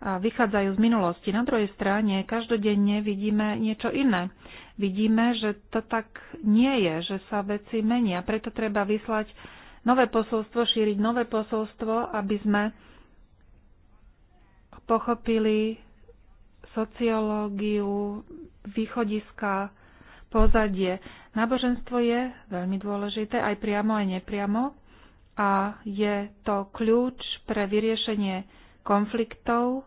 a vychádzajú z minulosti. Na druhej strane každodenne vidíme niečo iné vidíme, že to tak nie je, že sa veci menia. Preto treba vyslať nové posolstvo, šíriť nové posolstvo, aby sme pochopili sociológiu, východiska, pozadie. Náboženstvo je veľmi dôležité, aj priamo, aj nepriamo. A je to kľúč pre vyriešenie konfliktov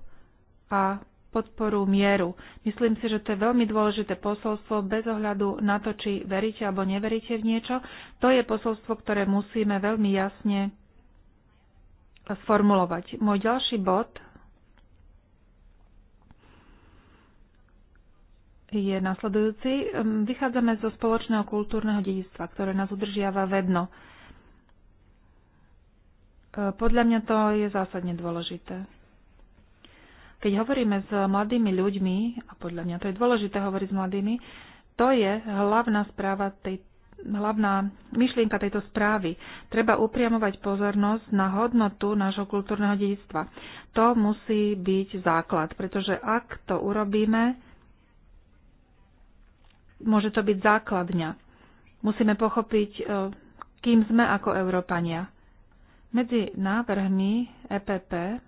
a podporu mieru. Myslím si, že to je veľmi dôležité posolstvo bez ohľadu na to, či veríte alebo neveríte v niečo. To je posolstvo, ktoré musíme veľmi jasne sformulovať. Môj ďalší bod je nasledujúci. Vychádzame zo spoločného kultúrneho dedictva, ktoré nás udržiava vedno. Podľa mňa to je zásadne dôležité. Keď hovoríme s mladými ľuďmi, a podľa mňa to je dôležité hovoriť s mladými, to je hlavná správa tej, hlavná myšlienka tejto správy. Treba upriamovať pozornosť na hodnotu nášho kultúrneho dedictva. To musí byť základ, pretože ak to urobíme, môže to byť základňa. Musíme pochopiť, e, kým sme ako Európania. Medzi návrhmi EPP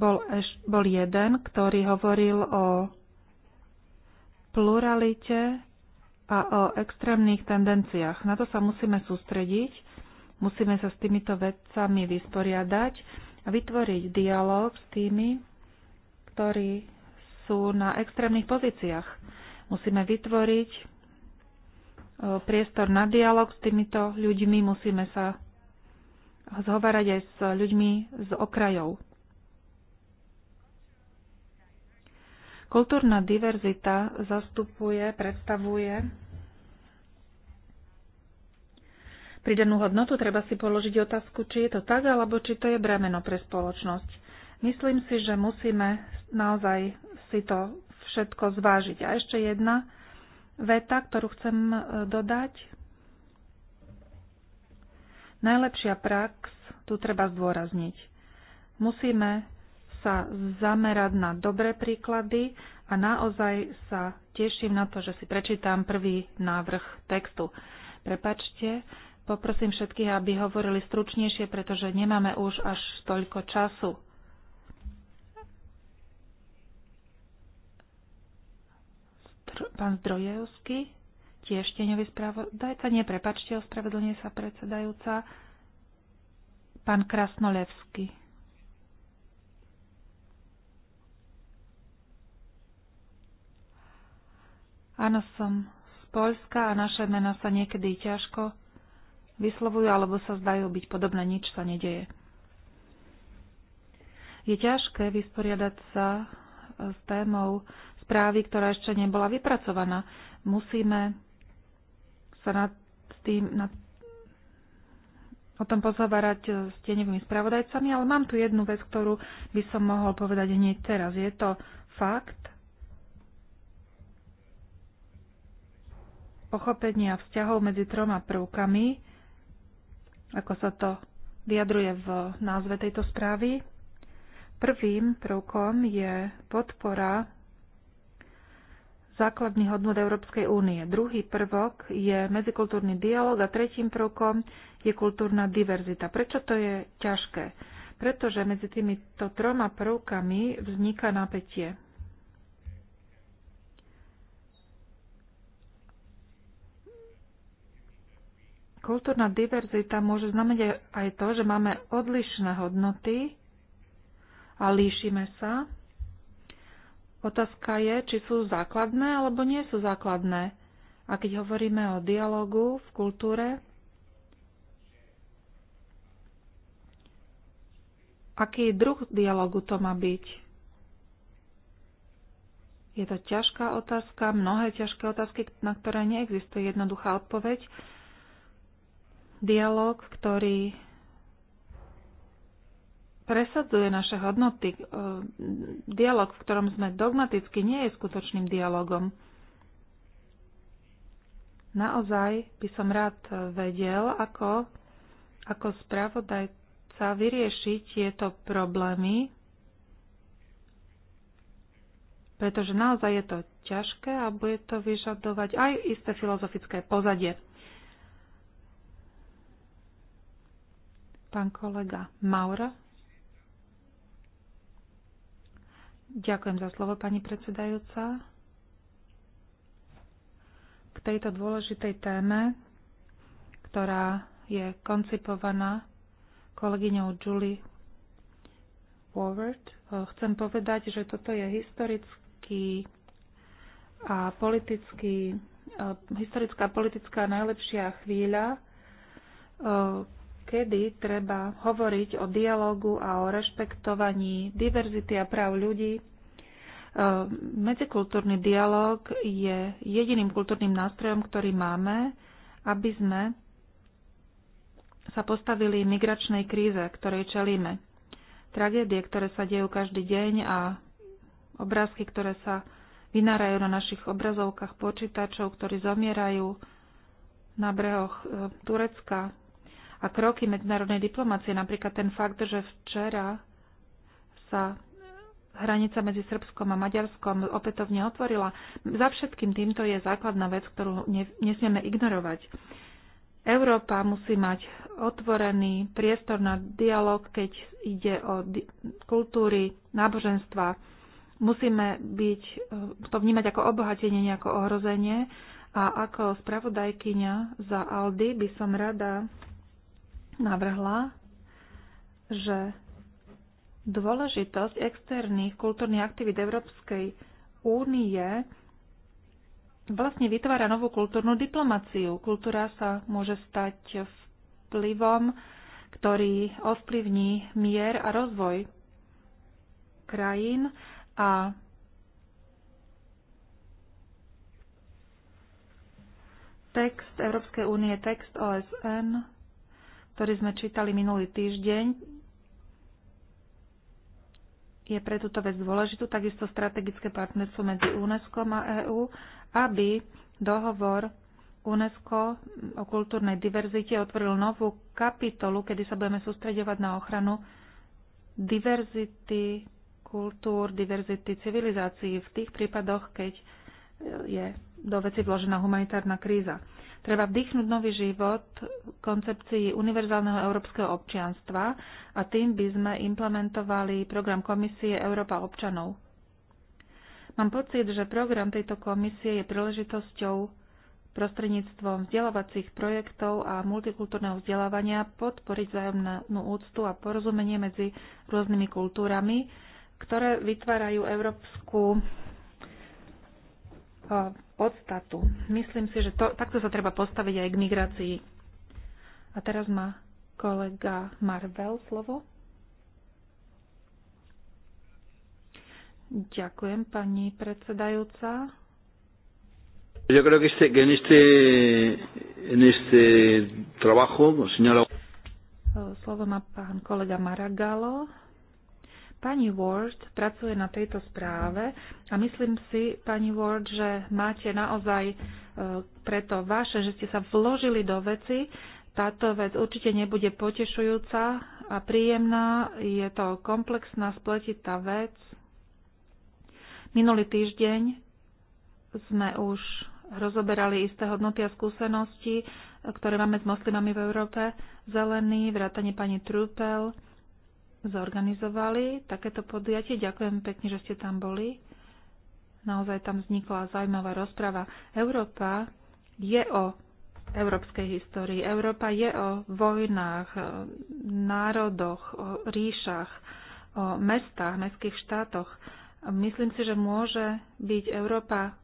bol, eš, bol jeden, ktorý hovoril o pluralite a o extrémnych tendenciách. Na to sa musíme sústrediť, musíme sa s týmito vedcami vysporiadať a vytvoriť dialog s tými, ktorí sú na extrémnych pozíciách. Musíme vytvoriť e, priestor na dialog s týmito ľuďmi, musíme sa zhovárať aj s ľuďmi z okrajov. Kultúrna diverzita zastupuje, predstavuje pridanú hodnotu. Treba si položiť otázku, či je to tak, alebo či to je bremeno pre spoločnosť. Myslím si, že musíme naozaj si to všetko zvážiť. A ešte jedna veta, ktorú chcem e, dodať. Najlepšia prax, tu treba zdôrazniť. Musíme sa zamerať na dobré príklady a naozaj sa teším na to, že si prečítam prvý návrh textu. Prepačte, poprosím všetkých, aby hovorili stručnejšie, pretože nemáme už až toľko času. Pán Zdrojevský, tiež tenevý spravodajca, nie, prepačte, ospravedlňuje sa predsedajúca. Pán Krasnolevský. Áno, som z Polska a naše mená sa niekedy ťažko vyslovujú alebo sa zdajú byť podobné, nič sa nedeje. Je ťažké vysporiadať sa e, s témou správy, ktorá ešte nebola vypracovaná. Musíme sa nad tým, nad, o tom pozhovárať e, s tenevými spravodajcami, ale mám tu jednu vec, ktorú by som mohol povedať hneď teraz. Je to fakt, pochopenia vzťahov medzi troma prvkami, ako sa to vyjadruje v názve tejto správy. Prvým prvkom je podpora základných hodnot Európskej únie. Druhý prvok je medzikultúrny dialog a tretím prvkom je kultúrna diverzita. Prečo to je ťažké? Pretože medzi týmito troma prvkami vzniká napätie. Kultúrna diverzita môže znamenať aj to, že máme odlišné hodnoty a líšime sa. Otázka je, či sú základné alebo nie sú základné. A keď hovoríme o dialogu v kultúre, aký druh dialogu to má byť? Je to ťažká otázka, mnohé ťažké otázky, na ktoré neexistuje jednoduchá odpoveď dialog, ktorý presadzuje naše hodnoty. E, dialog, v ktorom sme dogmaticky, nie je skutočným dialogom. Naozaj by som rád e, vedel, ako, ako spravodajca vyriešiť tieto problémy, pretože naozaj je to ťažké a bude to vyžadovať aj isté filozofické pozadie. Pán kolega Maura. Ďakujem za slovo, pani predsedajúca. K tejto dôležitej téme, ktorá je koncipovaná kolegyňou Julie Ward, chcem povedať, že toto je historický a politický, eh, historická politická najlepšia chvíľa, eh, kedy treba hovoriť o dialogu a o rešpektovaní diverzity a práv ľudí. E, medzikultúrny dialog je jediným kultúrnym nástrojom, ktorý máme, aby sme sa postavili migračnej kríze, ktorej čelíme. Tragédie, ktoré sa dejú každý deň a obrázky, ktoré sa vynárajú na našich obrazovkách počítačov, ktorí zomierajú na brehoch e, Turecka, a kroky medzinárodnej diplomácie. Napríklad ten fakt, že včera sa hranica medzi Srbskom a Maďarskom opätovne otvorila. Za všetkým týmto je základná vec, ktorú nesmieme ignorovať. Európa musí mať otvorený priestor na dialog, keď ide o kultúry, náboženstva. Musíme byť, eh, to vnímať ako obohatenie, nie ako ohrozenie. A ako spravodajkyňa za Aldy by som rada navrhla, že dôležitosť externých kultúrnych aktivít Európskej únie vlastne vytvára novú kultúrnu diplomáciu. Kultúra sa môže stať vplyvom, ktorý ovplyvní mier a rozvoj krajín a text Európskej únie, text OSN ktorý sme čítali minulý týždeň, je pre túto vec dôležitú, takisto strategické partnerstvo medzi UNESCO a EÚ, aby dohovor UNESCO o kultúrnej diverzite otvoril novú kapitolu, kedy sa budeme sústredovať na ochranu diverzity kultúr, diverzity civilizácií v tých prípadoch, keď je do veci vložená humanitárna kríza. Treba vdýchnuť nový život koncepcii univerzálneho európskeho občianstva a tým by sme implementovali program Komisie Európa občanov. Mám pocit, že program tejto komisie je príležitosťou prostredníctvom vzdelávacích projektov a multikultúrneho vzdelávania podporiť vzájomnú úctu a porozumenie medzi rôznymi kultúrami, ktoré vytvárajú európsku eh, podstatu. Myslím si, že to, takto sa treba postaviť aj k migrácii. A teraz má kolega Marvel slovo. Ďakujem, pani predsedajúca. Yo creo que, este, que en, este, en este trabajo, señora... Slovo má pán kolega Maragalo. Pani Ward pracuje na tejto správe a myslím si, pani Ward, že máte naozaj e, preto vaše, že ste sa vložili do veci. Táto vec určite nebude potešujúca a príjemná. Je to komplexná, spletitá vec. Minulý týždeň sme už rozoberali isté hodnoty a skúsenosti, ktoré máme s moslimami v Európe. Zelený, vrátane pani Trupel, zorganizovali takéto podujatie. Ďakujem pekne, že ste tam boli. Naozaj tam vznikla zaujímavá rozprava. Európa je o európskej histórii. Európa je o vojnách, národoch, o ríšach, o mestách, mestských štátoch. Myslím si, že môže byť Európa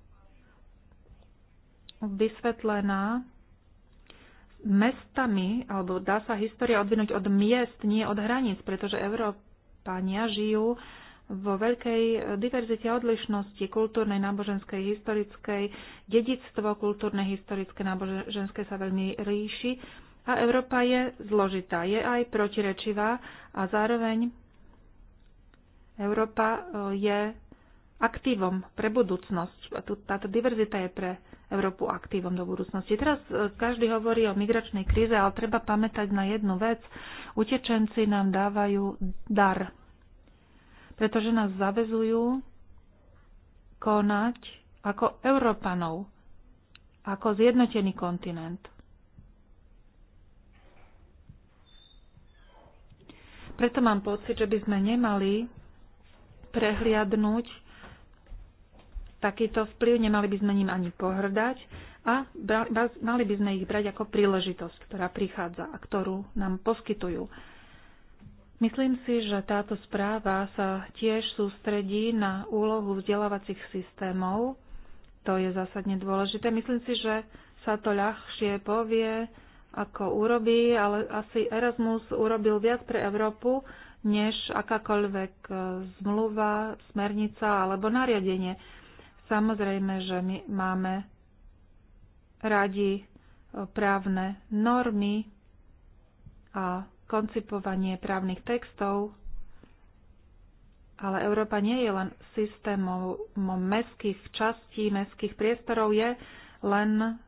vysvetlená mestami, alebo dá sa história odvinúť od miest, nie od hraníc, pretože Európania žijú vo veľkej diverzite odlišnosti kultúrnej, náboženskej, historickej. Dedictvo kultúrne, historické, náboženské sa veľmi ríši a Európa je zložitá, je aj protirečivá a zároveň Európa e, je aktívom pre budúcnosť. Táto diverzita je pre Európu aktívom do budúcnosti. Teraz e, každý hovorí o migračnej kríze, ale treba pamätať na jednu vec. Utečenci nám dávajú dar, pretože nás zavezujú konať ako Európanov, ako zjednotený kontinent. Preto mám pocit, že by sme nemali prehliadnúť takýto vplyv, nemali by sme ním ani pohrdať a mali by sme ich brať ako príležitosť, ktorá prichádza a ktorú nám poskytujú. Myslím si, že táto správa sa tiež sústredí na úlohu vzdelávacích systémov. To je zásadne dôležité. Myslím si, že sa to ľahšie povie, ako urobí, ale asi Erasmus urobil viac pre Európu, než akákoľvek e, zmluva, smernica alebo nariadenie. Samozrejme, že my máme radi e, právne normy a koncipovanie právnych textov, ale Európa nie je len systémom mestských častí, mestských priestorov, je len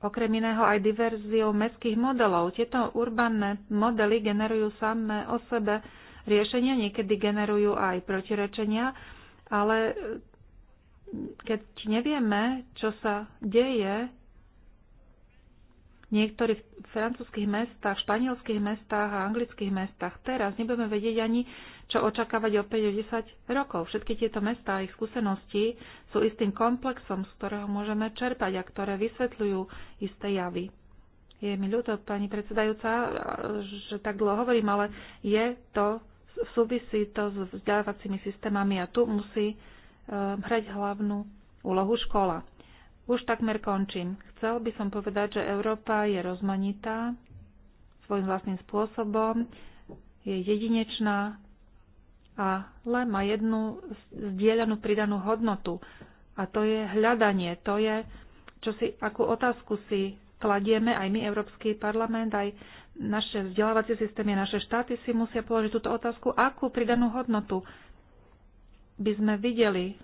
okrem iného aj diverziou mestských modelov. Tieto urbanné modely generujú samé o sebe riešenia, niekedy generujú aj protirečenia, ale keď nevieme, čo sa deje, v v francúzských mestách, španielských mestách a anglických mestách teraz nebudeme vedieť ani, čo očakávať o 5-10 rokov. Všetky tieto mestá a ich skúsenosti sú istým komplexom, z ktorého môžeme čerpať a ktoré vysvetľujú isté javy. Je mi ľúto, pani predsedajúca, že tak dlho hovorím, ale je to, súvisí to s vzdelávacími systémami a tu musí Eh, hrať hlavnú úlohu škola. Už takmer končím. Chcel by som povedať, že Európa je rozmanitá svojím vlastným spôsobom, je jedinečná, ale má jednu zdieľanú pridanú hodnotu. A to je hľadanie, to je, čo si, akú otázku si kladieme, aj my, Európsky parlament, aj naše vzdelávacie systémy, naše štáty si musia položiť túto otázku, akú pridanú hodnotu by sme videli,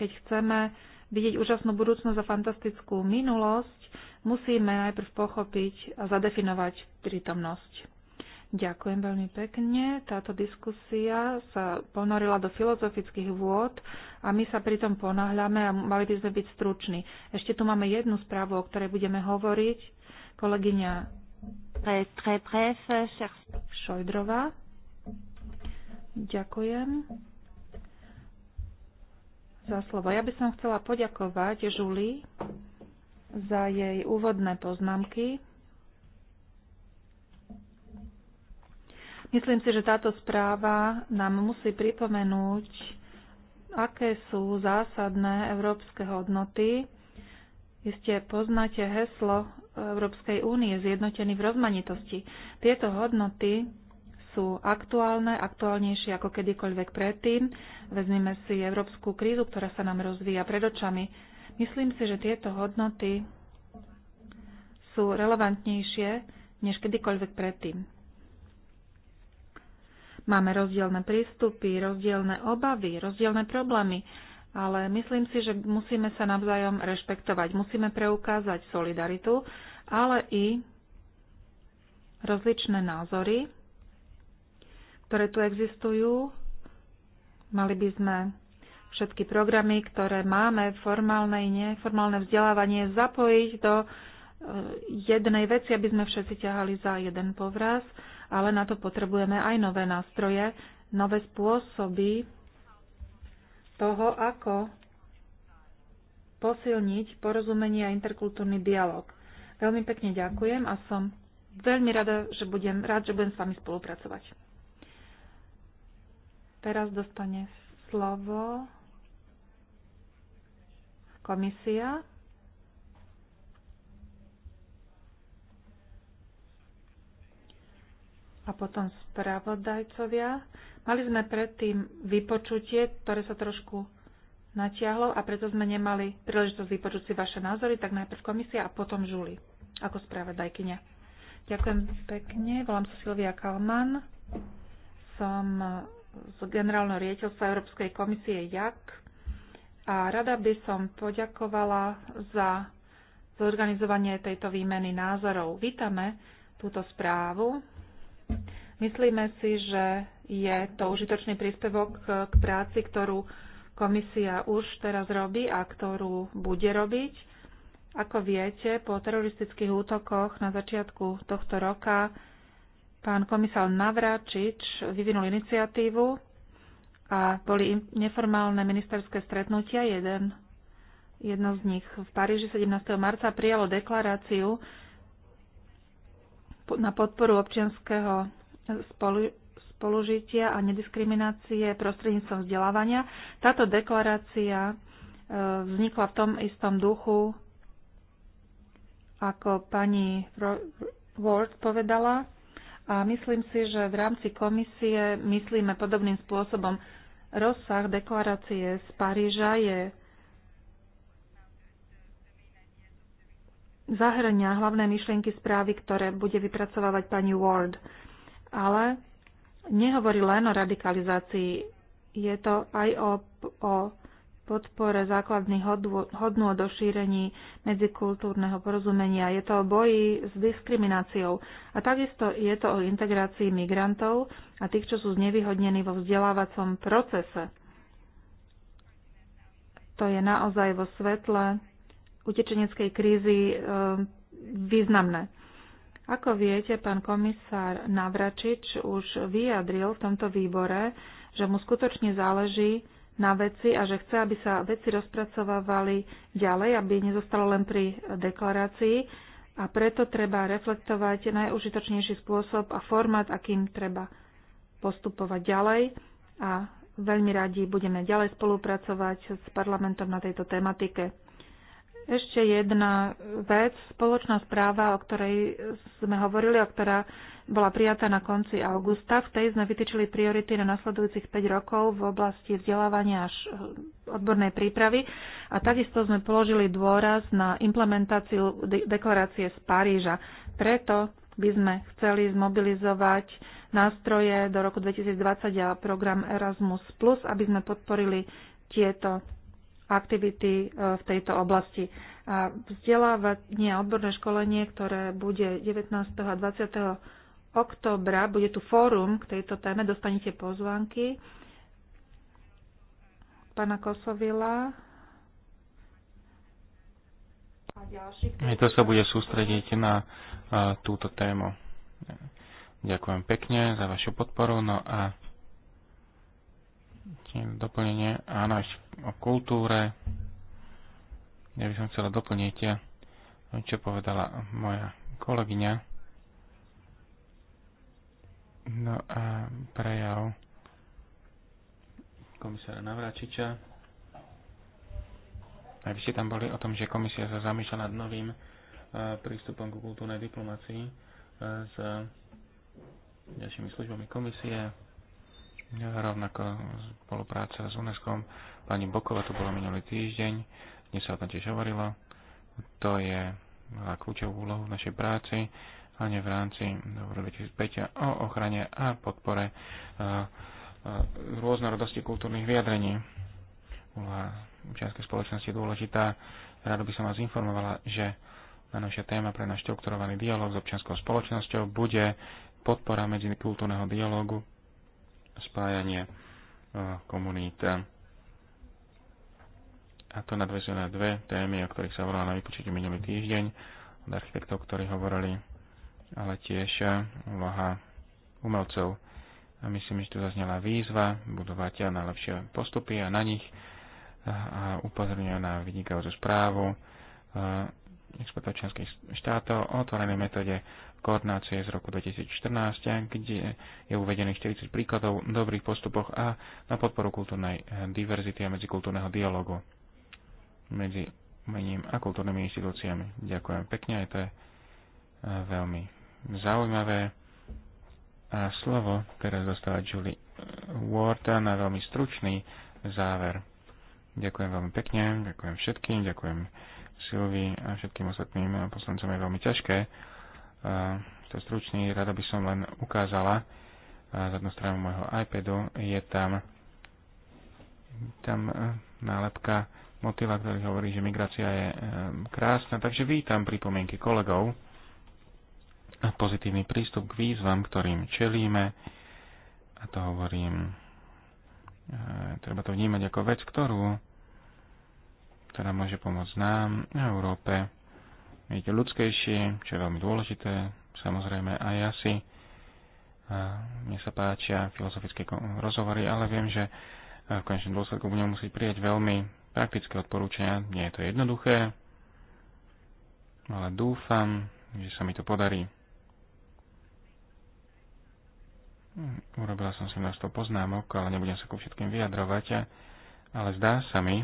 keď chceme vidieť úžasnú budúcnosť a fantastickú minulosť, musíme najprv pochopiť a zadefinovať prítomnosť. Ďakujem veľmi pekne. Táto diskusia sa ponorila do filozofických vôd a my sa pritom ponáhľame a mali by sme byť struční. Ešte tu máme jednu správu, o ktorej budeme hovoriť. Kolegyňa Très, très bref, Ďakujem za slovo. Ja by som chcela poďakovať Žuli za jej úvodné poznámky. Myslím si, že táto správa nám musí pripomenúť, aké sú zásadné európske hodnoty. Iste poznáte heslo Európskej únie, zjednotení v rozmanitosti. Tieto hodnoty sú aktuálne, aktuálnejšie ako kedykoľvek predtým. Vezmeme si európsku krízu, ktorá sa nám rozvíja pred očami. Myslím si, že tieto hodnoty sú relevantnejšie než kedykoľvek predtým. Máme rozdielne prístupy, rozdielne obavy, rozdielne problémy ale myslím si, že musíme sa navzájom rešpektovať. Musíme preukázať solidaritu, ale i rozličné názory, ktoré tu existujú. Mali by sme všetky programy, ktoré máme, formálne i neformálne vzdelávanie, zapojiť do e, jednej veci, aby sme všetci ťahali za jeden povraz, ale na to potrebujeme aj nové nástroje, nové spôsoby toho, ako posilniť porozumenie a interkultúrny dialog. Veľmi pekne ďakujem a som veľmi rada, že budem, rád, že budem s vami spolupracovať. Teraz dostane slovo komisia. A potom spravodajcovia. Mali sme predtým vypočutie, ktoré sa trošku natiahlo a preto sme nemali príležitosť vypočuť si vaše názory, tak najprv komisia a potom Žuli ako spravodajkyňa. Ďakujem pekne, volám sa Silvia Kalman, som z generálneho riaditeľstva Európskej komisie JAK a rada by som poďakovala za zorganizovanie tejto výmeny názorov. Vítame túto správu. Myslíme si, že je to užitočný príspevok k práci, ktorú komisia už teraz robí a ktorú bude robiť. Ako viete, po teroristických útokoch na začiatku tohto roka pán komisár Navračič vyvinul iniciatívu a boli neformálne ministerské stretnutia. Jeden, jedno z nich v Paríži 17. marca prijalo deklaráciu na podporu občianského spolu, spolužitia a nediskriminácie prostredníctvom vzdelávania. Táto deklarácia e, vznikla v tom istom duchu, ako pani Ward povedala. A myslím si, že v rámci komisie myslíme podobným spôsobom. Rozsah deklarácie z Paríža je zahrňa hlavné myšlienky správy, ktoré bude vypracovávať pani Ward. Ale nehovorí len o radikalizácii, je to aj o, o podpore základných hodnú o šírení medzikultúrneho porozumenia. Je to o boji s diskrimináciou a takisto je to o integrácii migrantov a tých, čo sú znevýhodnení vo vzdelávacom procese. To je naozaj vo svetle utečeneckej krízy eh, významné. Ako viete, pán komisár Navračič už vyjadril v tomto výbore, že mu skutočne záleží na veci a že chce, aby sa veci rozpracovávali ďalej, aby nezostalo len pri deklarácii a preto treba reflektovať najúžitočnejší spôsob a formát, akým treba postupovať ďalej a veľmi radi budeme ďalej spolupracovať s parlamentom na tejto tematike. Ešte jedna vec, spoločná správa, o ktorej sme hovorili, o ktorá bola prijatá na konci augusta. V tej sme vytýčili priority na nasledujúcich 5 rokov v oblasti vzdelávania až odbornej prípravy a takisto sme položili dôraz na implementáciu deklarácie z Paríža. Preto by sme chceli zmobilizovať nástroje do roku 2020 a program Erasmus, aby sme podporili tieto aktivity e, v tejto oblasti. A vzdelávanie a odborné školenie, ktoré bude 19. a 20. oktobra, bude tu fórum k tejto téme, dostanete pozvánky pána Kosovila a To sa bude sústrediť na e, túto tému. Ďakujem pekne za vašu podporu. No a doplnenie, áno, ešte o kultúre. Ja by som chcela doplniť, čo povedala moja kolegyňa. No a prejav komisára Navračiča. A vy ste tam boli o tom, že komisia sa zamýšľa nad novým e, prístupom k kultúrnej diplomácii e, s ďalšími službami komisie, rovnako spolupráca s UNESCO. Pani Bokova to bolo minulý týždeň, dnes sa o tom tiež hovorilo. To je kľúčovú úlohu v našej práci, a ne v rámci dobro 2005 o ochrane a podpore a, a, rôznorodosti kultúrnych vyjadrení. Úloha občianskej spoločnosti je dôležitá. Rado by som vás informovala, že najnovšia téma pre náš štrukturovaný dialog s občianskou spoločnosťou bude podpora medzikultúrneho dialógu spájanie e, komunít. A to nadväzuje na dve témy, o ktorých sa hovorila na vypočutí minulý týždeň od architektov, ktorí hovorili, ale tiež e, úloha umelcov. A myslím, že tu zaznela výzva budovať na lepšie postupy a na nich e, a upozorňuje na vynikajúcu správu expertov členských štátov o otvorenej metóde koordinácie z roku 2014, kde je uvedených 40 príkladov dobrých postupoch a na podporu kultúrnej diverzity a medzikultúrneho dialogu medzi umením a kultúrnymi inštitúciami. Ďakujem pekne, je to e, veľmi zaujímavé. A slovo teraz dostáva Julie e, Wharton na veľmi stručný záver. Ďakujem veľmi pekne, ďakujem všetkým, ďakujem Silvi a všetkým ostatným poslancom je veľmi ťažké to stručný, rada by som len ukázala zadnú stranu môjho iPadu, je tam tam e, nálepka motiva, ktorý hovorí, že migrácia je e, krásna, takže vítam pripomienky kolegov a pozitívny prístup k výzvam, ktorým čelíme. A to hovorím, e, treba to vnímať ako vec, ktorú, ktorá môže pomôcť nám na Európe vidíte, ľudskejšie, čo je veľmi dôležité, samozrejme aj asi, A mne sa páčia filozofické rozhovory, ale viem, že v konečnom dôsledku budem musieť prijať veľmi praktické odporúčania. Nie je to jednoduché, ale dúfam, že sa mi to podarí. Urobila som si množstvo poznámok, ale nebudem sa ku všetkým vyjadrovať, ale zdá sa mi,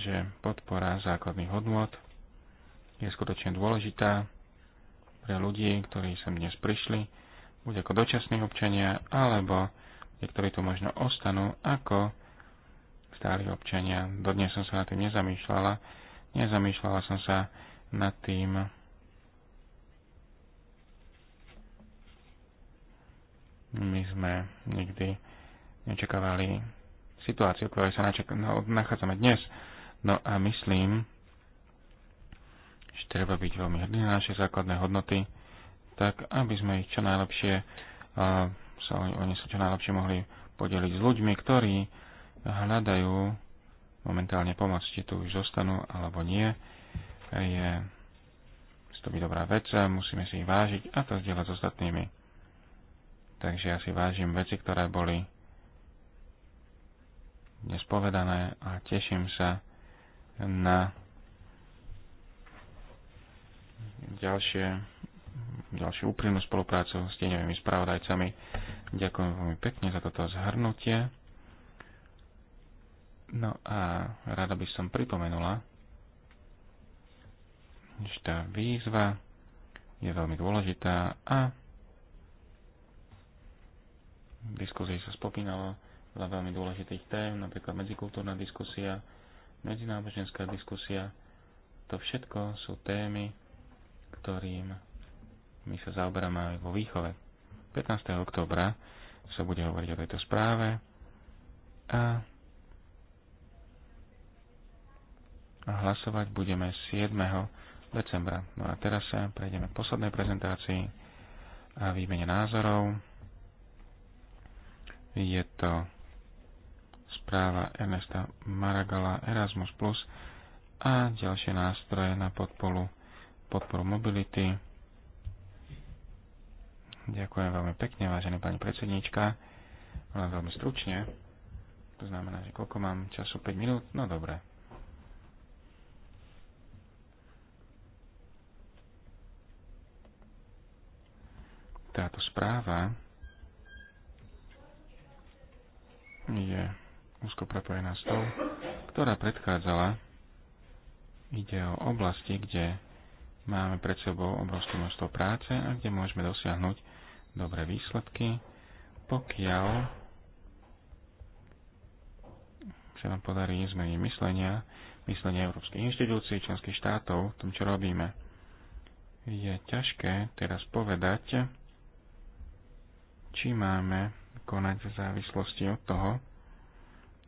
že podpora základných hodnot je skutočne dôležitá pre ľudí, ktorí sem dnes prišli, buď ako dočasní občania, alebo niektorí tu možno ostanú ako stáli občania. Dodnes som sa nad tým nezamýšľala, nezamýšľala som sa nad tým, my sme nikdy nečakávali situáciu, ktorej sa no, nachádzame dnes. No a myslím, že treba byť veľmi hrdý na naše základné hodnoty, tak aby sme ich čo najlepšie, sa, oni sa čo najlepšie mohli podeliť s ľuďmi, ktorí hľadajú momentálne pomoc, či tu už zostanú alebo nie. Je to byť dobrá vec, musíme si ich vážiť a to zdieľať s ostatnými. Takže ja si vážim veci, ktoré boli dnes povedané a teším sa na ďalšie, ďalšiu úprimnú spoluprácu s tieňovými spravodajcami. Ďakujem veľmi pekne za toto zhrnutie. No a rada by som pripomenula, že tá výzva je veľmi dôležitá a v diskuzii sa spomínalo, veľa veľmi dôležitých tém, napríklad medzikultúrna diskusia, medzináboženská diskusia. To všetko sú témy, ktorým my sa zaoberáme aj vo výchove. 15. oktobra sa bude hovoriť o tejto správe a hlasovať budeme 7. decembra. No a teraz sa prejdeme k poslednej prezentácii a výmene názorov. Je to práva Ernesta Maragala Erasmus+, Plus a ďalšie nástroje na podporu, podporu mobility. Ďakujem veľmi pekne, vážená pani predsedníčka. Len veľmi stručne. To znamená, že koľko mám času? 5 minút? No dobre. Táto správa je úzko prepojená s tou, ktorá predchádzala. Ide o oblasti, kde máme pred sebou obrovské množstvo práce a kde môžeme dosiahnuť dobré výsledky, pokiaľ sa nám podarí zmeniť myslenia, myslenie európskych inštitúcie, členských štátov, v tom, čo robíme. Je ťažké teraz povedať, či máme konať v závislosti od toho,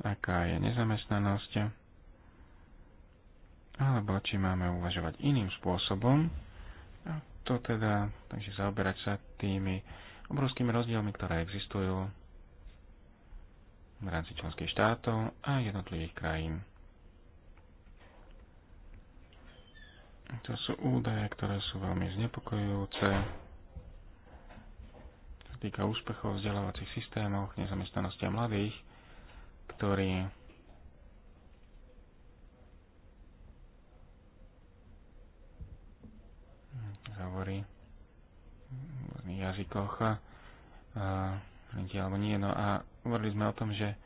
aká je nezamestnanosť, alebo či máme uvažovať iným spôsobom. A to teda, takže zaoberať sa tými obrovskými rozdielmi, ktoré existujú v rámci členských štátov a jednotlivých krajín. To sú údaje, ktoré sú veľmi znepokojujúce. Čo týka úspechov v vzdelávacích systémoch, nezamestnanosti a mladých, ktorý hovorí v rôznych jazykoch a, alebo nie. No a hovorili sme o tom, že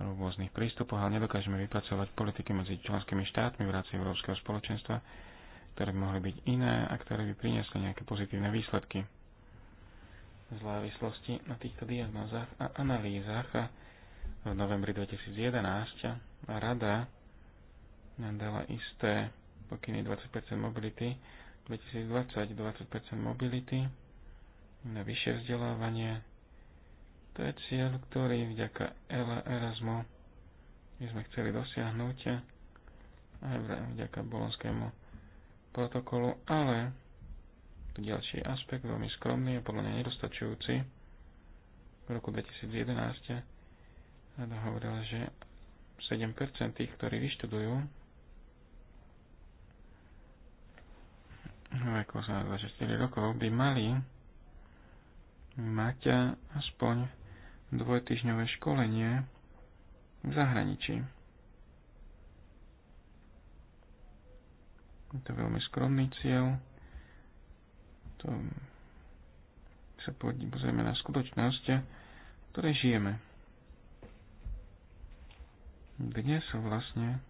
v rôznych prístupoch, ale nedokážeme vypracovať politiky medzi členskými štátmi v rámci Európskeho spoločenstva, ktoré by mohli byť iné a ktoré by priniesli nejaké pozitívne výsledky. V závislosti na týchto diagnózach a analýzach a v novembri 2011 a rada dala isté pokyny 20% mobility, 2020 20% mobility na vyššie vzdelávanie. To je cieľ, ktorý vďaka Ela Erasmu my sme chceli dosiahnuť aj vďaka bolonskému protokolu, ale ďalší aspekt, veľmi skromný a podľa mňa nedostačujúci, v roku 2011 Rada hovorila, že 7% tých, ktorí vyštudujú, no, ako sa 24 rokov, by mali mať aspoň dvojtyžňové školenie v zahraničí. Je to veľmi skromný cieľ. To sa pozrieme na skutočnosť, v ktorej žijeme dnes vlastne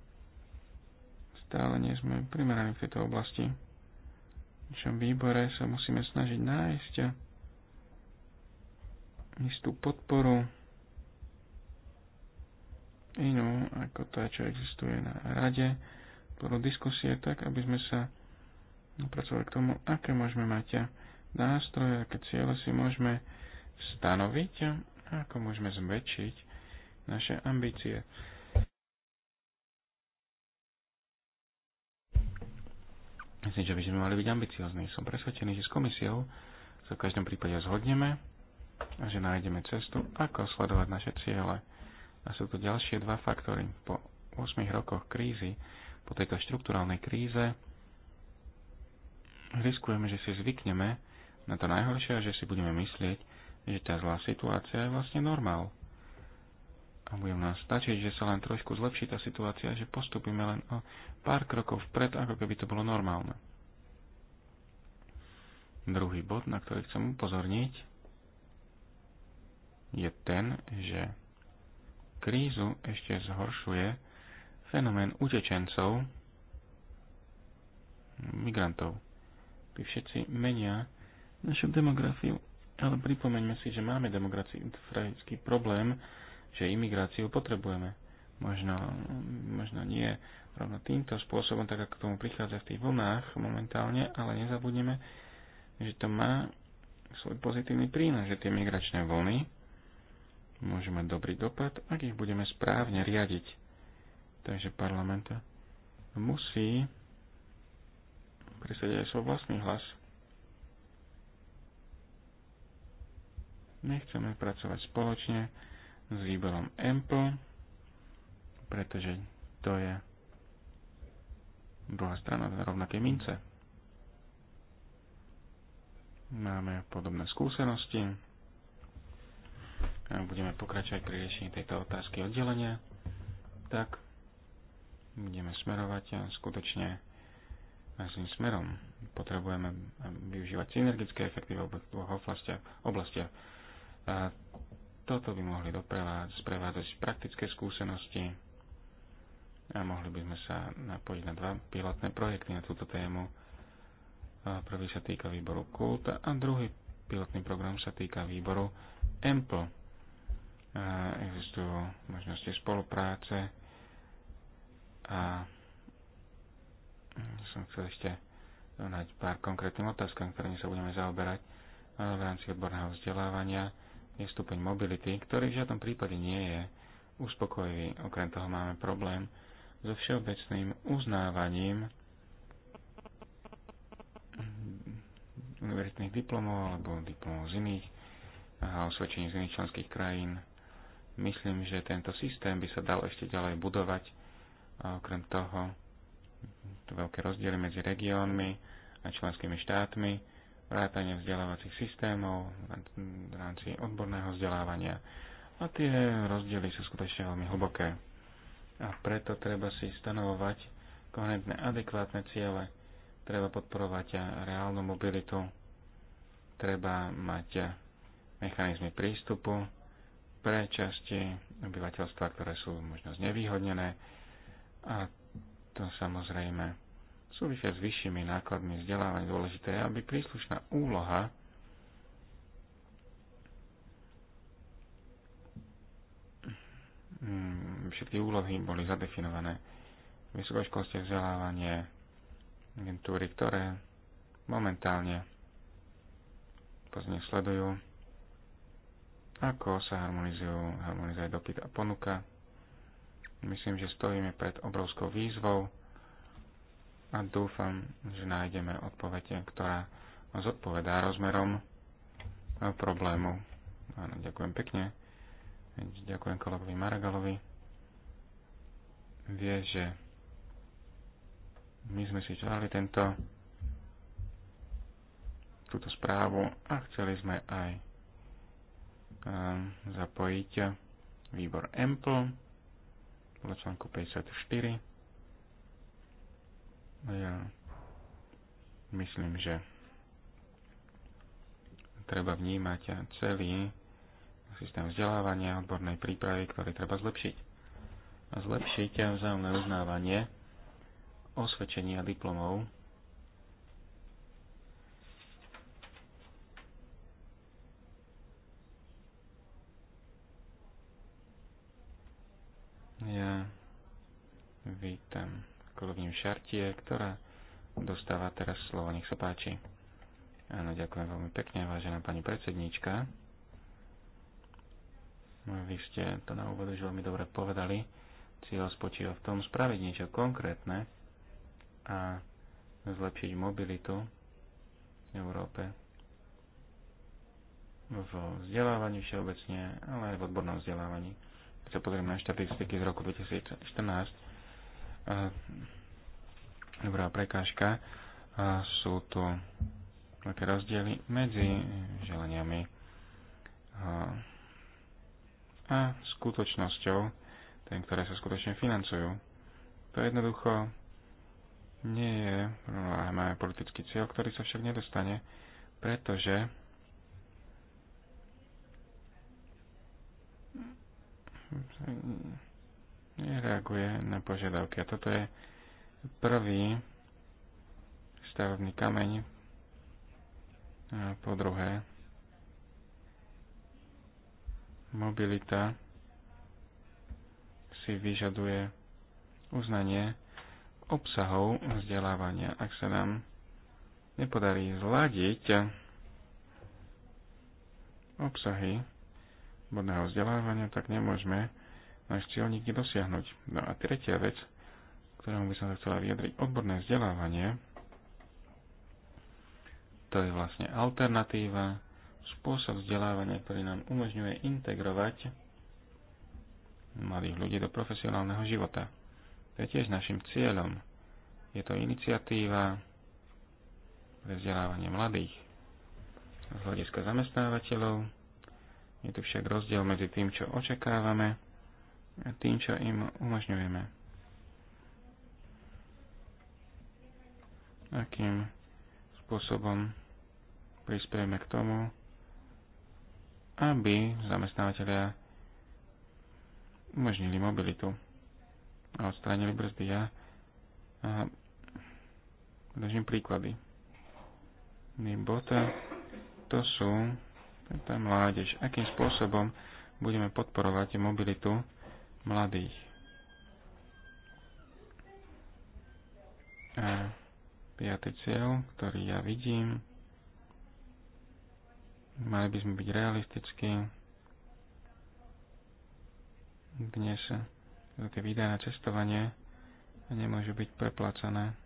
stále nie sme primeraní v tejto oblasti. V našom výbore sa musíme snažiť nájsť istú podporu inú ako tá, čo existuje na rade, podľa diskusie, tak aby sme sa pracovali k tomu, aké môžeme mať nástroje, aké cieľe si môžeme stanoviť a ako môžeme zväčšiť naše ambície. Myslím, že by sme mali byť ambiciozní. Som presvedčený, že s komisiou sa v každom prípade zhodneme a že nájdeme cestu, ako sledovať naše ciele. A sú tu ďalšie dva faktory. Po 8 rokoch krízy, po tejto štruktúralnej kríze, riskujeme, že si zvykneme na to najhoršie a že si budeme myslieť, že tá zlá situácia je vlastne normál a budem nás stačiť, že sa len trošku zlepší tá situácia, že postupíme len o pár krokov vpred, ako keby to bolo normálne. Druhý bod, na ktorý chcem upozorniť, je ten, že krízu ešte zhoršuje fenomén utečencov, migrantov. Tí všetci menia našu demografiu, ale pripomeňme si, že máme demografický problém, že imigráciu potrebujeme. Možno, možno nie rovno týmto spôsobom, tak ako k tomu prichádza v tých vlnách momentálne, ale nezabudneme, že to má svoj pozitívny prínos, že tie migračné vlny môžu mať dobrý dopad, ak ich budeme správne riadiť. Takže parlament musí presadiť aj svoj vlastný hlas. Nechceme pracovať spoločne, s výborom ample, pretože to je druhá strana rovnaké mince. Máme podobné skúsenosti a budeme pokračovať pri riešení tejto otázky oddelenia, tak budeme smerovať skutočne našim smerom. Potrebujeme využívať synergické efekty v oboch oblastiach. oblastiach toto by mohli sprevádzať praktické skúsenosti a mohli by sme sa napojiť na dva pilotné projekty na túto tému. Prvý sa týka výboru Kulta a druhý pilotný program sa týka výboru EMPL. Existujú možnosti spolupráce a som chcel ešte dodať pár konkrétnym otázkam, ktorými sa budeme zaoberať v rámci odborného vzdelávania je stupeň mobility, ktorý v žiadnom prípade nie je uspokojivý. Okrem toho máme problém so všeobecným uznávaním univerzitných diplomov alebo diplomov z iných a osvedčení z iných členských krajín. Myslím, že tento systém by sa dal ešte ďalej budovať a okrem toho veľké rozdiely medzi regiónmi a členskými štátmi vrátanie vzdelávacích systémov v rámci odborného vzdelávania. A tie rozdiely sú skutočne veľmi hlboké. A preto treba si stanovovať koherentné adekvátne ciele, treba podporovať reálnu mobilitu, treba mať mechanizmy prístupu pre časti obyvateľstva, ktoré sú možno znevýhodnené a to samozrejme súvisia s vyššími nákladmi vzdelávania. Dôležité je, aby príslušná úloha mm, všetky úlohy boli zadefinované. Vysokoškolské vzdelávanie agentúry, ktoré momentálne pozne sledujú, ako sa harmonizujú, harmonizuje dopyt a ponuka. Myslím, že stojíme pred obrovskou výzvou, a dúfam, že nájdeme odpovede, ktorá zodpovedá rozmerom problému. Áno, ďakujem pekne. Ďakujem kolegovi Maragalovi. Vie, že my sme si čerali tento túto správu a chceli sme aj ehm, zapojiť výbor EMPL podľa článku 54 ja myslím, že treba vnímať celý systém vzdelávania, odbornej prípravy, ktorý treba zlepšiť. A zlepšiť vzájomné uznávanie osvedčenia diplomov Ja vítam kolegyňu Šartie, ktorá dostáva teraz slovo. Nech sa páči. Áno, ďakujem veľmi pekne, vážená pani predsedníčka. No, vy ste to na úvod už veľmi dobre povedali. Cieľ spočíva v tom spraviť niečo konkrétne a zlepšiť mobilitu v Európe v vzdelávaní všeobecne, ale aj v odbornom vzdelávaní. Keď sa pozrieme na štatistiky z roku 2014, Eh, dobrá prekážka. Eh, sú tu veľké rozdiely medzi želeniami eh, a skutočnosťou, tým, ktoré sa skutočne financujú. To jednoducho nie je máme politický cieľ, ktorý sa však nedostane, pretože nereaguje na požiadavky. A toto je prvý stavebný kameň. A po druhé, mobilita si vyžaduje uznanie obsahov vzdelávania. Ak sa nám nepodarí zladiť obsahy bodného vzdelávania, tak nemôžeme náš cieľ nikdy dosiahnuť. No a tretia vec, ktorému by som sa chcela vyjadriť, odborné vzdelávanie, to je vlastne alternatíva, spôsob vzdelávania, ktorý nám umožňuje integrovať mladých ľudí do profesionálneho života. To je tiež našim cieľom. Je to iniciatíva pre vzdelávanie mladých. Z hľadiska zamestnávateľov je tu však rozdiel medzi tým, čo očakávame tým, čo im umožňujeme. Akým spôsobom prispieme k tomu, aby zamestnávateľia umožnili mobilitu a odstránili brzdy. Ja držím príklady. Bota, to sú tá mládež. Akým spôsobom budeme podporovať mobilitu mladých. A piatý cieľ, ktorý ja vidím, mali by sme byť realistickí. Dnes tie výdaje na cestovanie nemôžu byť preplacané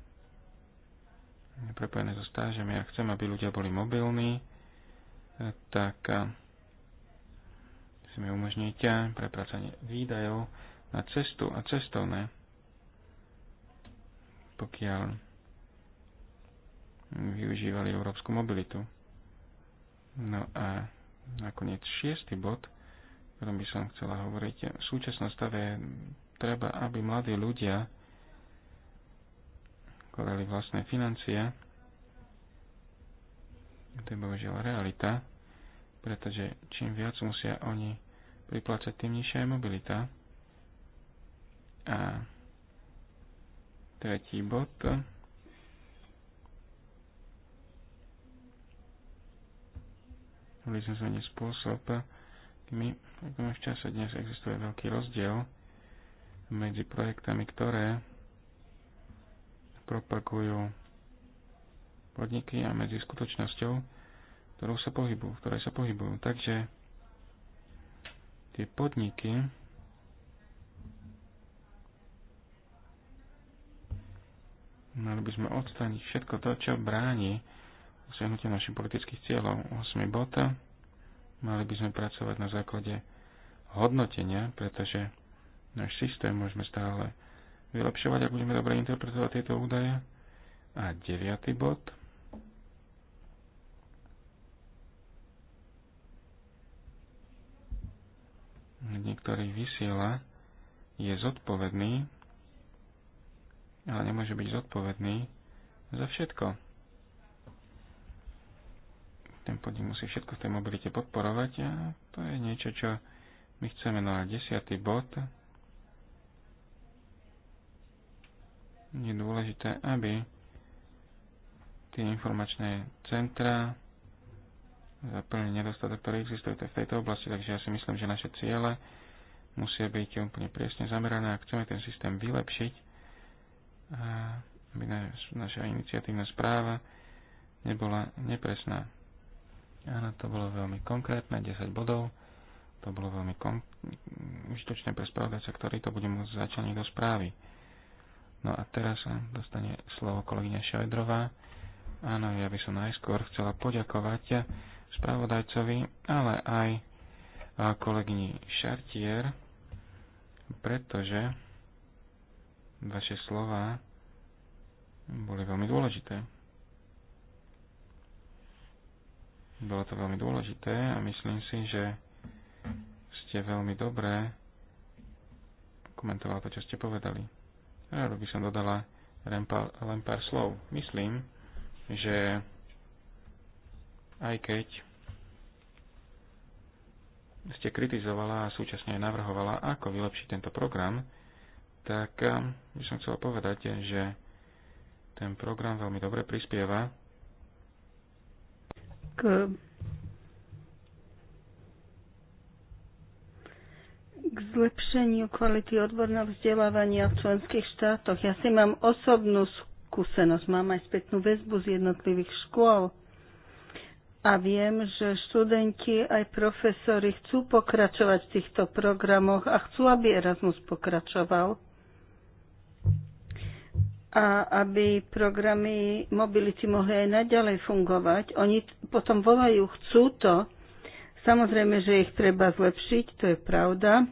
prepojené so stážami Ja chcem, aby ľudia boli mobilní, tak si mi umožniť eh, prepracanie výdajov na cestu a cestovné. Pokiaľ využívali európsku mobilitu. No a nakoniec šiestý bod, ktorom by som chcela hovoriť. V súčasnom stave treba, aby mladí ľudia kladali vlastné financie. To je bohužiaľ realita pretože čím viac musia oni priplácať, tým nižšia je mobilita. A tretí bod. zmeniť spôsob, my v čase dnes existuje veľký rozdiel medzi projektami, ktoré propagujú podniky a medzi skutočnosťou, ktorou sa pohybujú, ktoré sa pohybujú. Takže tie podniky mali by sme odstaniť všetko to, čo bráni dosiahnutie našich politických cieľov. 8. bod. Mali by sme pracovať na základe hodnotenia, pretože náš systém môžeme stále vylepšovať, ak budeme dobre interpretovať tieto údaje. A 9. bod. niektorý vysiela, je zodpovedný, ale nemôže byť zodpovedný za všetko. Ten podnik musí všetko v tej mobilite podporovať a to je niečo, čo my chceme. No a desiatý bod je dôležité, aby tie informačné centra za plný nedostatok, ktorý existuje v tejto oblasti. Takže ja si myslím, že naše ciele musia byť úplne presne zamerané, a chceme ten systém vylepšiť, aby naša iniciatívna správa nebola nepresná. Áno, to bolo veľmi konkrétne, 10 bodov. To bolo veľmi kon- užitočné pre spravodajca, ktorý to bude môcť začleniť do správy. No a teraz sa dostane slovo kolegyňa Šajdrová. Áno, ja by som najskôr chcela poďakovať spravodajcovi, ale aj kolegyni Chartier, pretože vaše slova boli veľmi dôležité. Bolo to veľmi dôležité a myslím si, že ste veľmi dobré komentoval to, čo ste povedali. Rád by som dodala len pár, len pár slov. Myslím, že aj keď ste kritizovala a súčasne aj navrhovala, ako vylepšiť tento program, tak ehm, by som chcela povedať, že ten program veľmi dobre prispieva k k zlepšeniu kvality odborného vzdelávania v členských štátoch. Ja si mám osobnú skúsenosť, mám aj spätnú väzbu z jednotlivých škôl a viem, že študenti aj profesori chcú pokračovať v týchto programoch a chcú, aby Erasmus pokračoval a aby programy mobility mohli aj naďalej fungovať. Oni potom volajú, chcú to. Samozrejme, že ich treba zlepšiť, to je pravda.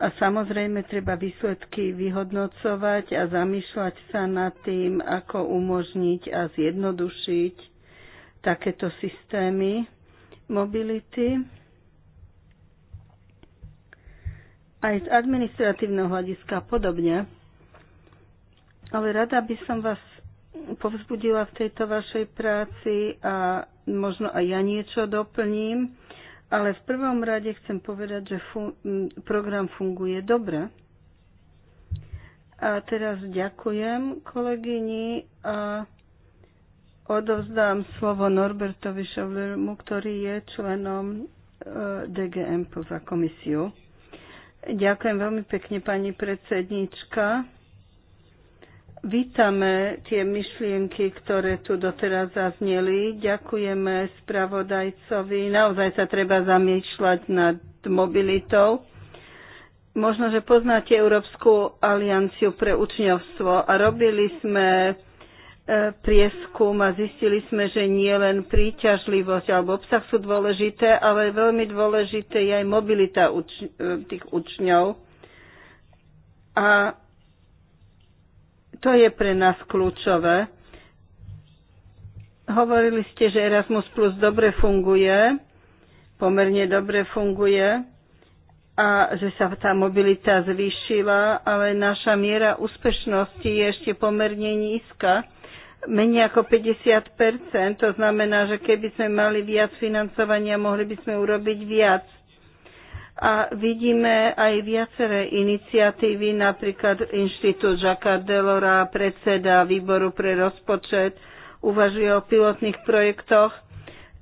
A samozrejme, treba výsledky vyhodnocovať a zamýšľať sa nad tým, ako umožniť a zjednodušiť takéto systémy mobility. Aj z administratívneho hľadiska podobne. Ale rada by som vás povzbudila v tejto vašej práci a možno aj ja niečo doplním, ale v prvom rade chcem povedať, že fun- program funguje dobre. A teraz ďakujem kolegyni a odovzdám slovo Norbertovi Šovlermu, ktorý je členom e, DGM za komisiu. Ďakujem veľmi pekne, pani predsednička. Vítame tie myšlienky, ktoré tu doteraz zazneli. Ďakujeme spravodajcovi. Naozaj sa treba zamýšľať nad mobilitou. Možno, že poznáte Európsku alianciu pre učňovstvo a robili sme E, prieskum a zistili sme, že nie len príťažlivosť alebo obsah sú dôležité, ale veľmi dôležité je aj mobilita uč- e, tých učňov. A to je pre nás kľúčové. Hovorili ste, že Erasmus Plus dobre funguje, pomerne dobre funguje a že sa tá mobilita zvýšila, ale naša miera úspešnosti je ešte pomerne nízka menej ako 50 To znamená, že keby sme mali viac financovania, mohli by sme urobiť viac. A vidíme aj viaceré iniciatívy, napríklad Inštitút Jacques Delora, predseda výboru pre rozpočet, uvažuje o pilotných projektoch.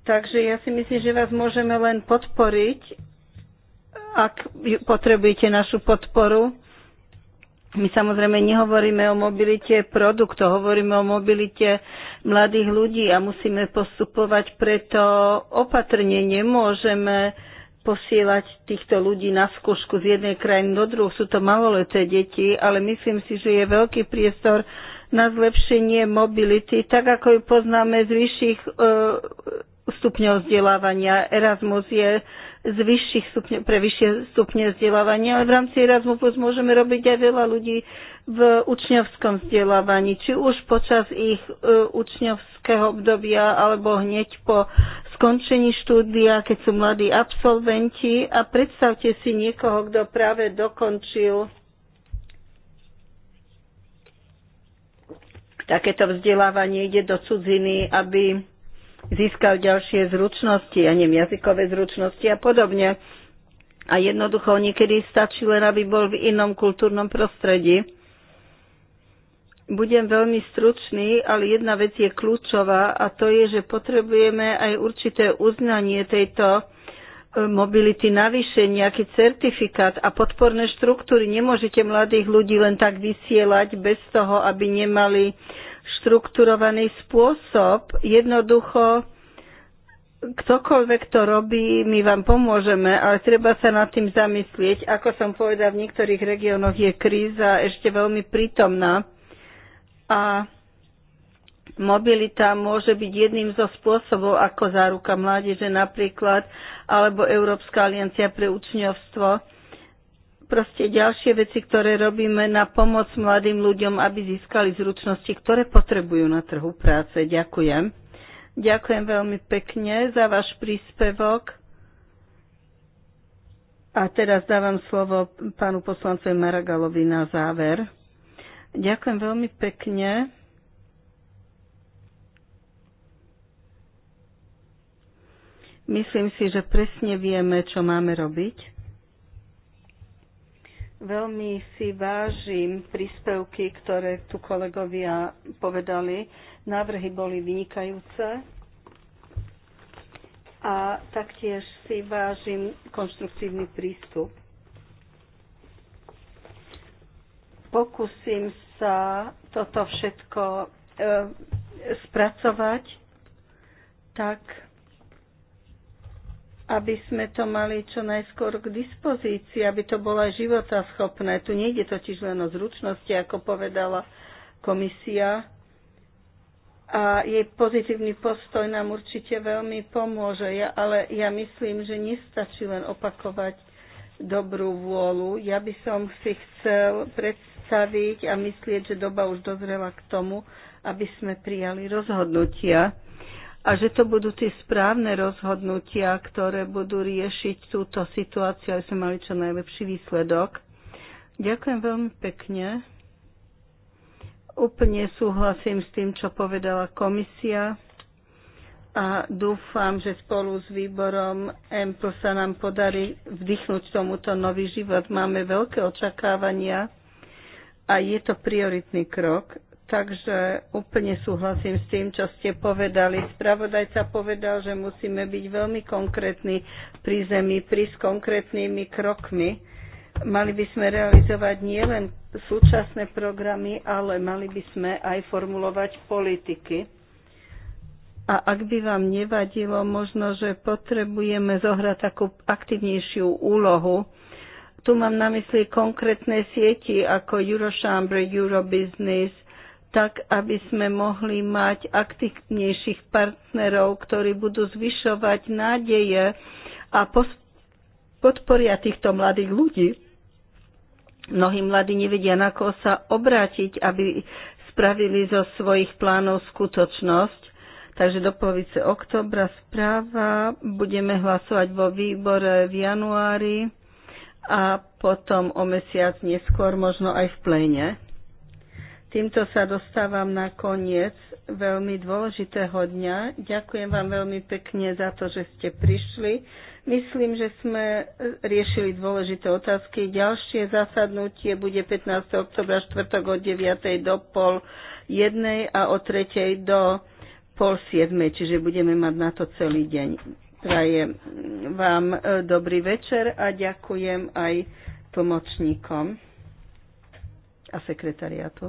Takže ja si myslím, že vás môžeme len podporiť, ak potrebujete našu podporu. My samozrejme nehovoríme o mobilite produktu, hovoríme o mobilite mladých ľudí a musíme postupovať preto opatrne. Nemôžeme posielať týchto ľudí na skúšku z jednej krajiny do druhú. Sú to maloleté deti, ale myslím si, že je veľký priestor na zlepšenie mobility, tak ako ju poznáme z vyšších e, stupňov vzdelávania. Erasmus je z vyšších stupňov, pre vyššie stupne vzdelávania, ale v rámci Erasmus Plus môžeme robiť aj veľa ľudí v učňovskom vzdelávaní, či už počas ich e, učňovského obdobia, alebo hneď po skončení štúdia, keď sú mladí absolventi. A predstavte si niekoho, kto práve dokončil takéto vzdelávanie, ide do cudziny, aby získal ďalšie zručnosti, ja neviem, jazykové zručnosti a podobne. A jednoducho niekedy stačí len, aby bol v inom kultúrnom prostredí. Budem veľmi stručný, ale jedna vec je kľúčová a to je, že potrebujeme aj určité uznanie tejto e, mobility navyše, nejaký certifikát a podporné štruktúry. Nemôžete mladých ľudí len tak vysielať bez toho, aby nemali uh, štrukturovaný spôsob. Jednoducho, ktokoľvek to robí, my vám pomôžeme, ale treba sa nad tým zamyslieť. Ako som povedal, v niektorých regiónoch je kríza ešte veľmi prítomná a mobilita môže byť jedným zo spôsobov, ako záruka mládeže napríklad, alebo Európska aliancia pre učňovstvo proste ďalšie veci, ktoré robíme na pomoc mladým ľuďom, aby získali zručnosti, ktoré potrebujú na trhu práce. Ďakujem. Ďakujem veľmi pekne za váš príspevok. A teraz dávam slovo pánu poslancovi Maragalovi na záver. Ďakujem veľmi pekne. Myslím si, že presne vieme, čo máme robiť Veľmi si vážim príspevky, ktoré tu kolegovia povedali. Návrhy boli vynikajúce. A taktiež si vážim konštruktívny prístup. Pokúsim sa toto všetko e, spracovať tak, aby sme to mali čo najskôr k dispozícii, aby to bolo aj schopné. Tu nejde totiž len o zručnosti, ako povedala komisia. A jej pozitívny postoj nám určite veľmi pomôže. Ja, ale ja myslím, že nestačí len opakovať dobrú vôľu. Ja by som si chcel predstaviť a myslieť, že doba už dozrela k tomu, aby sme prijali rozhodnutia a že to budú tie správne rozhodnutia, ktoré budú riešiť túto situáciu, aby sme mali čo najlepší výsledok. Ďakujem veľmi pekne. Úplne súhlasím s tým, čo povedala komisia a dúfam, že spolu s výborom MP sa nám podarí vdychnúť tomuto nový život. Máme veľké očakávania a je to prioritný krok Takže úplne súhlasím s tým, čo ste povedali. Spravodajca povedal, že musíme byť veľmi konkrétni pri zemi, pri s konkrétnymi krokmi. Mali by sme realizovať nielen súčasné programy, ale mali by sme aj formulovať politiky. A ak by vám nevadilo, možno, že potrebujeme zohrať takú aktivnejšiu úlohu, tu mám na mysli konkrétne sieti ako Eurochambre, Eurobusiness, tak aby sme mohli mať aktívnejších partnerov, ktorí budú zvyšovať nádeje a podporia týchto mladých ľudí. Mnohí mladí nevedia, na koho sa obrátiť, aby spravili zo svojich plánov skutočnosť. Takže do polovice oktobra správa, budeme hlasovať vo výbore v januári a potom o mesiac neskôr možno aj v pléne. Týmto sa dostávam na koniec veľmi dôležitého dňa. Ďakujem vám veľmi pekne za to, že ste prišli. Myslím, že sme riešili dôležité otázky. Ďalšie zasadnutie bude 15. oktobra, štvrtok od 9. do pol 1. a o 3. do pol 7. Čiže budeme mať na to celý deň. Prajem vám e, dobrý večer a ďakujem aj tlmočníkom a sekretariátu.